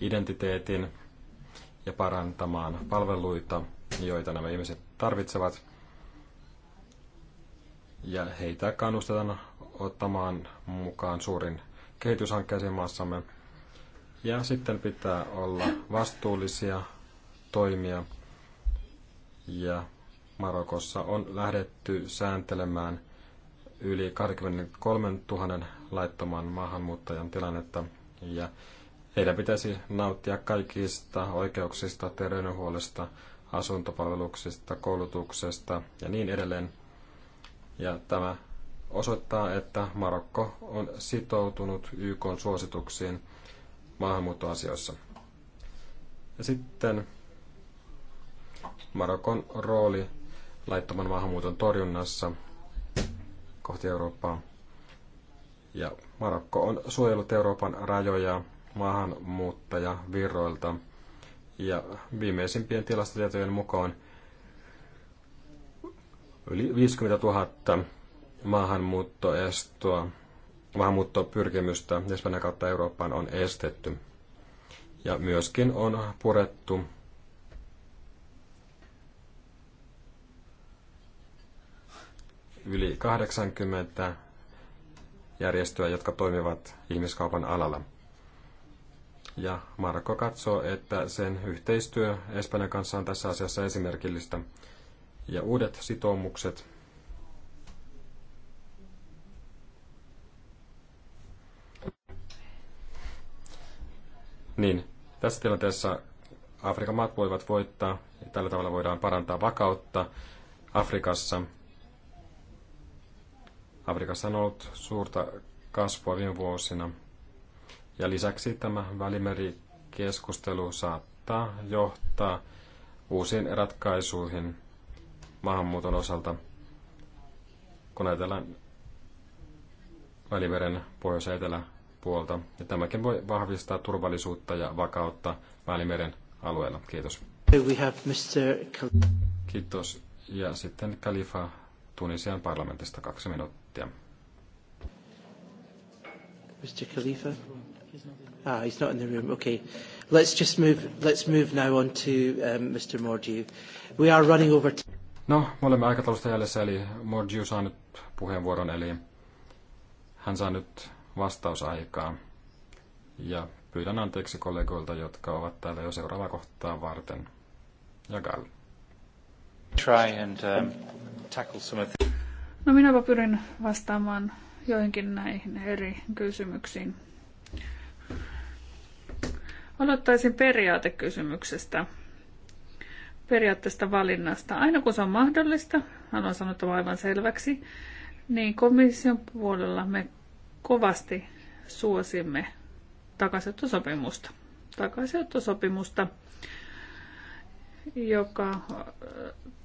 identiteetin ja parantamaan palveluita, joita nämä ihmiset tarvitsevat. Ja heitä kannustetaan ottamaan mukaan suurin kehityshankkeisiin maassamme. Ja sitten pitää olla vastuullisia toimia. Ja Marokossa on lähdetty sääntelemään yli 23 000 laittoman maahanmuuttajan tilannetta. Ja heidän pitäisi nauttia kaikista oikeuksista, terveydenhuollosta, asuntopalveluksista, koulutuksesta ja niin edelleen. Ja tämä osoittaa, että Marokko on sitoutunut YK suosituksiin maahanmuuttoasioissa. Ja sitten Marokon rooli laittoman maahanmuuton torjunnassa kohti Eurooppaa. Ja Marokko on suojellut Euroopan rajoja maahanmuuttajavirroilta. Ja viimeisimpien tilastotietojen mukaan yli 50 000 maahanmuuttoestoa, maahanmuuttopyrkimystä Espanjan kautta Eurooppaan on estetty. Ja myöskin on purettu yli 80 järjestöä, jotka toimivat ihmiskaupan alalla ja Marko katsoo, että sen yhteistyö Espanjan kanssa on tässä asiassa esimerkillistä. Ja uudet sitoumukset Niin, tässä tilanteessa Afrikan maat voivat voittaa ja tällä tavalla voidaan parantaa vakautta Afrikassa. Afrikassa on ollut suurta kasvua viime vuosina ja lisäksi tämä välimerikeskustelu saattaa johtaa uusiin ratkaisuihin maahanmuuton osalta, kun ajatellaan Välimeren pohjois- ja eteläpuolta. Ja niin tämäkin voi vahvistaa turvallisuutta ja vakautta Välimeren alueella. Kiitos. We have Mr. Kiitos. Ja sitten kalifa Tunisian parlamentista kaksi minuuttia. Mr. Khalifa. Ah, he's not in the room. Okay. Let's just move, let's move now on to um, Mr. Mordew. We are running over... no, me olemme aikataulusta jäljessä, eli Mordew saa nyt puheenvuoron, eli hän saa nyt vastausaikaa. Ja pyydän anteeksi kollegoilta, jotka ovat täällä jo seuraavaa kohtaa varten. Ja Gal. Try and, um, tackle some of the... No minäpä pyrin vastaamaan joihinkin näihin eri kysymyksiin. Aloittaisin periaatekysymyksestä, periaatteesta valinnasta. Aina kun se on mahdollista, haluan sanoa tämän aivan selväksi, niin komission puolella me kovasti suosimme takaisinottosopimusta. Takaisinottosopimusta, joka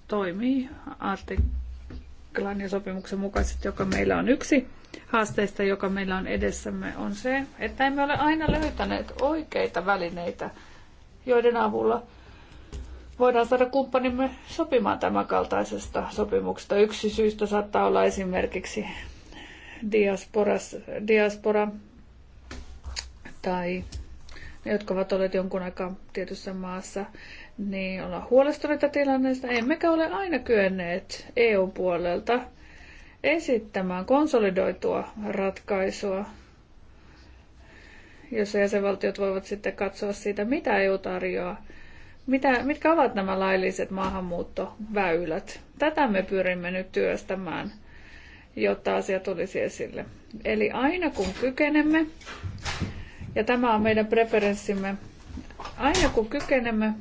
toimii artiklan ja sopimuksen mukaisesti, joka meillä on yksi haasteista, joka meillä on edessämme, on se, että emme ole aina löytäneet oikeita välineitä, joiden avulla voidaan saada kumppanimme sopimaan tämänkaltaisesta sopimuksesta. Yksi syystä saattaa olla esimerkiksi diasporas, diaspora tai ne, jotka ovat olleet jonkun aikaa tietyssä maassa, niin ollaan huolestuneita tilanneesta. Emmekä ole aina kyenneet EU-puolelta esittämään konsolidoitua ratkaisua, jossa jäsenvaltiot voivat sitten katsoa siitä, mitä EU tarjoaa, mitä, mitkä ovat nämä lailliset maahanmuuttoväylät. Tätä me pyrimme nyt työstämään, jotta asia tulisi esille. Eli aina kun kykenemme, ja tämä on meidän preferenssimme, aina kun kykenemme,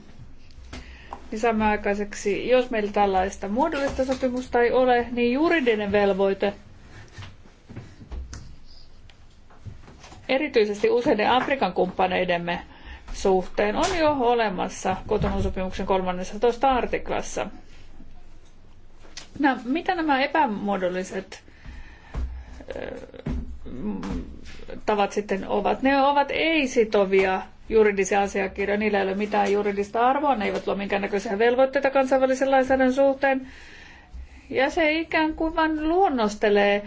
niin saamme aikaiseksi, jos meillä tällaista muodollista sopimusta ei ole, niin juridinen velvoite erityisesti useiden Afrikan kumppaneidemme suhteen on jo olemassa sopimuksen 13 artiklassa. No, mitä nämä epämuodolliset tavat sitten ovat. Ne ovat ei-sitovia juridisia asiakirjoja, niillä ei ole mitään juridista arvoa, ne eivät luo minkäännäköisiä velvoitteita kansainvälisen lainsäädännön suhteen. Ja se ikään kuin vain luonnostelee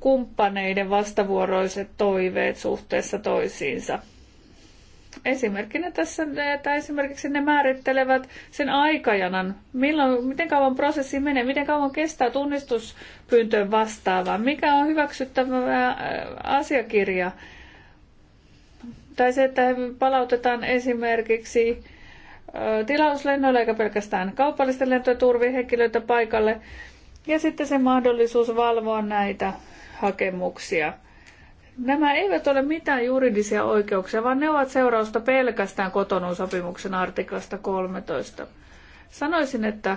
kumppaneiden vastavuoroiset toiveet suhteessa toisiinsa. Esimerkkinä tässä että esimerkiksi ne määrittelevät sen aikajanan, milloin, miten kauan prosessi menee, miten kauan kestää tunnistuspyyntöön vastaava, mikä on hyväksyttävä äh, asiakirja. Tai se, että palautetaan esimerkiksi äh, tilauslennoille eikä pelkästään kaupallisten lentojen turvihenkilöitä paikalle. Ja sitten se mahdollisuus valvoa näitä hakemuksia. Nämä eivät ole mitään juridisia oikeuksia, vaan ne ovat seurausta pelkästään sopimuksen artiklasta 13. Sanoisin, että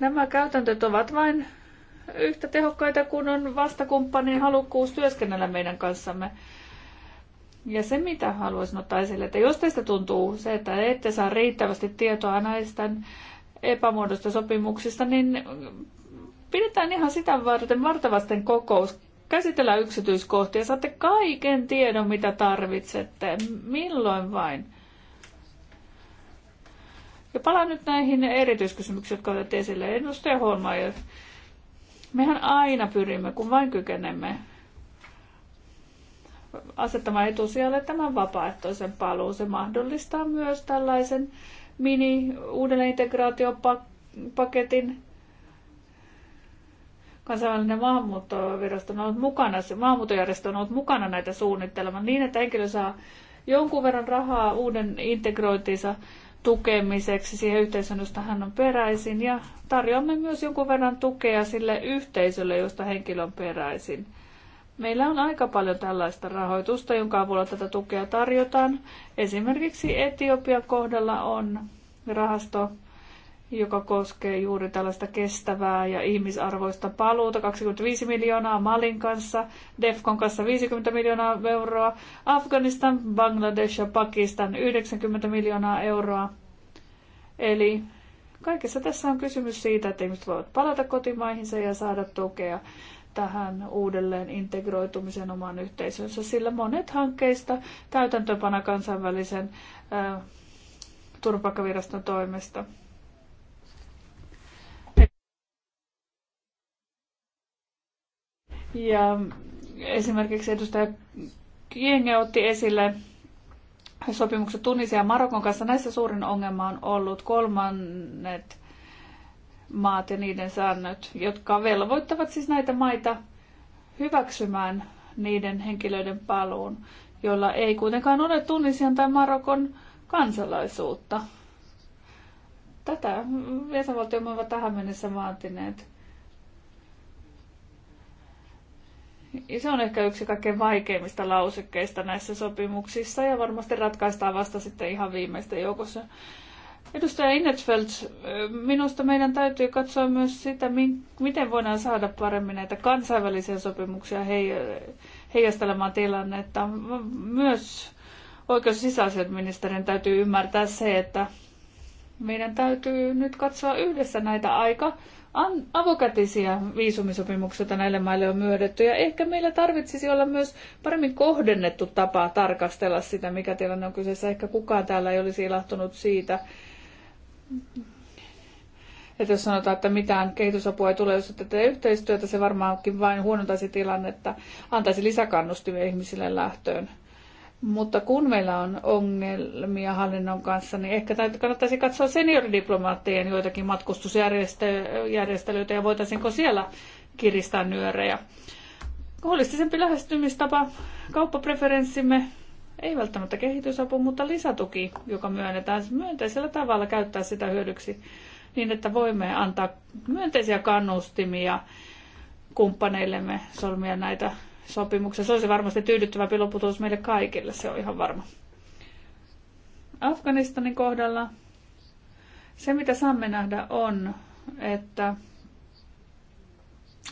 nämä käytäntöt ovat vain yhtä tehokkaita kuin on vastakumppanin halukkuus työskennellä meidän kanssamme. Ja se, mitä haluaisin ottaa esille, että jos teistä tuntuu se, että ette saa riittävästi tietoa näistä epämuodosta sopimuksista, niin pidetään ihan sitä varten vartavasten kokous käsitellään yksityiskohtia, saatte kaiken tiedon, mitä tarvitsette, milloin vain. Ja palaan nyt näihin erityiskysymyksiin, jotka otat esille. Edustaja Holmaier, mehän aina pyrimme, kun vain kykenemme, asettamaan etusijalle tämän vapaaehtoisen paluun. Se mahdollistaa myös tällaisen mini-uudelleenintegraatiopaketin, kansainvälinen maahanmuuttovirasto on ollut mukana, maahanmuuttojärjestö on ollut mukana näitä suunnittelemaan niin, että henkilö saa jonkun verran rahaa uuden integrointinsa tukemiseksi siihen yhteisöön, josta hän on peräisin ja tarjoamme myös jonkun verran tukea sille yhteisölle, josta henkilö on peräisin. Meillä on aika paljon tällaista rahoitusta, jonka avulla tätä tukea tarjotaan. Esimerkiksi Etiopian kohdalla on rahasto, joka koskee juuri tällaista kestävää ja ihmisarvoista paluuta, 25 miljoonaa Malin kanssa, Defcon kanssa 50 miljoonaa euroa, Afganistan, Bangladesh ja Pakistan 90 miljoonaa euroa. Eli kaikessa tässä on kysymys siitä, että ihmiset voivat palata kotimaihinsa ja saada tukea tähän uudelleen integroitumisen omaan yhteisönsä, sillä monet hankkeista täytäntöpana kansainvälisen ää, äh, turvapaikkaviraston toimesta. Ja esimerkiksi edustaja Kienge otti esille sopimukset Tunisia ja Marokon kanssa. Näissä suurin ongelma on ollut kolmannet maat ja niiden säännöt, jotka velvoittavat siis näitä maita hyväksymään niiden henkilöiden paluun, joilla ei kuitenkaan ole Tunisian tai Marokon kansalaisuutta. Tätä jäsenvaltiomme ovat tähän mennessä vaatineet. Ja se on ehkä yksi kaikkein vaikeimmista lausekkeista näissä sopimuksissa ja varmasti ratkaistaan vasta sitten ihan viimeisten joukossa. Edustaja Innetfeld, minusta meidän täytyy katsoa myös sitä, miten voidaan saada paremmin näitä kansainvälisiä sopimuksia heijastelemaan tilannetta. Myös oikeus- ministerin täytyy ymmärtää se, että meidän täytyy nyt katsoa yhdessä näitä aika avokatisia viisumisopimuksia näille maille on myönnetty ja ehkä meillä tarvitsisi olla myös paremmin kohdennettu tapa tarkastella sitä, mikä tilanne on kyseessä. Ehkä kukaan täällä ei olisi ilahtunut siitä, että jos sanotaan, että mitään kehitysapua ei tule, jos ette tee yhteistyötä, se varmaankin vain huonontaisi tilannetta, antaisi lisäkannustimia ihmisille lähtöön. Mutta kun meillä on ongelmia hallinnon kanssa, niin ehkä kannattaisi katsoa senioridiplomaattien joitakin matkustusjärjestelyitä ja voitaisiinko siellä kiristää nyörejä. Holistisempi lähestymistapa, kauppapreferenssimme, ei välttämättä kehitysapu, mutta lisätuki, joka myönnetään myönteisellä tavalla käyttää sitä hyödyksi niin, että voimme antaa myönteisiä kannustimia kumppaneillemme solmia näitä sopimuksen. Se olisi varmasti tyydyttävä lopputulos meille kaikille, se on ihan varma. Afganistanin kohdalla se, mitä saamme nähdä, on, että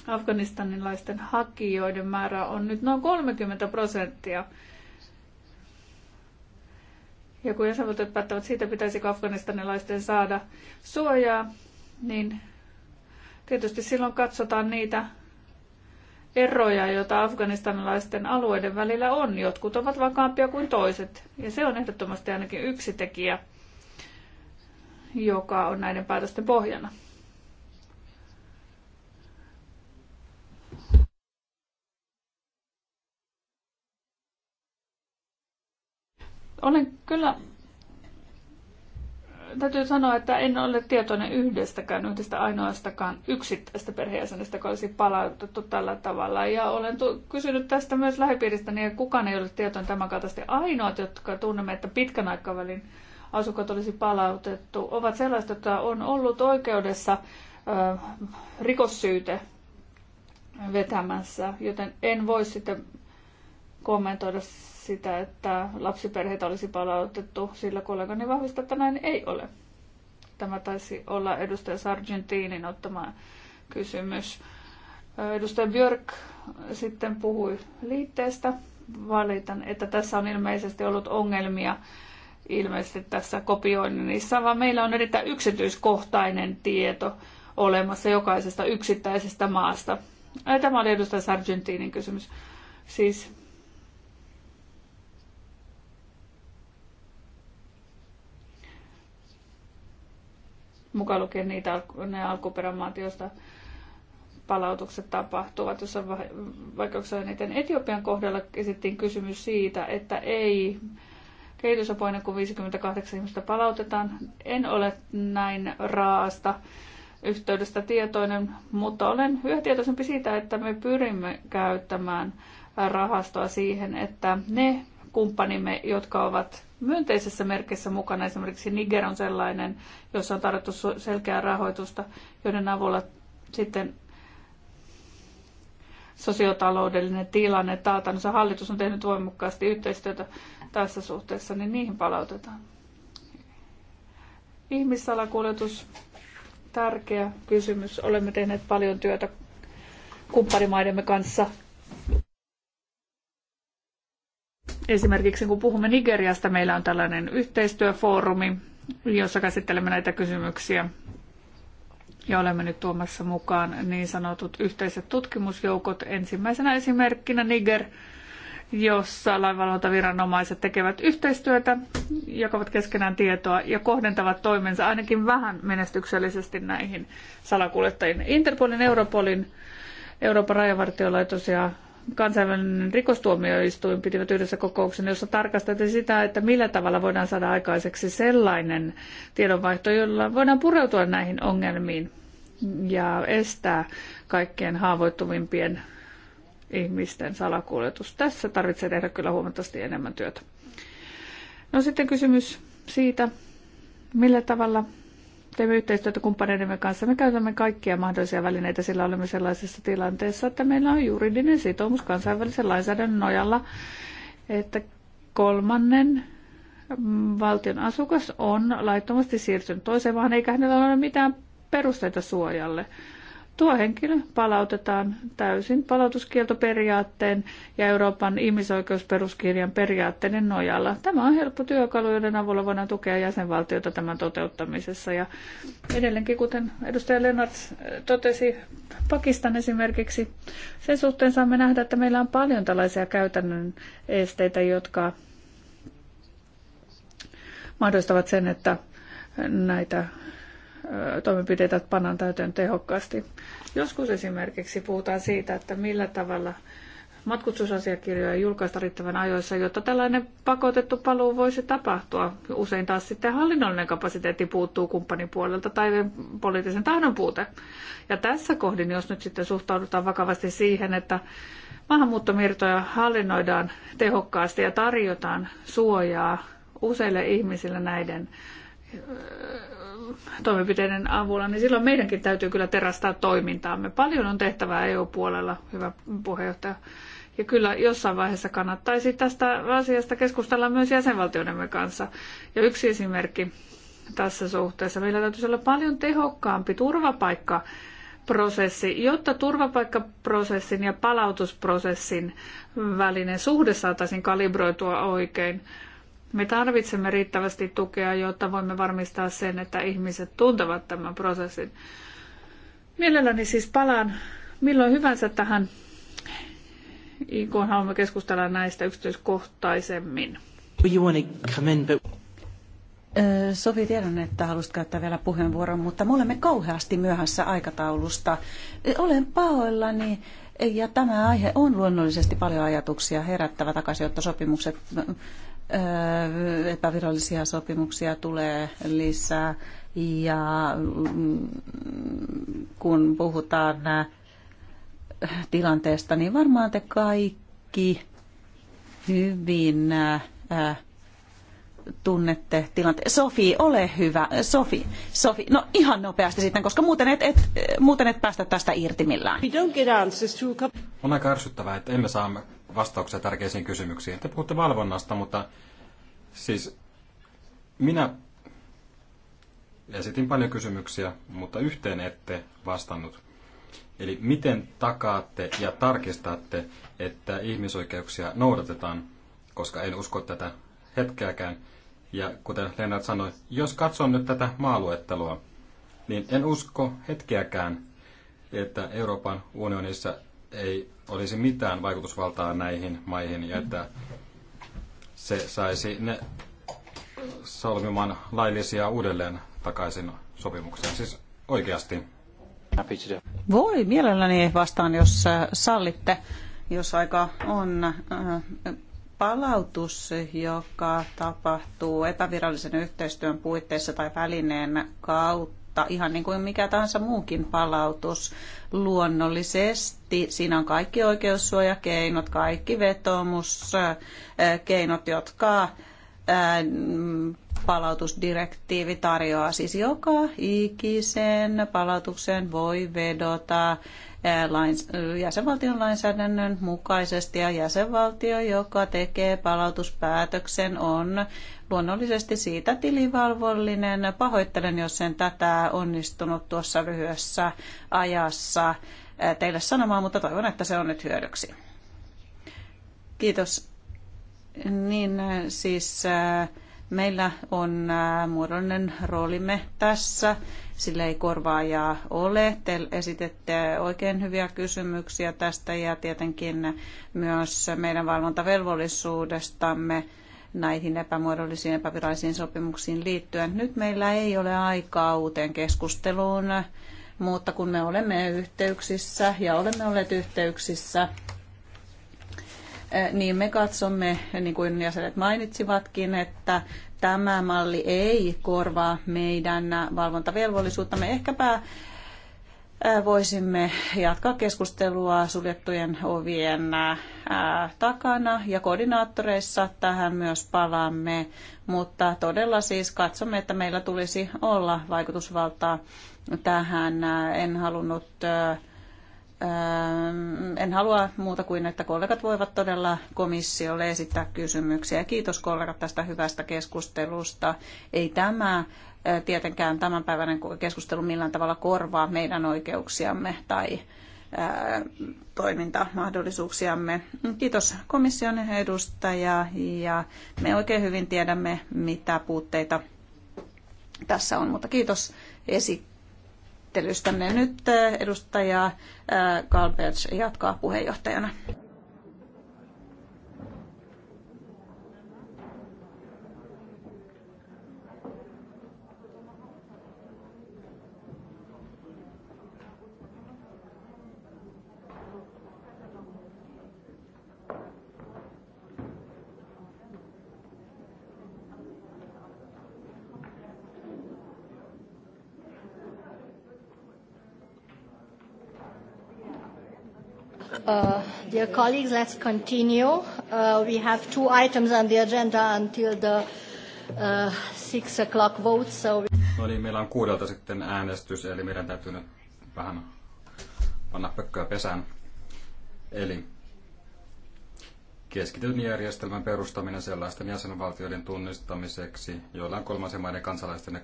afganistanilaisten hakijoiden määrä on nyt noin 30 prosenttia. Ja kun jäsenvaltiot päättävät siitä, pitäisikö afganistanilaisten saada suojaa, niin tietysti silloin katsotaan niitä eroja, joita afganistanilaisten alueiden välillä on. Jotkut ovat vakaampia kuin toiset. Ja se on ehdottomasti ainakin yksi tekijä, joka on näiden päätösten pohjana. Olen kyllä täytyy sanoa, että en ole tietoinen yhdestäkään, yhdestä ainoastakaan yksittäistä perheenjäsenestä, joka olisi palautettu tällä tavalla. Ja olen tu- kysynyt tästä myös lähipiiristäni, ja kukaan ei ole tietoinen tämän kaltaisesti. Ainoat, jotka tunnemme, että pitkän aikavälin asukot olisi palautettu, ovat sellaiset, jotka on ollut oikeudessa ö, rikossyyte vetämässä, joten en voi sitten kommentoida sitä, että lapsiperheitä olisi palautettu, sillä kollegani vahvista, että näin ei ole. Tämä taisi olla edustaja Sargentinin ottama kysymys. Edustaja Björk sitten puhui liitteestä. Valitan, että tässä on ilmeisesti ollut ongelmia ilmeisesti tässä kopioinnissa, vaan meillä on erittäin yksityiskohtainen tieto olemassa jokaisesta yksittäisestä maasta. Tämä oli edustaja Sargentinin kysymys. Siis mukaan lukien niitä, ne alkuperämaat, joista palautukset tapahtuvat, jossa vaikeuksia eniten Etiopian kohdalla esittiin kysymys siitä, että ei kehitysapuina, kun 58 ihmistä palautetaan. En ole näin raasta yhteydestä tietoinen, mutta olen yhä tietoisempi siitä, että me pyrimme käyttämään rahastoa siihen, että ne kumppanimme, jotka ovat myönteisessä merkissä mukana. Esimerkiksi Niger on sellainen, jossa on tarjottu selkeää rahoitusta, joiden avulla sitten sosiotaloudellinen tilanne taatansa. Hallitus on tehnyt voimakkaasti yhteistyötä tässä suhteessa, niin niihin palautetaan. Ihmissalakuljetus, tärkeä kysymys. Olemme tehneet paljon työtä kumppanimaidemme kanssa Esimerkiksi kun puhumme Nigeriasta, meillä on tällainen yhteistyöfoorumi, jossa käsittelemme näitä kysymyksiä. Ja olemme nyt tuomassa mukaan niin sanotut yhteiset tutkimusjoukot. Ensimmäisenä esimerkkinä Niger, jossa lainvalvontaviranomaiset tekevät yhteistyötä, jakavat keskenään tietoa ja kohdentavat toimensa ainakin vähän menestyksellisesti näihin salakuljettajiin. Interpolin, Europolin, Euroopan rajavartiolaitos ja kansainvälinen rikostuomioistuin pitivät yhdessä kokouksen, jossa tarkasteltiin sitä, että millä tavalla voidaan saada aikaiseksi sellainen tiedonvaihto, jolla voidaan pureutua näihin ongelmiin ja estää kaikkein haavoittuvimpien ihmisten salakuljetus. Tässä tarvitsee tehdä kyllä huomattavasti enemmän työtä. No sitten kysymys siitä, millä tavalla teemme yhteistyötä kumppaneidemme kanssa. Me käytämme kaikkia mahdollisia välineitä, sillä olemme sellaisessa tilanteessa, että meillä on juridinen sitoumus kansainvälisen lainsäädännön nojalla, että kolmannen valtion asukas on laittomasti siirtynyt toiseen maahan, eikä hänellä ole mitään perusteita suojalle. Tuo henkilö palautetaan täysin palautuskieltoperiaatteen ja Euroopan ihmisoikeusperuskirjan periaatteiden nojalla. Tämä on helppo työkalu, joiden avulla voidaan tukea jäsenvaltiota tämän toteuttamisessa. Ja edelleenkin, kuten edustaja Lennart eh, totesi, Pakistan esimerkiksi, sen suhteen saamme nähdä, että meillä on paljon tällaisia käytännön esteitä, jotka mahdollistavat sen, että näitä toimenpiteitä pannaan täytön tehokkaasti. Joskus esimerkiksi puhutaan siitä, että millä tavalla matkustusasiakirjoja julkaista riittävän ajoissa, jotta tällainen pakotettu paluu voisi tapahtua. Usein taas sitten hallinnollinen kapasiteetti puuttuu kumppanin puolelta tai poliittisen tahdon puute. Ja tässä kohdin, jos nyt sitten suhtaudutaan vakavasti siihen, että maahanmuuttomirtoja hallinnoidaan tehokkaasti ja tarjotaan suojaa useille ihmisille näiden toimenpiteiden avulla, niin silloin meidänkin täytyy kyllä terastaa toimintaamme. Paljon on tehtävää EU-puolella, hyvä puheenjohtaja. Ja kyllä jossain vaiheessa kannattaisi tästä asiasta keskustella myös jäsenvaltioidemme kanssa. Ja yksi esimerkki tässä suhteessa. Meillä täytyisi olla paljon tehokkaampi turvapaikka prosessi, jotta turvapaikkaprosessin ja palautusprosessin välinen suhde saataisiin kalibroitua oikein. Me tarvitsemme riittävästi tukea, jotta voimme varmistaa sen, että ihmiset tuntevat tämän prosessin. Mielelläni siis palaan milloin hyvänsä tähän, kun haluamme keskustella näistä yksityiskohtaisemmin. Sofi, tiedän, että haluaisit käyttää vielä puheenvuoron, mutta me olemme kauheasti myöhässä aikataulusta. Olen pahoillani ja tämä aihe on luonnollisesti paljon ajatuksia herättävä takaisinottosopimukset epävirallisia sopimuksia tulee lisää ja mm, kun puhutaan tilanteesta, niin varmaan te kaikki hyvin tunnette tilanteen. Sofi, ole hyvä. Sofi, Sofi, no ihan nopeasti sitten, koska muuten et, et, muuten et päästä tästä irti millään. We don't get answers to... On aika ärsyttävää, että emme saa vastauksia tärkeisiin kysymyksiin. Te puhutte valvonnasta, mutta siis minä esitin paljon kysymyksiä, mutta yhteen ette vastannut. Eli miten takaatte ja tarkistatte, että ihmisoikeuksia noudatetaan, koska en usko tätä hetkeäkään. Ja kuten Lennart sanoi, jos katson nyt tätä maaluettelua, niin en usko hetkeäkään, että Euroopan unionissa ei olisi mitään vaikutusvaltaa näihin maihin ja että se saisi ne solmimaan laillisia uudelleen takaisin sopimukseen. Siis oikeasti. Voi, mielelläni vastaan, jos äh, sallitte, jos aika on äh, palautus, joka tapahtuu epävirallisen yhteistyön puitteissa tai välineen kautta palautetta, ihan niin kuin mikä tahansa muukin palautus. Luonnollisesti siinä on kaikki oikeussuojakeinot, kaikki vetoomuskeinot, jotka palautusdirektiivi tarjoaa. Siis joka ikisen palautuksen voi vedota eh, jäsenvaltion lainsäädännön mukaisesti ja jäsenvaltio, joka tekee palautuspäätöksen, on luonnollisesti siitä tilivalvollinen. Pahoittelen, jos en tätä onnistunut tuossa lyhyessä ajassa eh, teille sanomaan, mutta toivon, että se on nyt hyödyksi. Kiitos. Niin eh, siis äh, Meillä on äh, muodollinen roolimme tässä, sillä ei korvaajaa ole. Te esitette oikein hyviä kysymyksiä tästä ja tietenkin myös meidän valvontavelvollisuudestamme näihin epämuodollisiin epävirallisiin sopimuksiin liittyen. Nyt meillä ei ole aikaa uuteen keskusteluun, mutta kun me olemme yhteyksissä ja olemme olleet yhteyksissä niin me katsomme, niin kuin jäsenet mainitsivatkin, että tämä malli ei korvaa meidän Me Ehkäpä voisimme jatkaa keskustelua suljettujen ovien takana ja koordinaattoreissa tähän myös palaamme, mutta todella siis katsomme, että meillä tulisi olla vaikutusvaltaa tähän. En halunnut Ähm, en halua muuta kuin, että kollegat voivat todella komissiolle esittää kysymyksiä. Kiitos kollegat tästä hyvästä keskustelusta. Ei tämä äh, tietenkään tämänpäiväinen keskustelu millään tavalla korvaa meidän oikeuksiamme tai äh, toimintamahdollisuuksiamme. Kiitos komission edustaja ja me oikein hyvin tiedämme, mitä puutteita tässä on, mutta kiitos esittelystänne nyt äh, edustaja Galpels jatkaa puheenjohtajana. Uh, dear colleagues, let's continue. Uh, we have two items on the agenda until the uh, six o'clock vote, so... We... No niin, meillä on kuudelta sitten äänestys, eli meidän täytyy nyt vähän panna pökköä pesään. Eli keskitetyn järjestelmän perustaminen sellaisten jäsenvaltioiden tunnistamiseksi, joilla on kolmansien maiden kansalaisten ja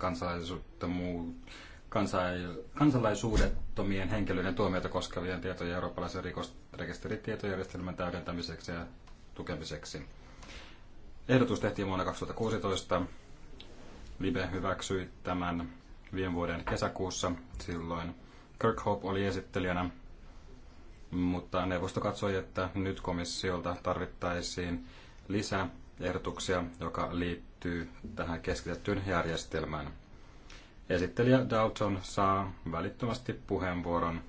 kansalaisuudettomien henkilöiden tuomioita koskevien tietojen eurooppalaisen rikos rekisteritietojärjestelmän täydentämiseksi ja tukemiseksi. Ehdotus tehtiin vuonna 2016. Libe hyväksyi tämän viime vuoden kesäkuussa. Silloin Kirkhope oli esittelijänä, mutta neuvosto katsoi, että nyt komissiolta tarvittaisiin lisää ehdotuksia, joka liittyy tähän keskitettyyn järjestelmään. Esittelijä Dalton saa välittömästi puheenvuoron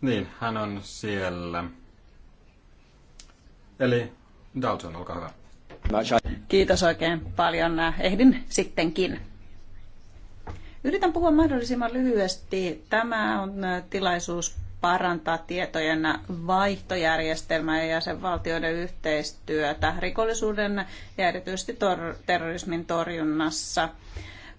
Niin, hän on siellä. Eli Dalton, olkaa hyvä. Kiitos oikein paljon. Ehdin sittenkin. Yritän puhua mahdollisimman lyhyesti. Tämä on tilaisuus parantaa tietojen vaihtojärjestelmää ja jäsenvaltioiden yhteistyötä rikollisuuden ja erityisesti tor- terrorismin torjunnassa.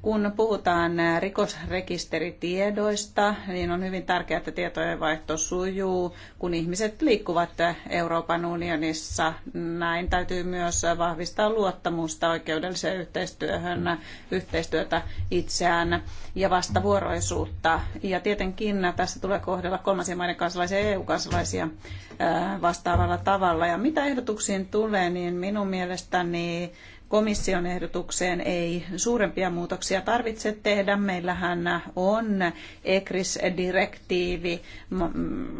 Kun puhutaan rikosrekisteritiedoista, niin on hyvin tärkeää, että tietojenvaihto sujuu, kun ihmiset liikkuvat Euroopan unionissa. Näin täytyy myös vahvistaa luottamusta oikeudelliseen yhteistyöhön, yhteistyötä itseään ja vastavuoroisuutta. Ja tietenkin tässä tulee kohdella kolmansien maiden kansalaisia ja EU-kansalaisia vastaavalla tavalla. Ja mitä ehdotuksiin tulee, niin minun mielestäni komission ehdotukseen ei suurempia muutoksia tarvitse tehdä. Meillähän on ECRIS-direktiivi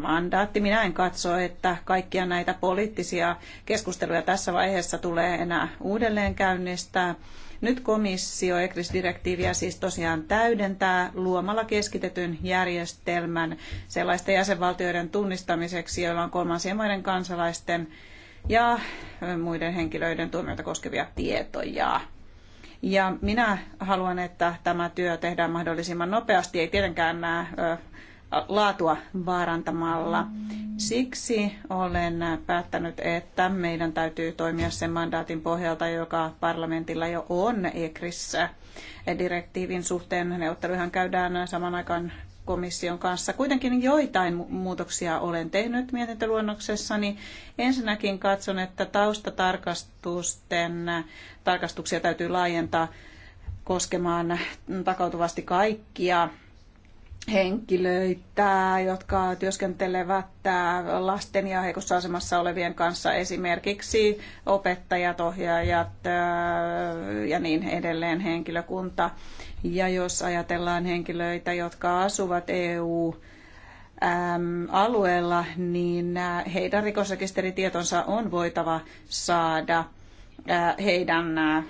mandaatti. Minä en katso, että kaikkia näitä poliittisia keskusteluja tässä vaiheessa tulee enää uudelleen käynnistää. Nyt komissio ECRIS-direktiiviä siis tosiaan täydentää luomalla keskitetyn järjestelmän sellaisten jäsenvaltioiden tunnistamiseksi, joilla on kolmansien maiden kansalaisten ja muiden henkilöiden tuomioita koskevia tietoja. Ja minä haluan, että tämä työ tehdään mahdollisimman nopeasti, ei tietenkään nämä laatua vaarantamalla. Siksi olen päättänyt, että meidän täytyy toimia sen mandaatin pohjalta, joka parlamentilla jo on ECRissä. Direktiivin suhteen neuvotteluhan käydään saman aikaan komission kanssa. Kuitenkin joitain muutoksia olen tehnyt mietintöluonnoksessani. Ensinnäkin katson, että taustatarkastusten tarkastuksia täytyy laajentaa koskemaan takautuvasti kaikkia henkilöitä, jotka työskentelevät äh, lasten ja heikossa asemassa olevien kanssa, esimerkiksi opettajat, ohjaajat äh, ja niin edelleen henkilökunta. Ja jos ajatellaan henkilöitä, jotka asuvat EU- alueella, niin äh, heidän rikosrekisteritietonsa on voitava saada äh, heidän äh,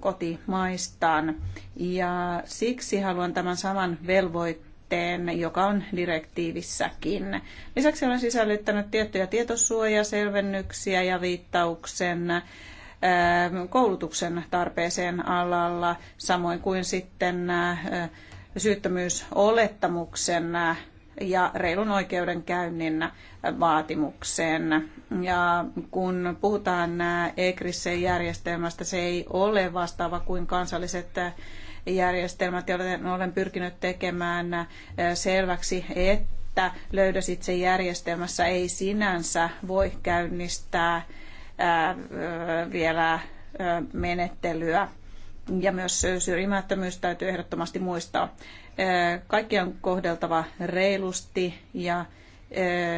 kotimaistaan. Ja siksi haluan tämän saman velvoitteen, joka on direktiivissäkin. Lisäksi olen sisällyttänyt tiettyjä tietosuojaselvennyksiä ja viittauksen koulutuksen tarpeeseen alalla, samoin kuin sitten syyttömyysolettamuksen ja reilun oikeudenkäynnin vaatimukseen. Ja kun puhutaan ECRISen järjestelmästä, se ei ole vastaava kuin kansalliset järjestelmät, joten olen pyrkinyt tekemään selväksi, että löydösitse järjestelmässä ei sinänsä voi käynnistää Äh, vielä äh, menettelyä. Ja myös syrjimättömyys täytyy ehdottomasti muistaa. Äh, kaikki on kohdeltava reilusti ja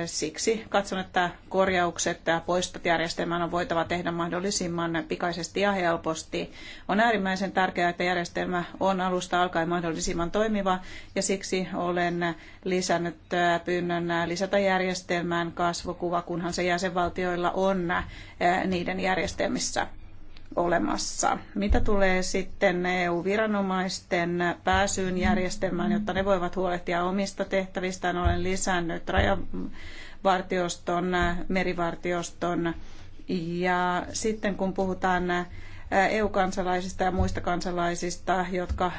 Siksi katson, että korjaukset ja poistot järjestelmään on voitava tehdä mahdollisimman pikaisesti ja helposti. On äärimmäisen tärkeää, että järjestelmä on alusta alkaen mahdollisimman toimiva ja siksi olen lisännyt pyynnön lisätä järjestelmään kasvokuva, kunhan se jäsenvaltioilla on niiden järjestelmissä olemassa. Mitä tulee sitten EU-viranomaisten pääsyyn järjestelmään, jotta ne voivat huolehtia omista tehtävistään, olen lisännyt rajavartioston, merivartioston ja sitten kun puhutaan EU-kansalaisista ja muista kansalaisista, jotka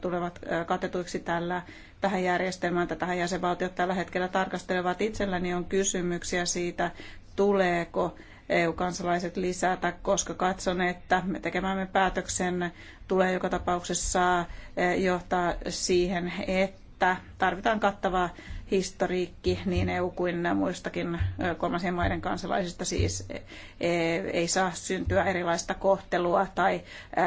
tulevat katetuiksi tällä tähän järjestelmään, tähän jäsenvaltiot tällä hetkellä tarkastelevat itselläni on kysymyksiä siitä, tuleeko EU-kansalaiset lisätä, koska katson, että me tekemämme päätöksen tulee joka tapauksessa eh, johtaa siihen, että tarvitaan kattava historiikki niin EU kuin muistakin eh, kolmansien maiden kansalaisista siis eh, ei saa syntyä erilaista kohtelua tai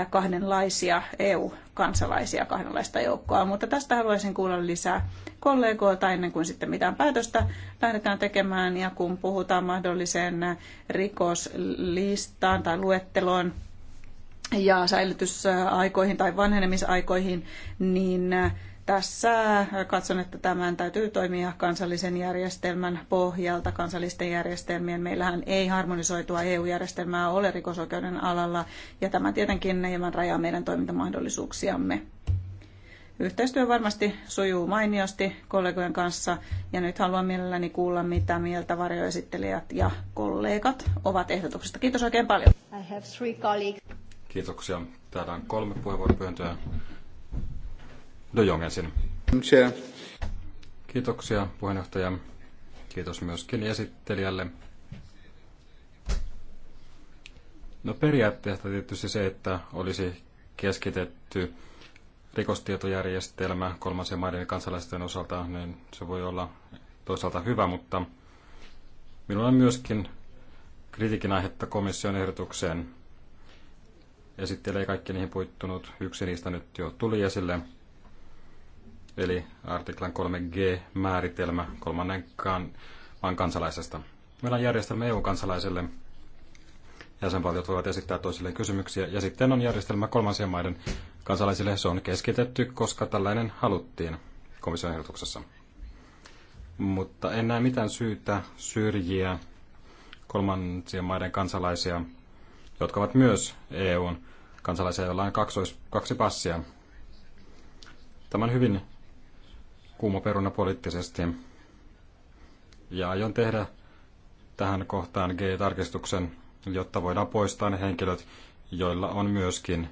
kahdenlaisia EU-kansalaisia, kahdenlaista joukkoa. Mutta tästä haluaisin kuulla lisää kollegoilta ennen kuin sitten mitään päätöstä lähdetään tekemään. Ja kun puhutaan mahdolliseen rikoslistaan tai luetteloon ja säilytysaikoihin tai vanhenemisaikoihin, niin tässä katson, että tämän täytyy toimia kansallisen järjestelmän pohjalta, kansallisten järjestelmien. Meillähän ei harmonisoitua EU-järjestelmää ole rikosoikeuden alalla, ja tämä tietenkin hieman rajaa meidän toimintamahdollisuuksiamme. Yhteistyö varmasti sujuu mainiosti kollegojen kanssa ja nyt haluan mielelläni kuulla, mitä mieltä varjoesittelijät ja kollegat ovat ehdotuksesta. Kiitos oikein paljon. I have three colleagues. Kiitoksia. Täällä on kolme puheenvuoropyyntöä. De Jong ensin. Kiitoksia puheenjohtaja. Kiitos myöskin esittelijälle. No periaatteessa tietysti se, että olisi keskitetty rikostietojärjestelmä kolmansien maiden kansalaisten osalta, niin se voi olla toisaalta hyvä, mutta minulla on myöskin kritiikin aihetta komission ehdotukseen. Esittelee kaikki niihin puittunut. Yksi niistä nyt jo tuli esille. Eli artiklan 3G määritelmä kolmannenkaan maan kansalaisesta. Meillä on järjestelmä EU-kansalaiselle – jäsenvaltiot voivat esittää toisilleen kysymyksiä. Ja sitten on järjestelmä kolmansien maiden kansalaisille. Se on keskitetty, koska tällainen haluttiin komission ehdotuksessa. Mutta en näe mitään syytä syrjiä kolmansien maiden kansalaisia, jotka ovat myös EUn kansalaisia, joilla on kaksois, kaksi passia. Tämä on hyvin kuuma peruna poliittisesti. Ja aion tehdä tähän kohtaan G-tarkistuksen jotta voidaan poistaa ne henkilöt, joilla on myöskin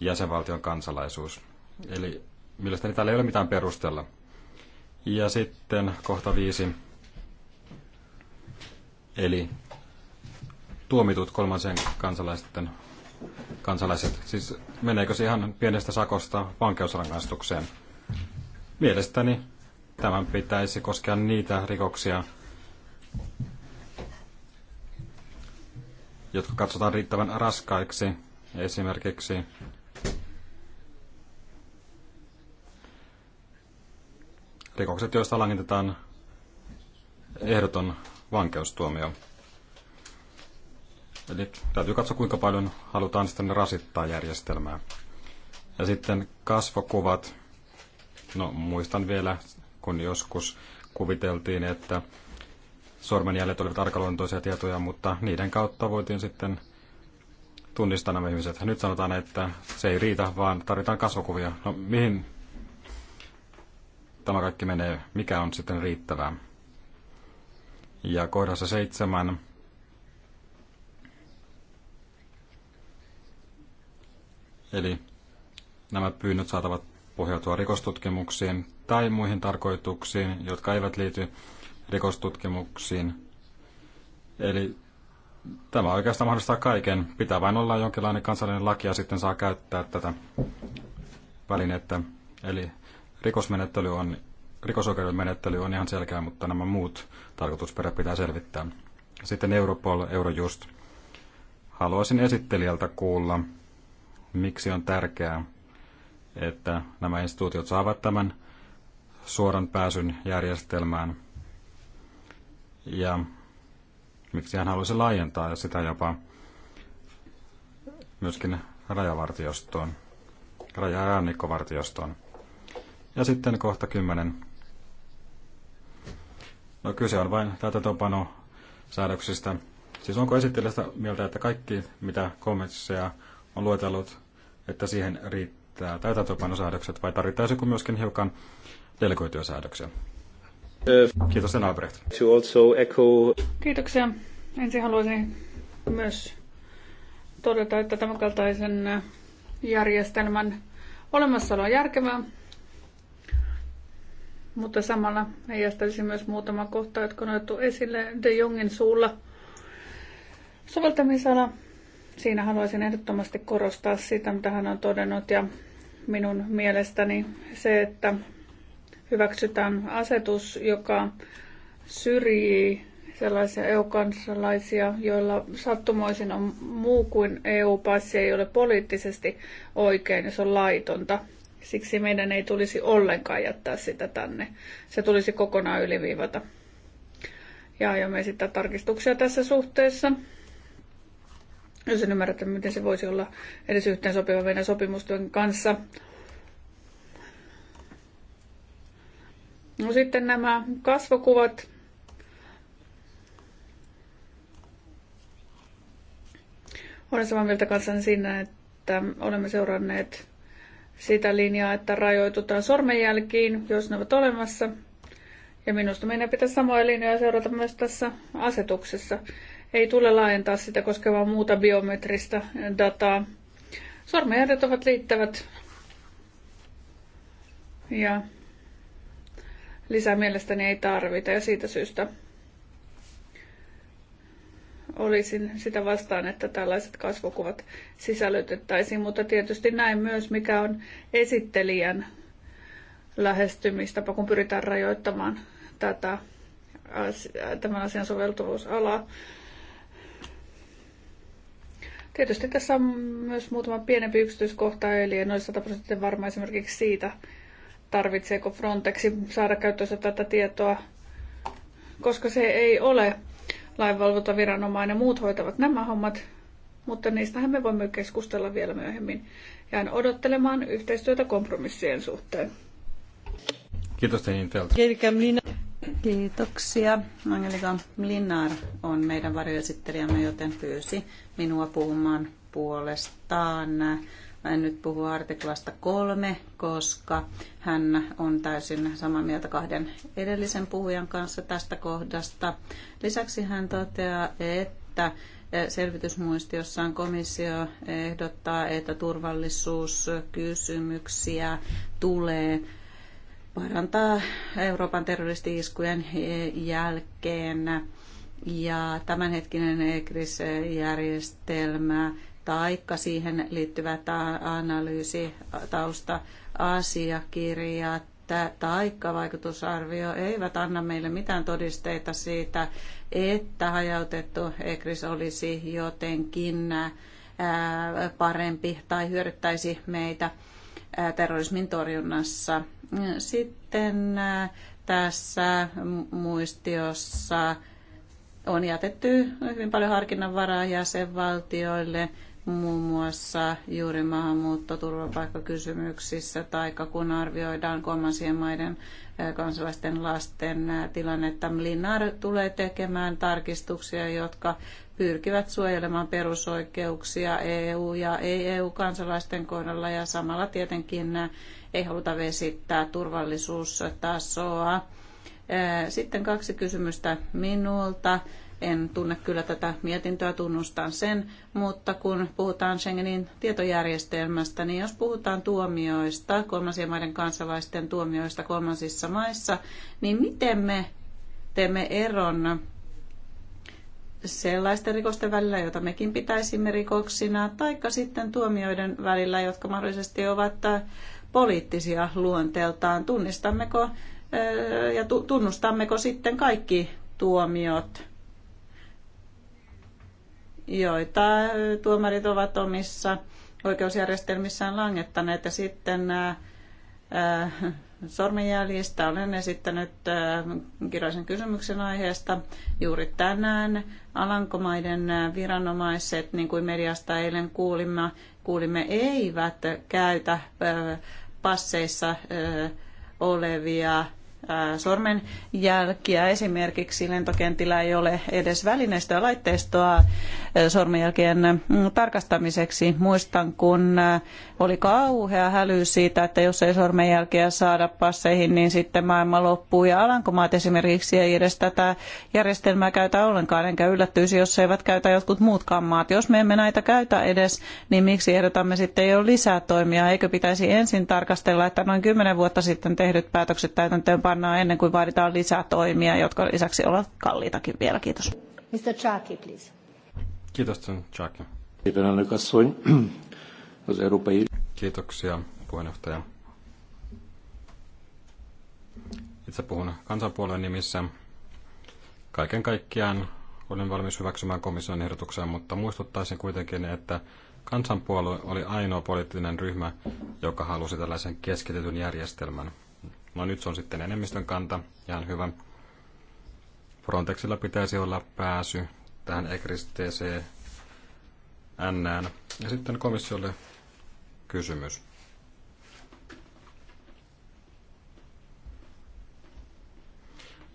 jäsenvaltion kansalaisuus. Eli mielestäni täällä ei ole mitään perustella. Ja sitten kohta viisi. Eli tuomitut kolmansien kansalaisten kansalaiset. Siis meneekö se ihan pienestä sakosta vankeusrangaistukseen? Mielestäni tämän pitäisi koskea niitä rikoksia, jotka katsotaan riittävän raskaiksi, esimerkiksi rikokset, joista langitetaan ehdoton vankeustuomio. Eli täytyy katsoa, kuinka paljon halutaan sitten rasittaa järjestelmää. Ja sitten kasvokuvat. No muistan vielä, kun joskus kuviteltiin, että sormenjäljet olivat arkaluontoisia tietoja, mutta niiden kautta voitiin sitten tunnistaa nämä ihmiset. Nyt sanotaan, että se ei riitä, vaan tarvitaan kasvokuvia. No mihin tämä kaikki menee, mikä on sitten riittävää? Ja kohdassa seitsemän Eli nämä pyynnöt saatavat pohjautua rikostutkimuksiin tai muihin tarkoituksiin, jotka eivät liity rikostutkimuksiin. Eli tämä oikeastaan mahdollistaa kaiken. Pitää vain olla jonkinlainen kansallinen laki ja sitten saa käyttää tätä välinettä. Eli rikosmenettely on, rikosoikeuden menettely on ihan selkeä, mutta nämä muut tarkoitusperät pitää selvittää. Sitten Europol, Eurojust. Haluaisin esittelijältä kuulla, miksi on tärkeää, että nämä instituutiot saavat tämän suoran pääsyn järjestelmään – ja miksi hän haluaisi laajentaa sitä jopa myöskin rajavartiostoon, raja- ja sitten kohta kymmenen. No kyse on vain täytäntöpano säädöksistä. Siis onko esittelystä mieltä, että kaikki mitä kommentseja on luetellut, että siihen riittää täytäntöpanosäädökset vai tarvittaisiko myöskin hiukan delegoituja säädöksiä? Kiitos, Albrecht. To also echo... Kiitoksia. Ensin haluaisin myös todeta, että tämän kaltaisen järjestelmän olemassaolo on järkevää, mutta samalla heijastaisin myös muutama kohta, jotka on otettu esille De Jongin suulla soveltamisala. Siinä haluaisin ehdottomasti korostaa sitä, mitä hän on todennut ja minun mielestäni se, että hyväksytään asetus, joka syrjii sellaisia EU-kansalaisia, joilla sattumoisin on muu kuin EU-passi, ei ole poliittisesti oikein, se on laitonta. Siksi meidän ei tulisi ollenkaan jättää sitä tänne. Se tulisi kokonaan yliviivata. Ja aiomme esittää tarkistuksia tässä suhteessa. Jos en ymmärrä, miten se voisi olla edes yhteen sopiva meidän sopimustyön kanssa, No sitten nämä kasvokuvat. Olen samaa mieltä kanssani siinä, että olemme seuranneet sitä linjaa, että rajoitutaan sormenjälkiin, jos ne ovat olemassa. Ja minusta meidän pitäisi samoja linjoja seurata myös tässä asetuksessa. Ei tule laajentaa sitä koskevaa muuta biometristä dataa. Sormenjäljet ovat liittävät. Ja lisää mielestäni ei tarvita ja siitä syystä olisin sitä vastaan, että tällaiset kasvokuvat sisällytettäisiin, mutta tietysti näin myös, mikä on esittelijän lähestymistapa, kun pyritään rajoittamaan tätä, tämän asian soveltuvuusalaa. Tietysti tässä on myös muutama pienempi yksityiskohta, eli en ole 100 varma esimerkiksi siitä, tarvitseeko Frontex saada käyttöönsä tätä tietoa, koska se ei ole lainvalvontaviranomainen. Muut hoitavat nämä hommat, mutta niistähän me voimme keskustella vielä myöhemmin. Jään odottelemaan yhteistyötä kompromissien suhteen. Kiitos teihin teiltä. Kiitoksia. Angelika Linnar on meidän varjoesittelijämme, joten pyysi minua puhumaan puolestaan. Mä en nyt puhu artiklasta kolme, koska hän on täysin samaa mieltä kahden edellisen puhujan kanssa tästä kohdasta. Lisäksi hän toteaa, että selvitysmuistiossaan komissio ehdottaa, että turvallisuuskysymyksiä tulee parantaa Euroopan terroristi-iskujen jälkeen. Ja tämänhetkinen ECRIS-järjestelmä taikka siihen ta- analyysi, tausta, asiakirjat, taikka vaikutusarvio eivät anna meille mitään todisteita siitä, että hajautettu ekris olisi jotenkin parempi tai hyödyttäisi meitä terrorismin torjunnassa. Sitten tässä muistiossa on jätetty hyvin paljon harkinnanvaraa jäsenvaltioille muun muassa juuri maahanmuuttoturvapaikkakysymyksissä turvapaikkakysymyksissä tai kun arvioidaan kolmansien maiden kansalaisten lasten tilannetta. Linnar tulee tekemään tarkistuksia, jotka pyrkivät suojelemaan perusoikeuksia EU- ja ei-EU-kansalaisten kohdalla ja samalla tietenkin ei haluta vesittää turvallisuustasoa. Sitten kaksi kysymystä minulta en tunne kyllä tätä mietintöä, tunnustan sen, mutta kun puhutaan Schengenin tietojärjestelmästä, niin jos puhutaan tuomioista, kolmansien maiden kansalaisten tuomioista kolmansissa maissa, niin miten me teemme eron sellaisten rikosten välillä, joita mekin pitäisimme rikoksina, taikka sitten tuomioiden välillä, jotka mahdollisesti ovat äh, poliittisia luonteeltaan. Tunnistammeko äh, ja tunnustammeko sitten kaikki tuomiot joita tuomarit ovat omissa oikeusjärjestelmissään langettaneet. Ja sitten ää, sormenjäljistä olen esittänyt kirjallisen kysymyksen aiheesta juuri tänään. Alankomaiden viranomaiset, niin kuin mediasta eilen kuulimme, kuulimme eivät käytä ää, passeissa olevia sormenjälkiä. Esimerkiksi lentokentillä ei ole edes välineistöä laitteistoa sormenjälkien mm, tarkastamiseksi. Muistan, kun oli kauhea häly siitä, että jos ei sormenjälkiä saada passeihin, niin sitten maailma loppuu. Ja Alankomaat esimerkiksi ei edes tätä järjestelmää käytä ollenkaan, enkä yllättyisi, jos eivät käytä jotkut muutkaan maat. Jos me emme näitä käytä edes, niin miksi ehdotamme sitten jo lisää toimia? Eikö pitäisi ensin tarkastella, että noin kymmenen vuotta sitten tehdyt päätökset täytäntöön pannaan ennen kuin vaaditaan lisää toimia, jotka lisäksi ovat kalliitakin vielä. Kiitos. Mr. Chaki, please. Kiitos, Chaki. Kiitoksia, puheenjohtaja. Itse puhun kansanpuolen nimissä. Kaiken kaikkiaan olen valmis hyväksymään komission ehdotuksen, mutta muistuttaisin kuitenkin, että kansanpuolue oli ainoa poliittinen ryhmä, joka halusi tällaisen keskitetyn järjestelmän. No nyt se on sitten enemmistön kanta, ihan hyvä. Frontexilla pitäisi olla pääsy tähän ECRIS-TC Nään. Ja sitten komissiolle kysymys.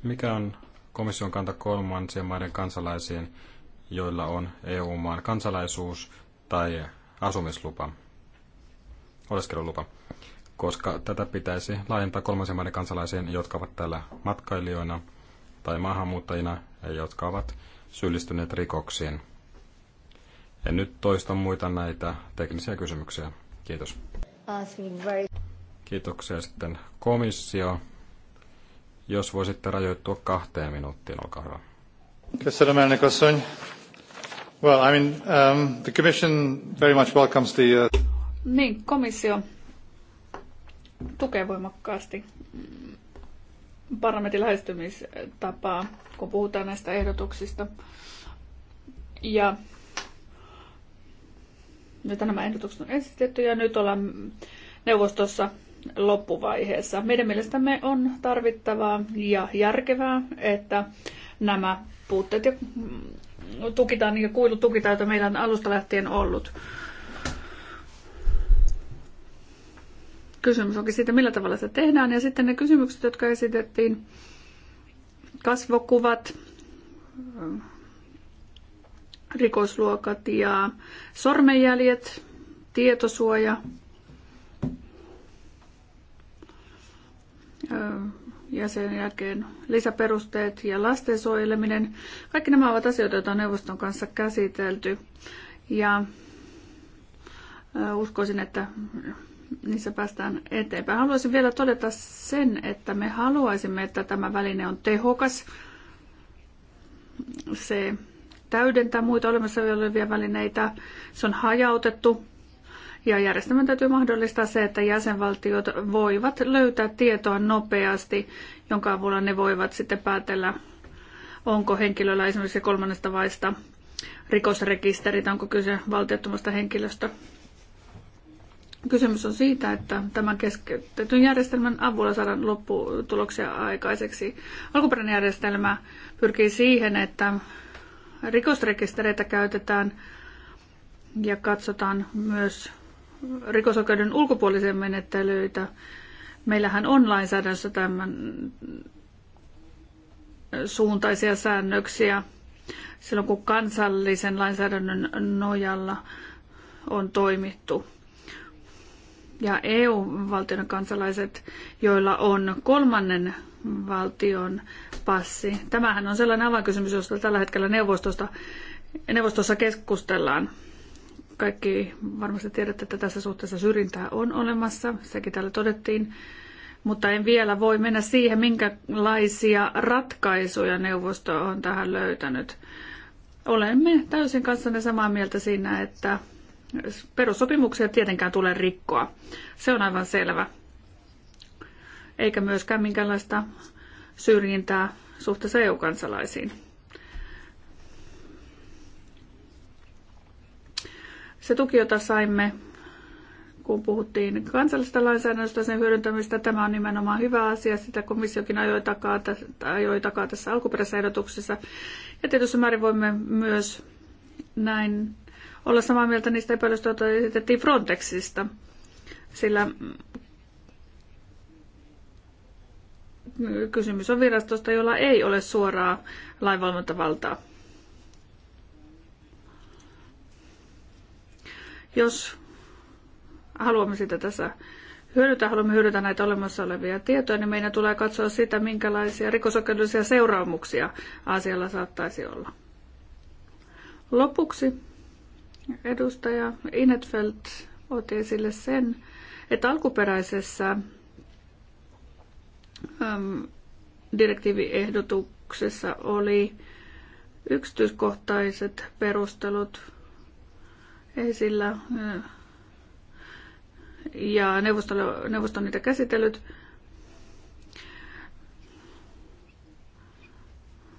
Mikä on komission kanta kolmansien maiden kansalaisiin, joilla on EU-maan kansalaisuus tai asumislupa, oleskelulupa? koska tätä pitäisi laajentaa kolmansien maiden kansalaisiin, jotka ovat täällä matkailijoina tai maahanmuuttajina ja jotka ovat syyllistyneet rikoksiin. Ja nyt toista muita näitä teknisiä kysymyksiä. Kiitos. Kiitoksia sitten komissio. Jos voisitte rajoittua kahteen minuuttiin, olkaa hyvä. Well, I mean, um, the commission very much welcomes the... Uh... Niin, komissio tukee voimakkaasti parlamentin lähestymistapaa, kun puhutaan näistä ehdotuksista. Ja nyt nämä ehdotukset on esitetty ja nyt ollaan neuvostossa loppuvaiheessa. Meidän mielestämme on tarvittavaa ja järkevää, että nämä puutteet ja tukitaan, ja kuilu tukitaan, joita meillä on alusta lähtien ollut. Kysymys onkin siitä, millä tavalla se tehdään. Ja sitten ne kysymykset, jotka esitettiin, kasvokuvat, rikosluokat ja sormenjäljet, tietosuoja, ja sen jälkeen lisäperusteet ja lastensuojeleminen. Kaikki nämä ovat asioita, joita on neuvoston kanssa käsitelty. Ja uskoisin, että niissä päästään eteenpäin. Haluaisin vielä todeta sen, että me haluaisimme, että tämä väline on tehokas. Se täydentää muita olemassa olevia välineitä. Se on hajautettu ja järjestelmän täytyy mahdollistaa se, että jäsenvaltiot voivat löytää tietoa nopeasti, jonka avulla ne voivat sitten päätellä, onko henkilöllä esimerkiksi kolmannesta vaista rikosrekisterit, onko kyse valtiottomasta henkilöstä Kysymys on siitä, että tämän keskeytetyn järjestelmän avulla saadaan lopputuloksia aikaiseksi. Alkuperäinen järjestelmä pyrkii siihen, että rikosrekistereitä käytetään ja katsotaan myös rikosoikeuden ulkopuolisia menettelyitä. Meillähän on lainsäädännössä tämän suuntaisia säännöksiä silloin, kun kansallisen lainsäädännön nojalla on toimittu ja EU-valtion kansalaiset, joilla on kolmannen valtion passi. Tämähän on sellainen avainkysymys, josta tällä hetkellä neuvostosta, neuvostossa keskustellaan. Kaikki varmasti tiedätte, että tässä suhteessa syrjintää on olemassa, sekin täällä todettiin, mutta en vielä voi mennä siihen, minkälaisia ratkaisuja neuvosto on tähän löytänyt. Olemme täysin kanssanne samaa mieltä siinä, että Perussopimuksia tietenkään tulee rikkoa. Se on aivan selvä. Eikä myöskään minkäänlaista syrjintää suhteessa EU-kansalaisiin. Se tuki, jota saimme, kun puhuttiin kansallisesta lainsäädännöstä sen hyödyntämistä, tämä on nimenomaan hyvä asia. Sitä komissiokin ajoi takaa, ajoi takaa tässä alkuperäisessä ehdotuksessa. Ja tietysti määrin voimme myös näin olla samaa mieltä niistä epäilyistä, joita esitettiin Frontexista, sillä kysymys on virastosta, jolla ei ole suoraa lainvalvontavaltaa. Jos haluamme sitä tässä hyödyntää, haluamme hyödyntää näitä olemassa olevia tietoja, niin meidän tulee katsoa sitä, minkälaisia rikosoikeudellisia seuraamuksia asialla saattaisi olla. Lopuksi Edustaja Inetfeld otti esille sen, että alkuperäisessä ähm, direktiiviehdotuksessa oli yksityiskohtaiset perustelut esillä äh, ja neuvosto on niitä käsitellyt.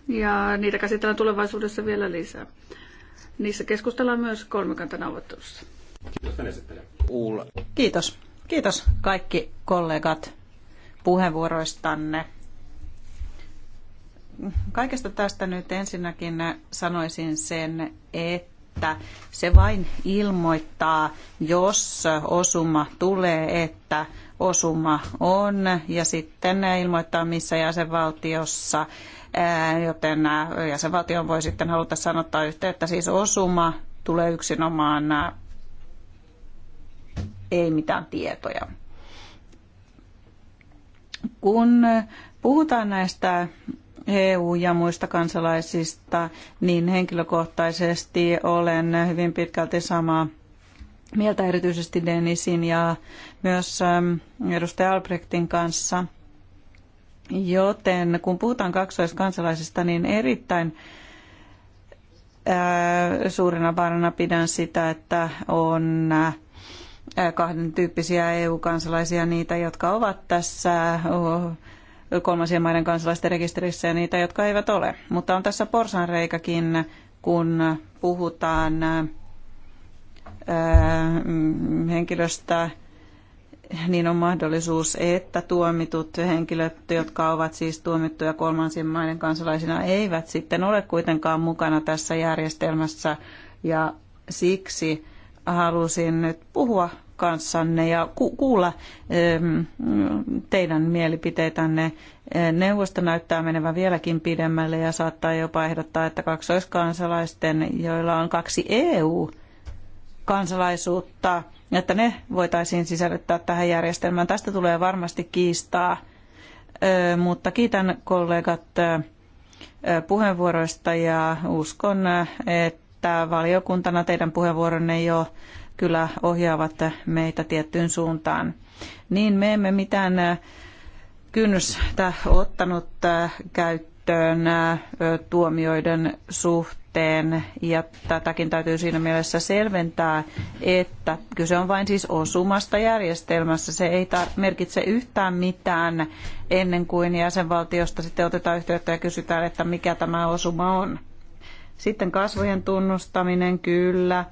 Ja niitä käsitellään tulevaisuudessa vielä lisää. Niissä keskustellaan myös kolmikantaneuvottelussa. Kiitos, Ulla. Kiitos. Kiitos kaikki kollegat puheenvuoroistanne. Kaikesta tästä nyt ensinnäkin sanoisin sen, että se vain ilmoittaa, jos osuma tulee, että osuma on ja sitten ilmoittaa missä jäsenvaltiossa, joten jäsenvaltio voi sitten haluta sanottaa yhteyttä, siis osuma tulee yksinomaan ei mitään tietoja. Kun puhutaan näistä EU- ja muista kansalaisista, niin henkilökohtaisesti olen hyvin pitkälti samaa mieltä erityisesti Denisin ja myös ähm, edustaja Albrechtin kanssa. Joten kun puhutaan kaksoiskansalaisista, niin erittäin äh, suurena vaarana pidän sitä, että on äh, kahden tyyppisiä EU-kansalaisia, niitä, jotka ovat tässä äh, kolmansien maiden kansalaisten rekisterissä ja niitä, jotka eivät ole. Mutta on tässä porsanreikäkin, kun puhutaan henkilöstä, niin on mahdollisuus, että tuomitut henkilöt, jotka ovat siis tuomittuja kolmansien maiden kansalaisina, eivät sitten ole kuitenkaan mukana tässä järjestelmässä. Ja siksi halusin nyt puhua kanssanne ja ku- kuulla ehm, teidän mielipiteitänne. Neuvosto näyttää menevän vieläkin pidemmälle ja saattaa jopa ehdottaa, että kaksoiskansalaisten, joilla on kaksi EU-kansalaisuutta, että ne voitaisiin sisällyttää tähän järjestelmään. Tästä tulee varmasti kiistaa, mutta kiitän kollegat puheenvuoroista ja uskon, että valiokuntana teidän puheenvuoronne jo kyllä ohjaavat meitä tiettyyn suuntaan. Niin me emme mitään kynnystä ottanut käyttöön tuomioiden suhteen suhteen, ja tätäkin täytyy siinä mielessä selventää, että kyse on vain siis osumasta järjestelmässä. Se ei merkitse yhtään mitään ennen kuin jäsenvaltiosta sitten otetaan yhteyttä ja kysytään, että mikä tämä osuma on. Sitten kasvojen tunnustaminen, kyllä.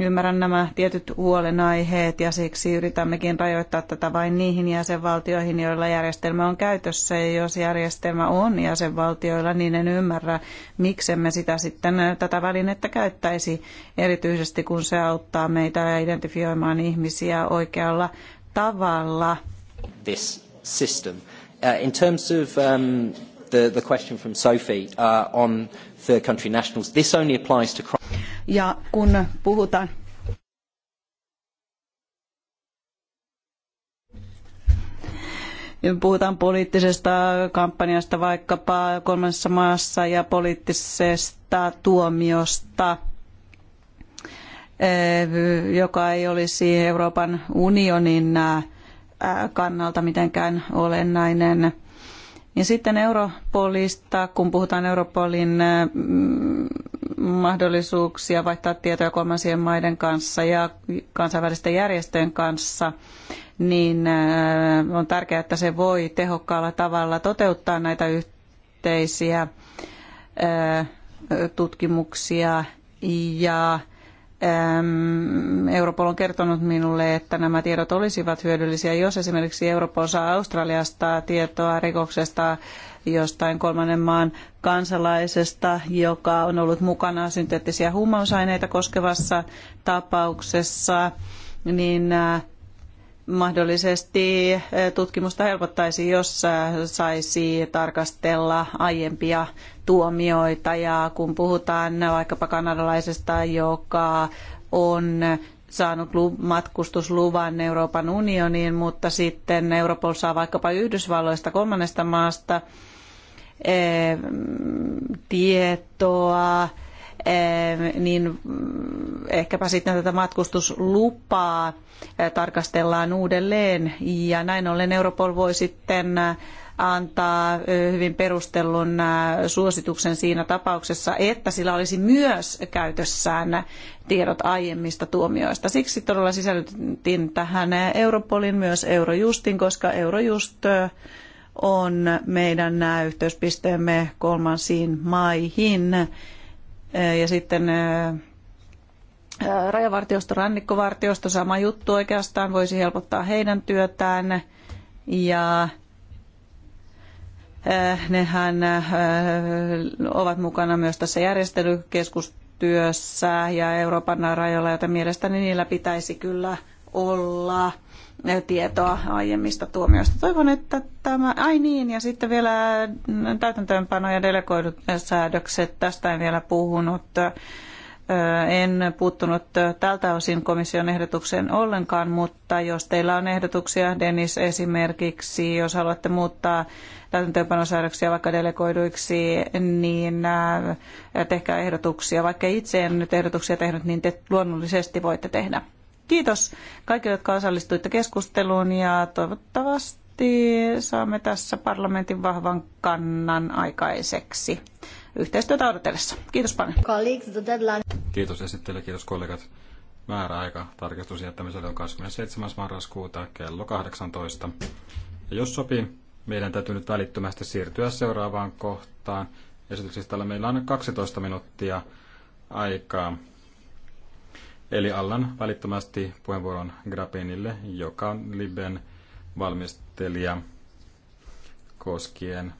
Ymmärrän nämä tietyt huolenaiheet ja siksi yritämmekin rajoittaa tätä vain niihin jäsenvaltioihin, joilla järjestelmä on käytössä. Ja jos järjestelmä on jäsenvaltioilla, niin en ymmärrä, miksemme sitä sitten tätä välinettä käyttäisi, erityisesti kun se auttaa meitä identifioimaan ihmisiä oikealla tavalla. This system. Uh, in terms of um, the, the question from Sophie uh, on third country nationals, this only applies to crime. Ja kun puhutaan puhutaan poliittisesta kampanjasta vaikkapa kolmannessa maassa ja poliittisesta tuomiosta, eh, joka ei olisi Euroopan unionin eh, kannalta mitenkään olennainen. Ja sitten Europolista, kun puhutaan Europolin eh, mahdollisuuksia vaihtaa tietoja kolmansien maiden kanssa ja kansainvälisten järjestöjen kanssa, niin äh, on tärkeää, että se voi tehokkaalla tavalla toteuttaa näitä yhteisiä äh, tutkimuksia ja Europol on kertonut minulle, että nämä tiedot olisivat hyödyllisiä, jos esimerkiksi Europol saa Australiasta tietoa rikoksesta jostain kolmannen maan kansalaisesta, joka on ollut mukana synteettisiä huumausaineita koskevassa tapauksessa, niin mahdollisesti eh, tutkimusta helpottaisi, jos eh, saisi tarkastella aiempia tuomioita. Ja kun puhutaan vaikkapa kanadalaisesta, joka on saanut matkustusluvan Euroopan unioniin, mutta sitten Europol saa vaikkapa Yhdysvalloista kolmannesta maasta eh, mm, tietoa niin mm, ehkäpä sitten tätä matkustuslupaa eh, tarkastellaan uudelleen ja näin ollen Europol voi sitten eh, antaa eh, hyvin perustellun suosituksen siinä tapauksessa, että sillä olisi myös käytössään tiedot aiemmista tuomioista. Siksi todella sisällytin tähän Europolin myös Eurojustin, koska Eurojust on meidän yhteyspisteemme kolmansiin maihin ja sitten rajavartiosto, rannikkovartiosto, sama juttu oikeastaan, voisi helpottaa heidän työtään. Ja nehän ovat mukana myös tässä järjestelykeskustyössä ja Euroopan rajoilla, joten mielestäni niillä pitäisi kyllä olla – tietoa aiemmista tuomioista. Toivon, että tämä... Ai niin, ja sitten vielä täytäntöönpano ja delegoidut säädökset. Tästä en vielä puhunut. En puuttunut tältä osin komission ehdotukseen ollenkaan, mutta jos teillä on ehdotuksia, Dennis esimerkiksi, jos haluatte muuttaa täytäntöönpanosäädöksiä vaikka delegoiduiksi, niin tehkää ehdotuksia. Vaikka itse en nyt ehdotuksia tehnyt, niin te luonnollisesti voitte tehdä Kiitos kaikille, jotka osallistuitte keskusteluun ja toivottavasti saamme tässä parlamentin vahvan kannan aikaiseksi yhteistyötä odotellessa. Kiitos paljon. Kiitos esittelijä, kiitos kollegat. Määräaika tarkistus jättämiselle on 27. marraskuuta kello 18. Ja jos sopii, meidän täytyy nyt välittömästi siirtyä seuraavaan kohtaan. Esityksistä meillä on 12 minuuttia aikaa. Eli allan välittömästi puheenvuoron grapeenille, joka on Liben valmistelija koskien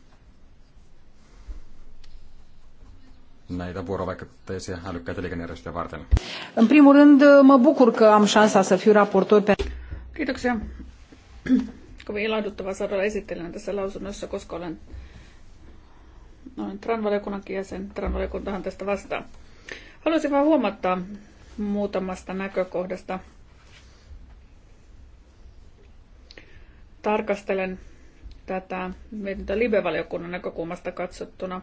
näitä vuorovaikutteisia älykkäitä liikennejärjestöjä varten. În primul rând, mă bucur că am șansa să fiu raportor pe... Kiitoksia. Kovin ilahduttava saada esittelen tässä lausunnossa, koska olen, olen Tran-valiokunnankin jäsen. Tran-valiokuntahan tästä vastaa. Haluaisin vain huomattaa muutamasta näkökohdasta. Tarkastelen tätä mietintöä live-valiokunnan näkökulmasta katsottuna.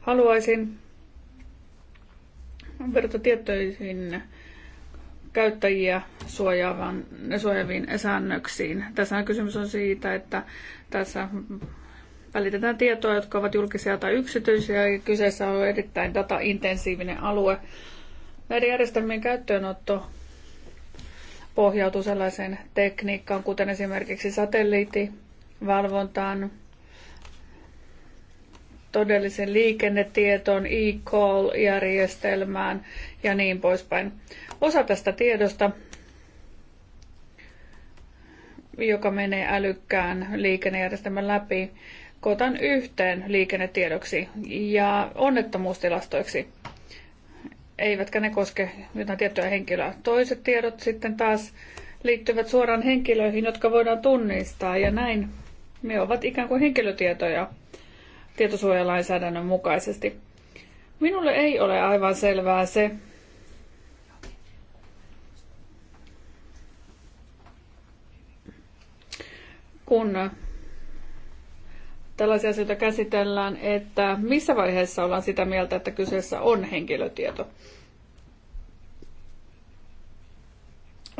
Haluaisin verrata tietoihin käyttäjiä suojaavan, suojaaviin säännöksiin. Tässä kysymys on siitä, että tässä välitetään tietoja, jotka ovat julkisia tai yksityisiä. Kyseessä on erittäin dataintensiivinen alue, Näiden järjestelmien käyttöönotto pohjautuu sellaiseen tekniikkaan, kuten esimerkiksi satelliittivalvontaan, todellisen liikennetietoon, e-call-järjestelmään ja niin poispäin. Osa tästä tiedosta, joka menee älykkään liikennejärjestelmän läpi, kootaan yhteen liikennetiedoksi ja onnettomuustilastoiksi eivätkä ne koske jotain tiettyä henkilöä. Toiset tiedot sitten taas liittyvät suoraan henkilöihin, jotka voidaan tunnistaa ja näin ne ovat ikään kuin henkilötietoja tietosuojalainsäädännön mukaisesti. Minulle ei ole aivan selvää se, kun tällaisia asioita käsitellään, että missä vaiheessa ollaan sitä mieltä, että kyseessä on henkilötieto.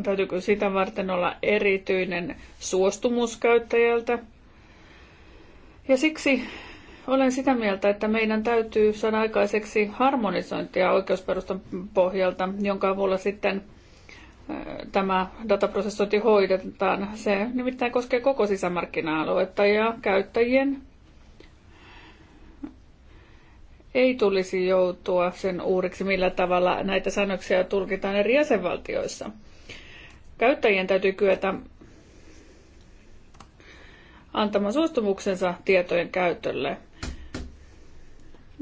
Täytyykö sitä varten olla erityinen suostumus käyttäjältä? Ja siksi olen sitä mieltä, että meidän täytyy saada aikaiseksi harmonisointia oikeusperustan pohjalta, jonka avulla sitten tämä dataprosessointi hoidetaan. Se nimittäin koskee koko sisämarkkina-aluetta ja käyttäjien ei tulisi joutua sen uhriksi, millä tavalla näitä säännöksiä tulkitaan eri jäsenvaltioissa. Käyttäjien täytyy kyetä antamaan suostumuksensa tietojen käytölle.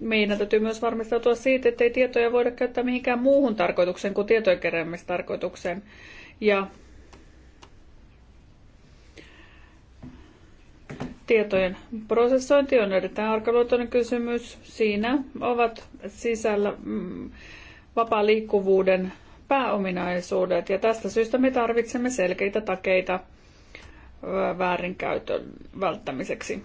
Meidän täytyy myös varmistautua siitä, ettei tietoja voida käyttää mihinkään muuhun tarkoitukseen kuin tietojen keräämistarkoitukseen. Ja Tietojen prosessointi on erittäin arkaluontoinen kysymys. Siinä ovat sisällä mm, vapaa liikkuvuuden pääominaisuudet ja tästä syystä me tarvitsemme selkeitä takeita väärinkäytön välttämiseksi.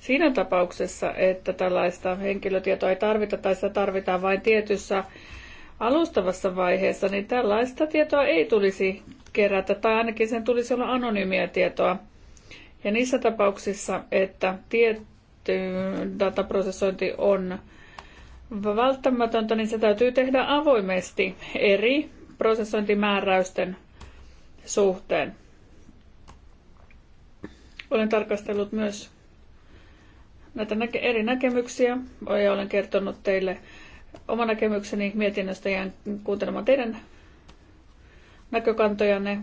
Siinä tapauksessa, että tällaista henkilötietoa ei tarvita tai sitä tarvitaan vain tietyssä alustavassa vaiheessa, niin tällaista tietoa ei tulisi kerätä tai ainakin sen tulisi olla anonyymiä tietoa. Ja niissä tapauksissa, että tietty dataprosessointi on välttämätöntä, niin se täytyy tehdä avoimesti eri prosessointimääräysten suhteen. Olen tarkastellut myös näitä eri näkemyksiä ja olen kertonut teille oman näkemykseni mietinnöstä ja kuuntelemaan teidän näkökantojanne.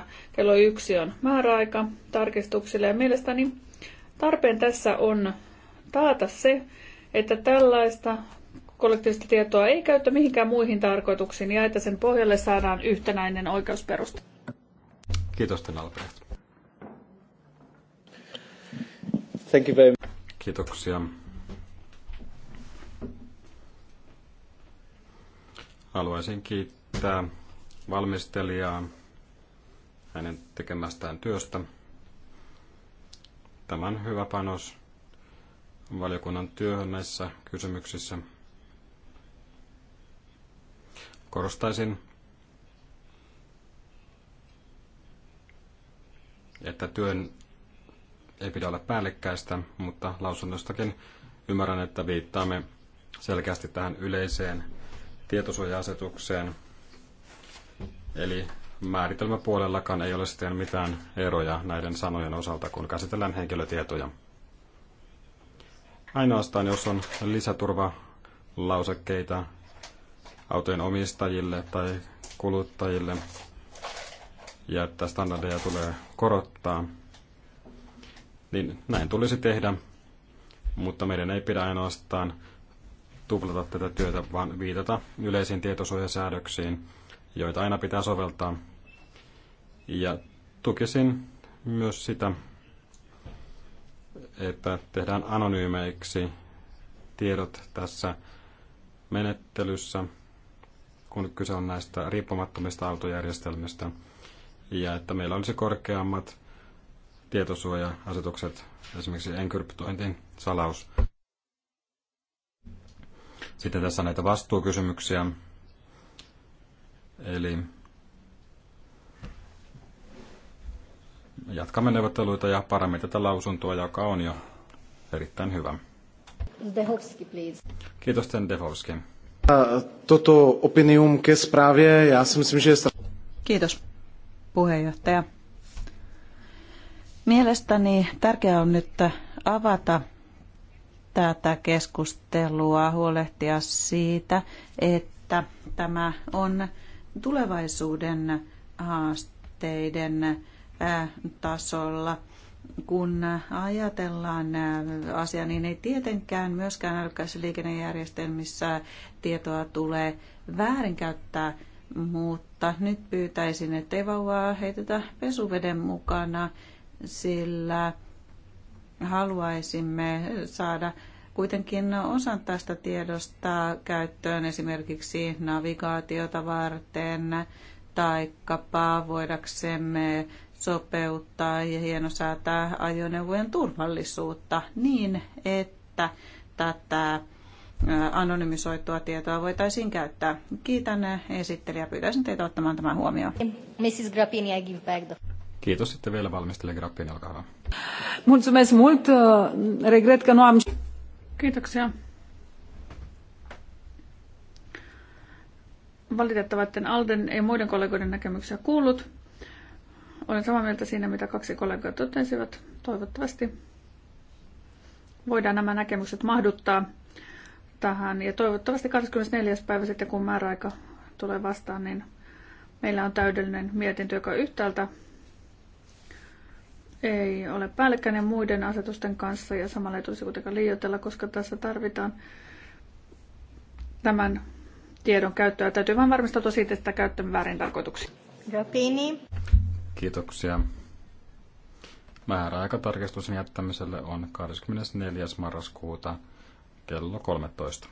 24.11. kello yksi on määräaika tarkistuksille ja mielestäni tarpeen tässä on taata se, että tällaista kollektiivista tietoa ei käytä mihinkään muihin tarkoituksiin ja että sen pohjalle saadaan yhtenäinen oikeusperusta. Kiitos tämän alpeen. Thank you very much. Kiitoksia. Haluaisin kiittää valmistelijaa hänen tekemästään työstä. tämän hyvä panos valiokunnan työhön näissä kysymyksissä. Korostaisin, että työn ei pidä olla päällekkäistä, mutta lausunnostakin ymmärrän, että viittaamme selkeästi tähän yleiseen tietosuoja-asetukseen, Eli määritelmäpuolellakaan ei ole sitten mitään eroja näiden sanojen osalta, kun käsitellään henkilötietoja. Ainoastaan jos on lisäturvalausekkeita autojen omistajille tai kuluttajille, ja että standardeja tulee korottaa, niin näin tulisi tehdä, mutta meidän ei pidä ainoastaan tuplata tätä työtä, vaan viitata yleisiin tietosuojasäädöksiin, joita aina pitää soveltaa. Ja tukisin myös sitä, että tehdään anonyymeiksi tiedot tässä menettelyssä, kun kyse on näistä riippumattomista autojärjestelmistä, ja että meillä olisi korkeammat tietosuoja-asetukset, esimerkiksi enkryptointin salaus. Sitten tässä näitä vastuukysymyksiä, Eli jatkamme neuvotteluita ja parannamme tätä lausuntoa, joka on jo erittäin hyvä. Dehovski, please. Kiitos, Ten Dehovski. Toto opinium ke správě, ja si myslím, že... Kiitos, puheenjohtaja. Mielestäni tärkeää on nyt avata tätä keskustelua, huolehtia siitä, että tämä on tulevaisuuden haasteiden äh, tasolla. Kun ajatellaan äh, asiaa, niin ei tietenkään myöskään älykkäissä liikennejärjestelmissä tietoa tule väärinkäyttää, mutta nyt pyytäisin, ettei vauvaa heitetä pesuveden mukana, sillä haluaisimme saada kuitenkin osan tästä tiedosta käyttöön esimerkiksi navigaatiota varten tai voidaksemme sopeuttaa ja hienosäätää ajoneuvojen turvallisuutta niin, että tätä anonymisoitua tietoa voitaisiin käyttää. Kiitän esittelijä. Pyytäisin teitä ottamaan tämän huomioon. Mrs. Grappini, I give back the... Kiitos. Sitten vielä valmistelija Grappini, olkaa hyvä. Mulțumesc mult. Regret că nu am... Kiitoksia. Valitettavasti että Alden ei muiden kollegoiden näkemyksiä kuullut. Olen samaa mieltä siinä, mitä kaksi kollegaa totesivat. Toivottavasti voidaan nämä näkemykset mahduttaa tähän. Ja toivottavasti 24. päivä sitten, kun määräaika tulee vastaan, niin meillä on täydellinen mietintö, joka yhtäältä ei ole päällekkäinen muiden asetusten kanssa ja samalla ei tulisi kuitenkaan liioitella, koska tässä tarvitaan tämän tiedon käyttöä. Täytyy vain varmistaa tosi että käyttämme väärin tarkoituksiin. Rapini. Kiitoksia. Määräaikatarkistuksen jättämiselle on 24. marraskuuta kello 13.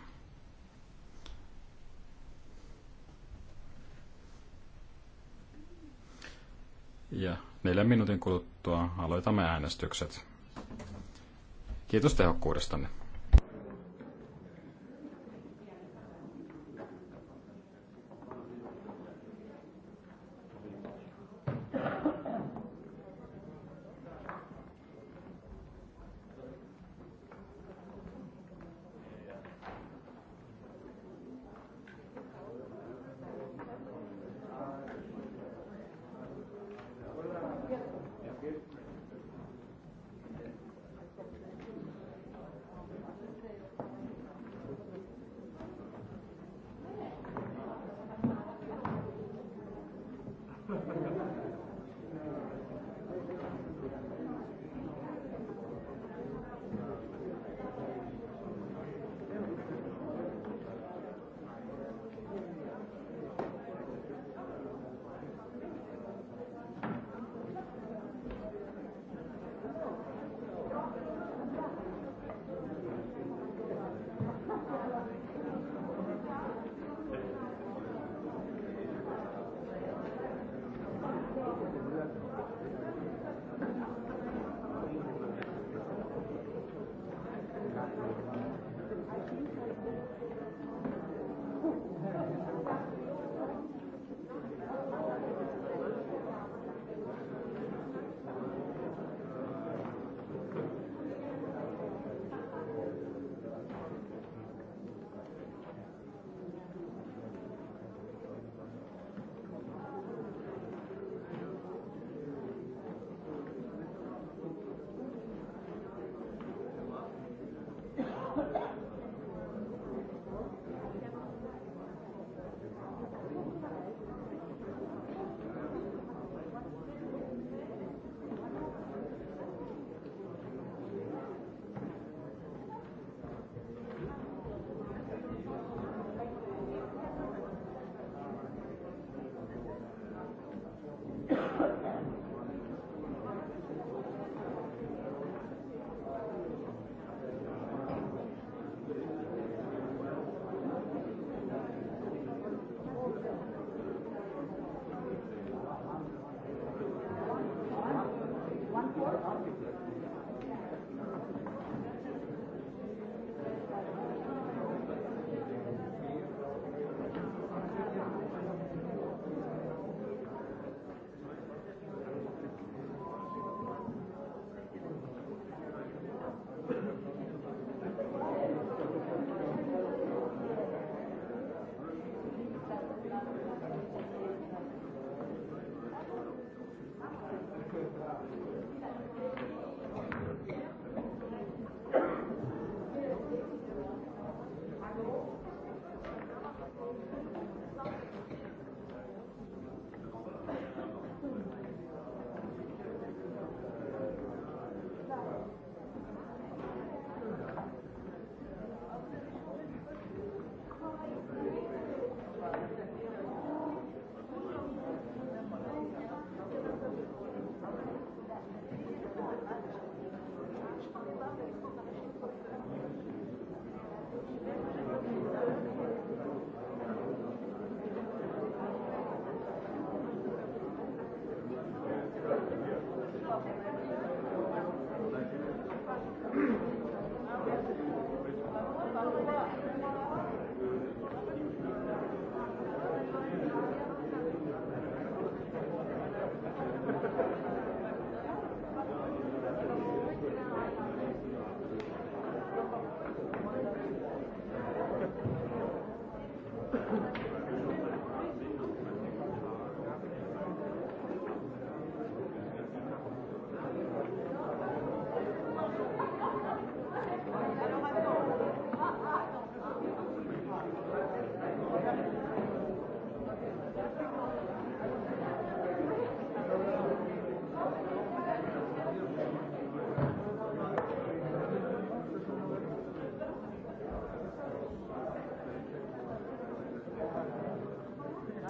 Ja Neljän minuutin kuluttua aloitamme äänestykset. Kiitos tehokkuudestanne.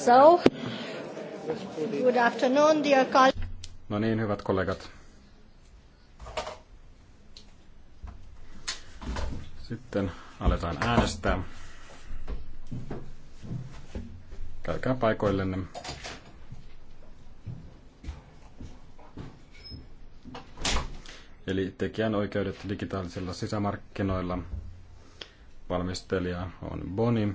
So, good afternoon, dear No niin, hyvät kollegat. Sitten aletaan äänestää. Käykää paikoillenne. Eli tekijänoikeudet digitaalisilla sisämarkkinoilla. Valmistelija on Boni.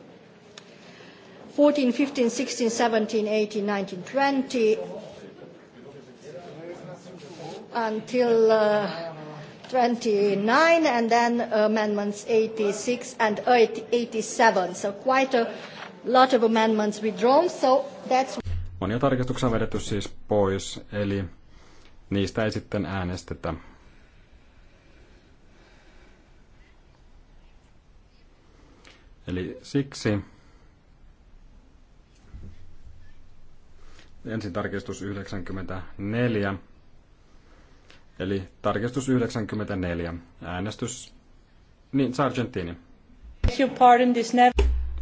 14, 15, 16, 17, 18, 19, 20, until uh, 29, and then amendments 86 and 87. So quite a lot of amendments withdrawn, so that's... Monia tarkistuksia on vedetty siis pois, eli niistä ei sitten äänestetä. Eli siksi Ensin tarkistus 94. Eli tarkistus 94. Äänestys. Niin, Sargentini.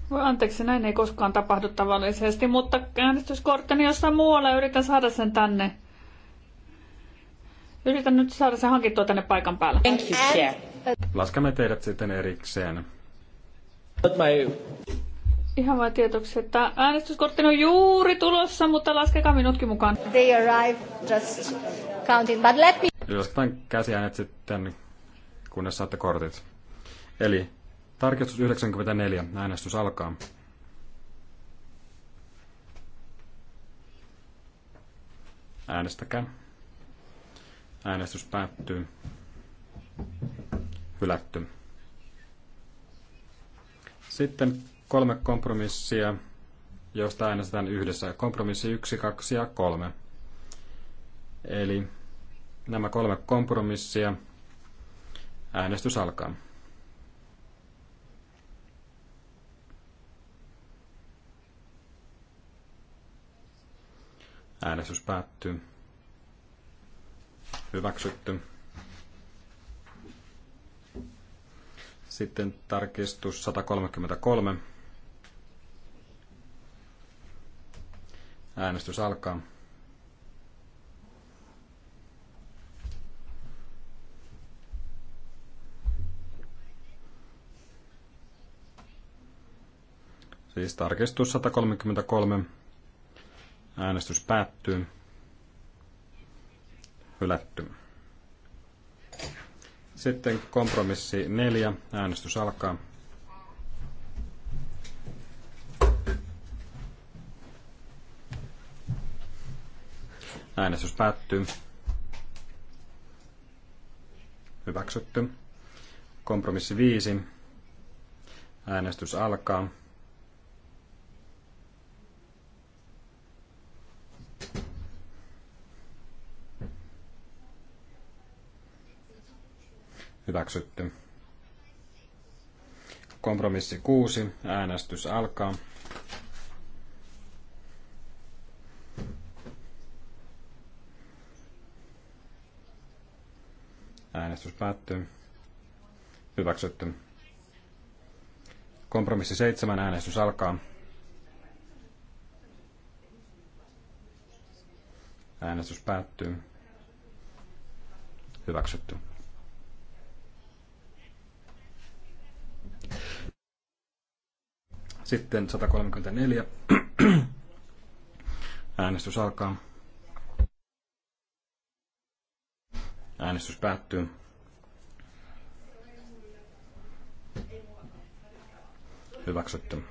Voi anteeksi, näin ei koskaan tapahdu tavallisesti, mutta äänestyskorttini jossain muualla yritän saada sen tänne. Yritän nyt saada sen hankittua tänne paikan päällä. Laskemme teidät sitten erikseen. My... Ihan vain tietoksi, että äänestyskortti on juuri tulossa, mutta laskekaa minutkin mukaan. They arrive just counting, but let me... Lasketaan käsiäänet sitten, kunnes saatte kortit. Eli tarkistus 94, äänestys alkaa. Äänestäkää. Äänestys päättyy. Hylätty. Sitten kolme kompromissia, joista äänestetään yhdessä. Kompromissi 1, 2 ja 3. Eli nämä kolme kompromissia. Äänestys alkaa. Äänestys päättyy. Hyväksytty. Sitten tarkistus 133. Äänestys alkaa. Siis tarkistus 133. Äänestys päättyy. Hylätty. Sitten kompromissi 4. Äänestys alkaa. Äänestys päättyy. Hyväksytty. Kompromissi 5. Äänestys alkaa. Hyväksytty. Kompromissi 6. Äänestys alkaa. Äänestys päättyy. Hyväksytty. Kompromissi 7. Äänestys alkaa. Äänestys päättyy. Hyväksytty. Sitten 134. Äänestys alkaa. Äänestys päättyy. Hyväksytty.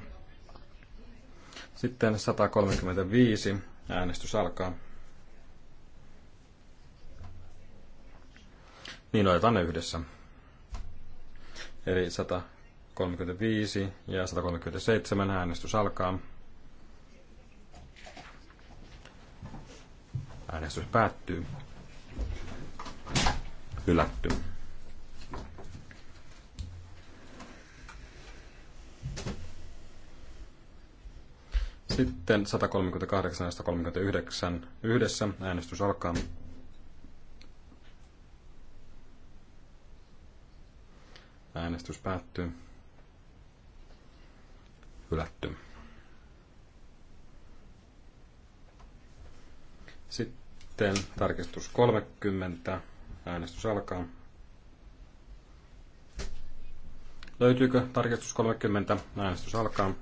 Sitten 135. Äänestys alkaa. Niin otetaan ne yhdessä. Eli 135 ja 137 äänestys alkaa. Äänestys päättyy hylätty. Sitten 138 139 yhdessä. Äänestys alkaa. Äänestys päättyy. Hylätty. Sitten tarkistus 30 Äänestys alkaa. Löytyykö tarkistus 30? Äänestys alkaa.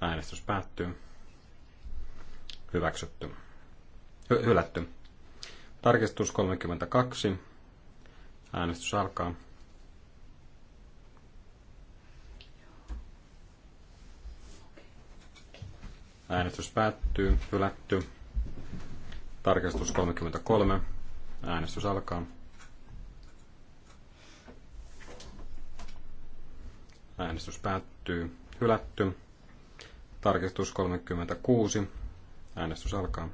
Äänestys päättyy. Hyväksytty. Hy- hylätty. Tarkistus 32. Äänestys alkaa. Äänestys päättyy. Hylätty. Tarkastus 33. Äänestys alkaa. Äänestys päättyy. Hylätty. Tarkistus 36. Äänestys alkaa.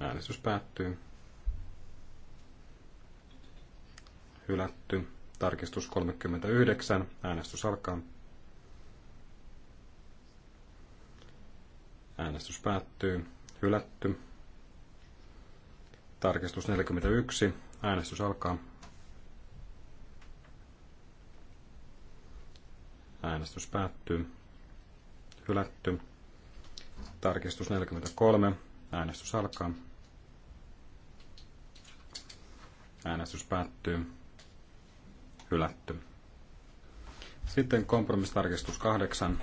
Äänestys päättyy. hylätty. Tarkistus 39, äänestys alkaa. Äänestys päättyy, hylätty. Tarkistus 41, äänestys alkaa. Äänestys päättyy, hylätty. Tarkistus 43, äänestys alkaa. Äänestys päättyy hylätty. Sitten kompromistarkistus kahdeksan.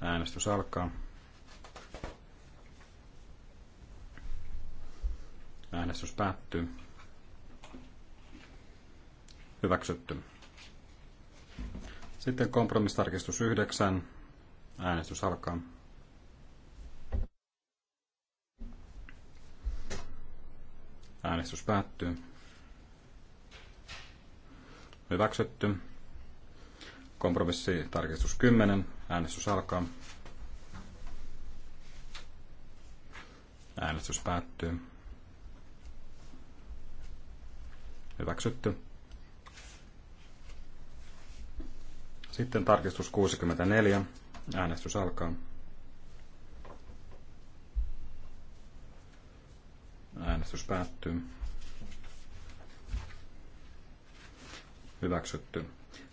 Äänestys alkaa. Äänestys päättyy. Hyväksytty. Sitten kompromistarkistus 9. Äänestys alkaa. Äänestys päättyy. Hyväksytty. Kompromissi tarkistus 10. Äänestys alkaa. Äänestys päättyy. Hyväksytty. Sitten tarkistus 64. Äänestys alkaa. Äänestys päättyy. Hyväksytty.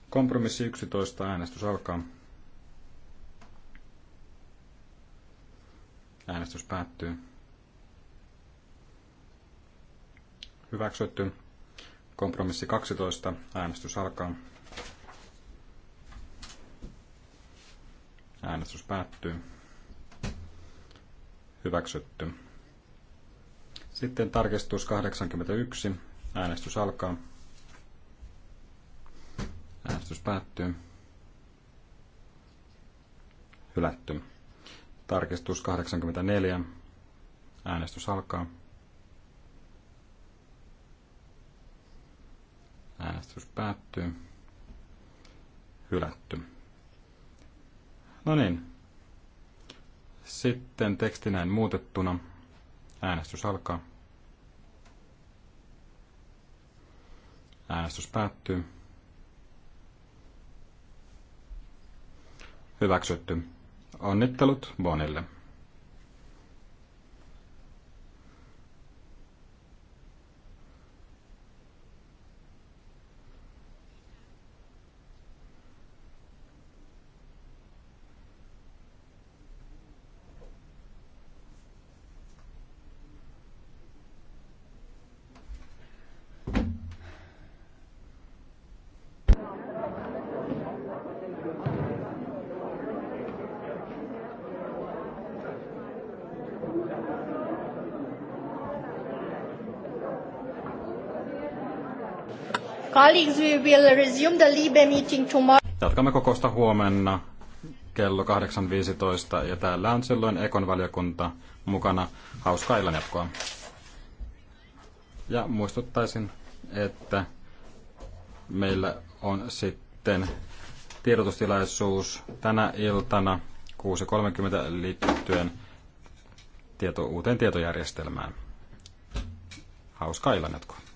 Kompromissi 11. Äänestys alkaa. Äänestys päättyy. Hyväksytty. Kompromissi 12. Äänestys alkaa. Äänestys päättyy. Hyväksytty. Sitten tarkistus 81. Äänestys alkaa päättyy. Hylätty. Tarkistus 84. Äänestys alkaa. Äänestys päättyy. Hylätty. No niin. Sitten teksti näin muutettuna. Äänestys alkaa. Äänestys päättyy. Hyväksytty. Onnittelut Bonille. the meeting tomorrow. Jatkamme kokousta huomenna kello 8.15 ja täällä on silloin Ekon valiokunta mukana. Hauskaa jatkoa. Ja muistuttaisin, että meillä on sitten tiedotustilaisuus tänä iltana 6.30 liittyen tieto, uuteen tietojärjestelmään. Hauskaa jatkoa.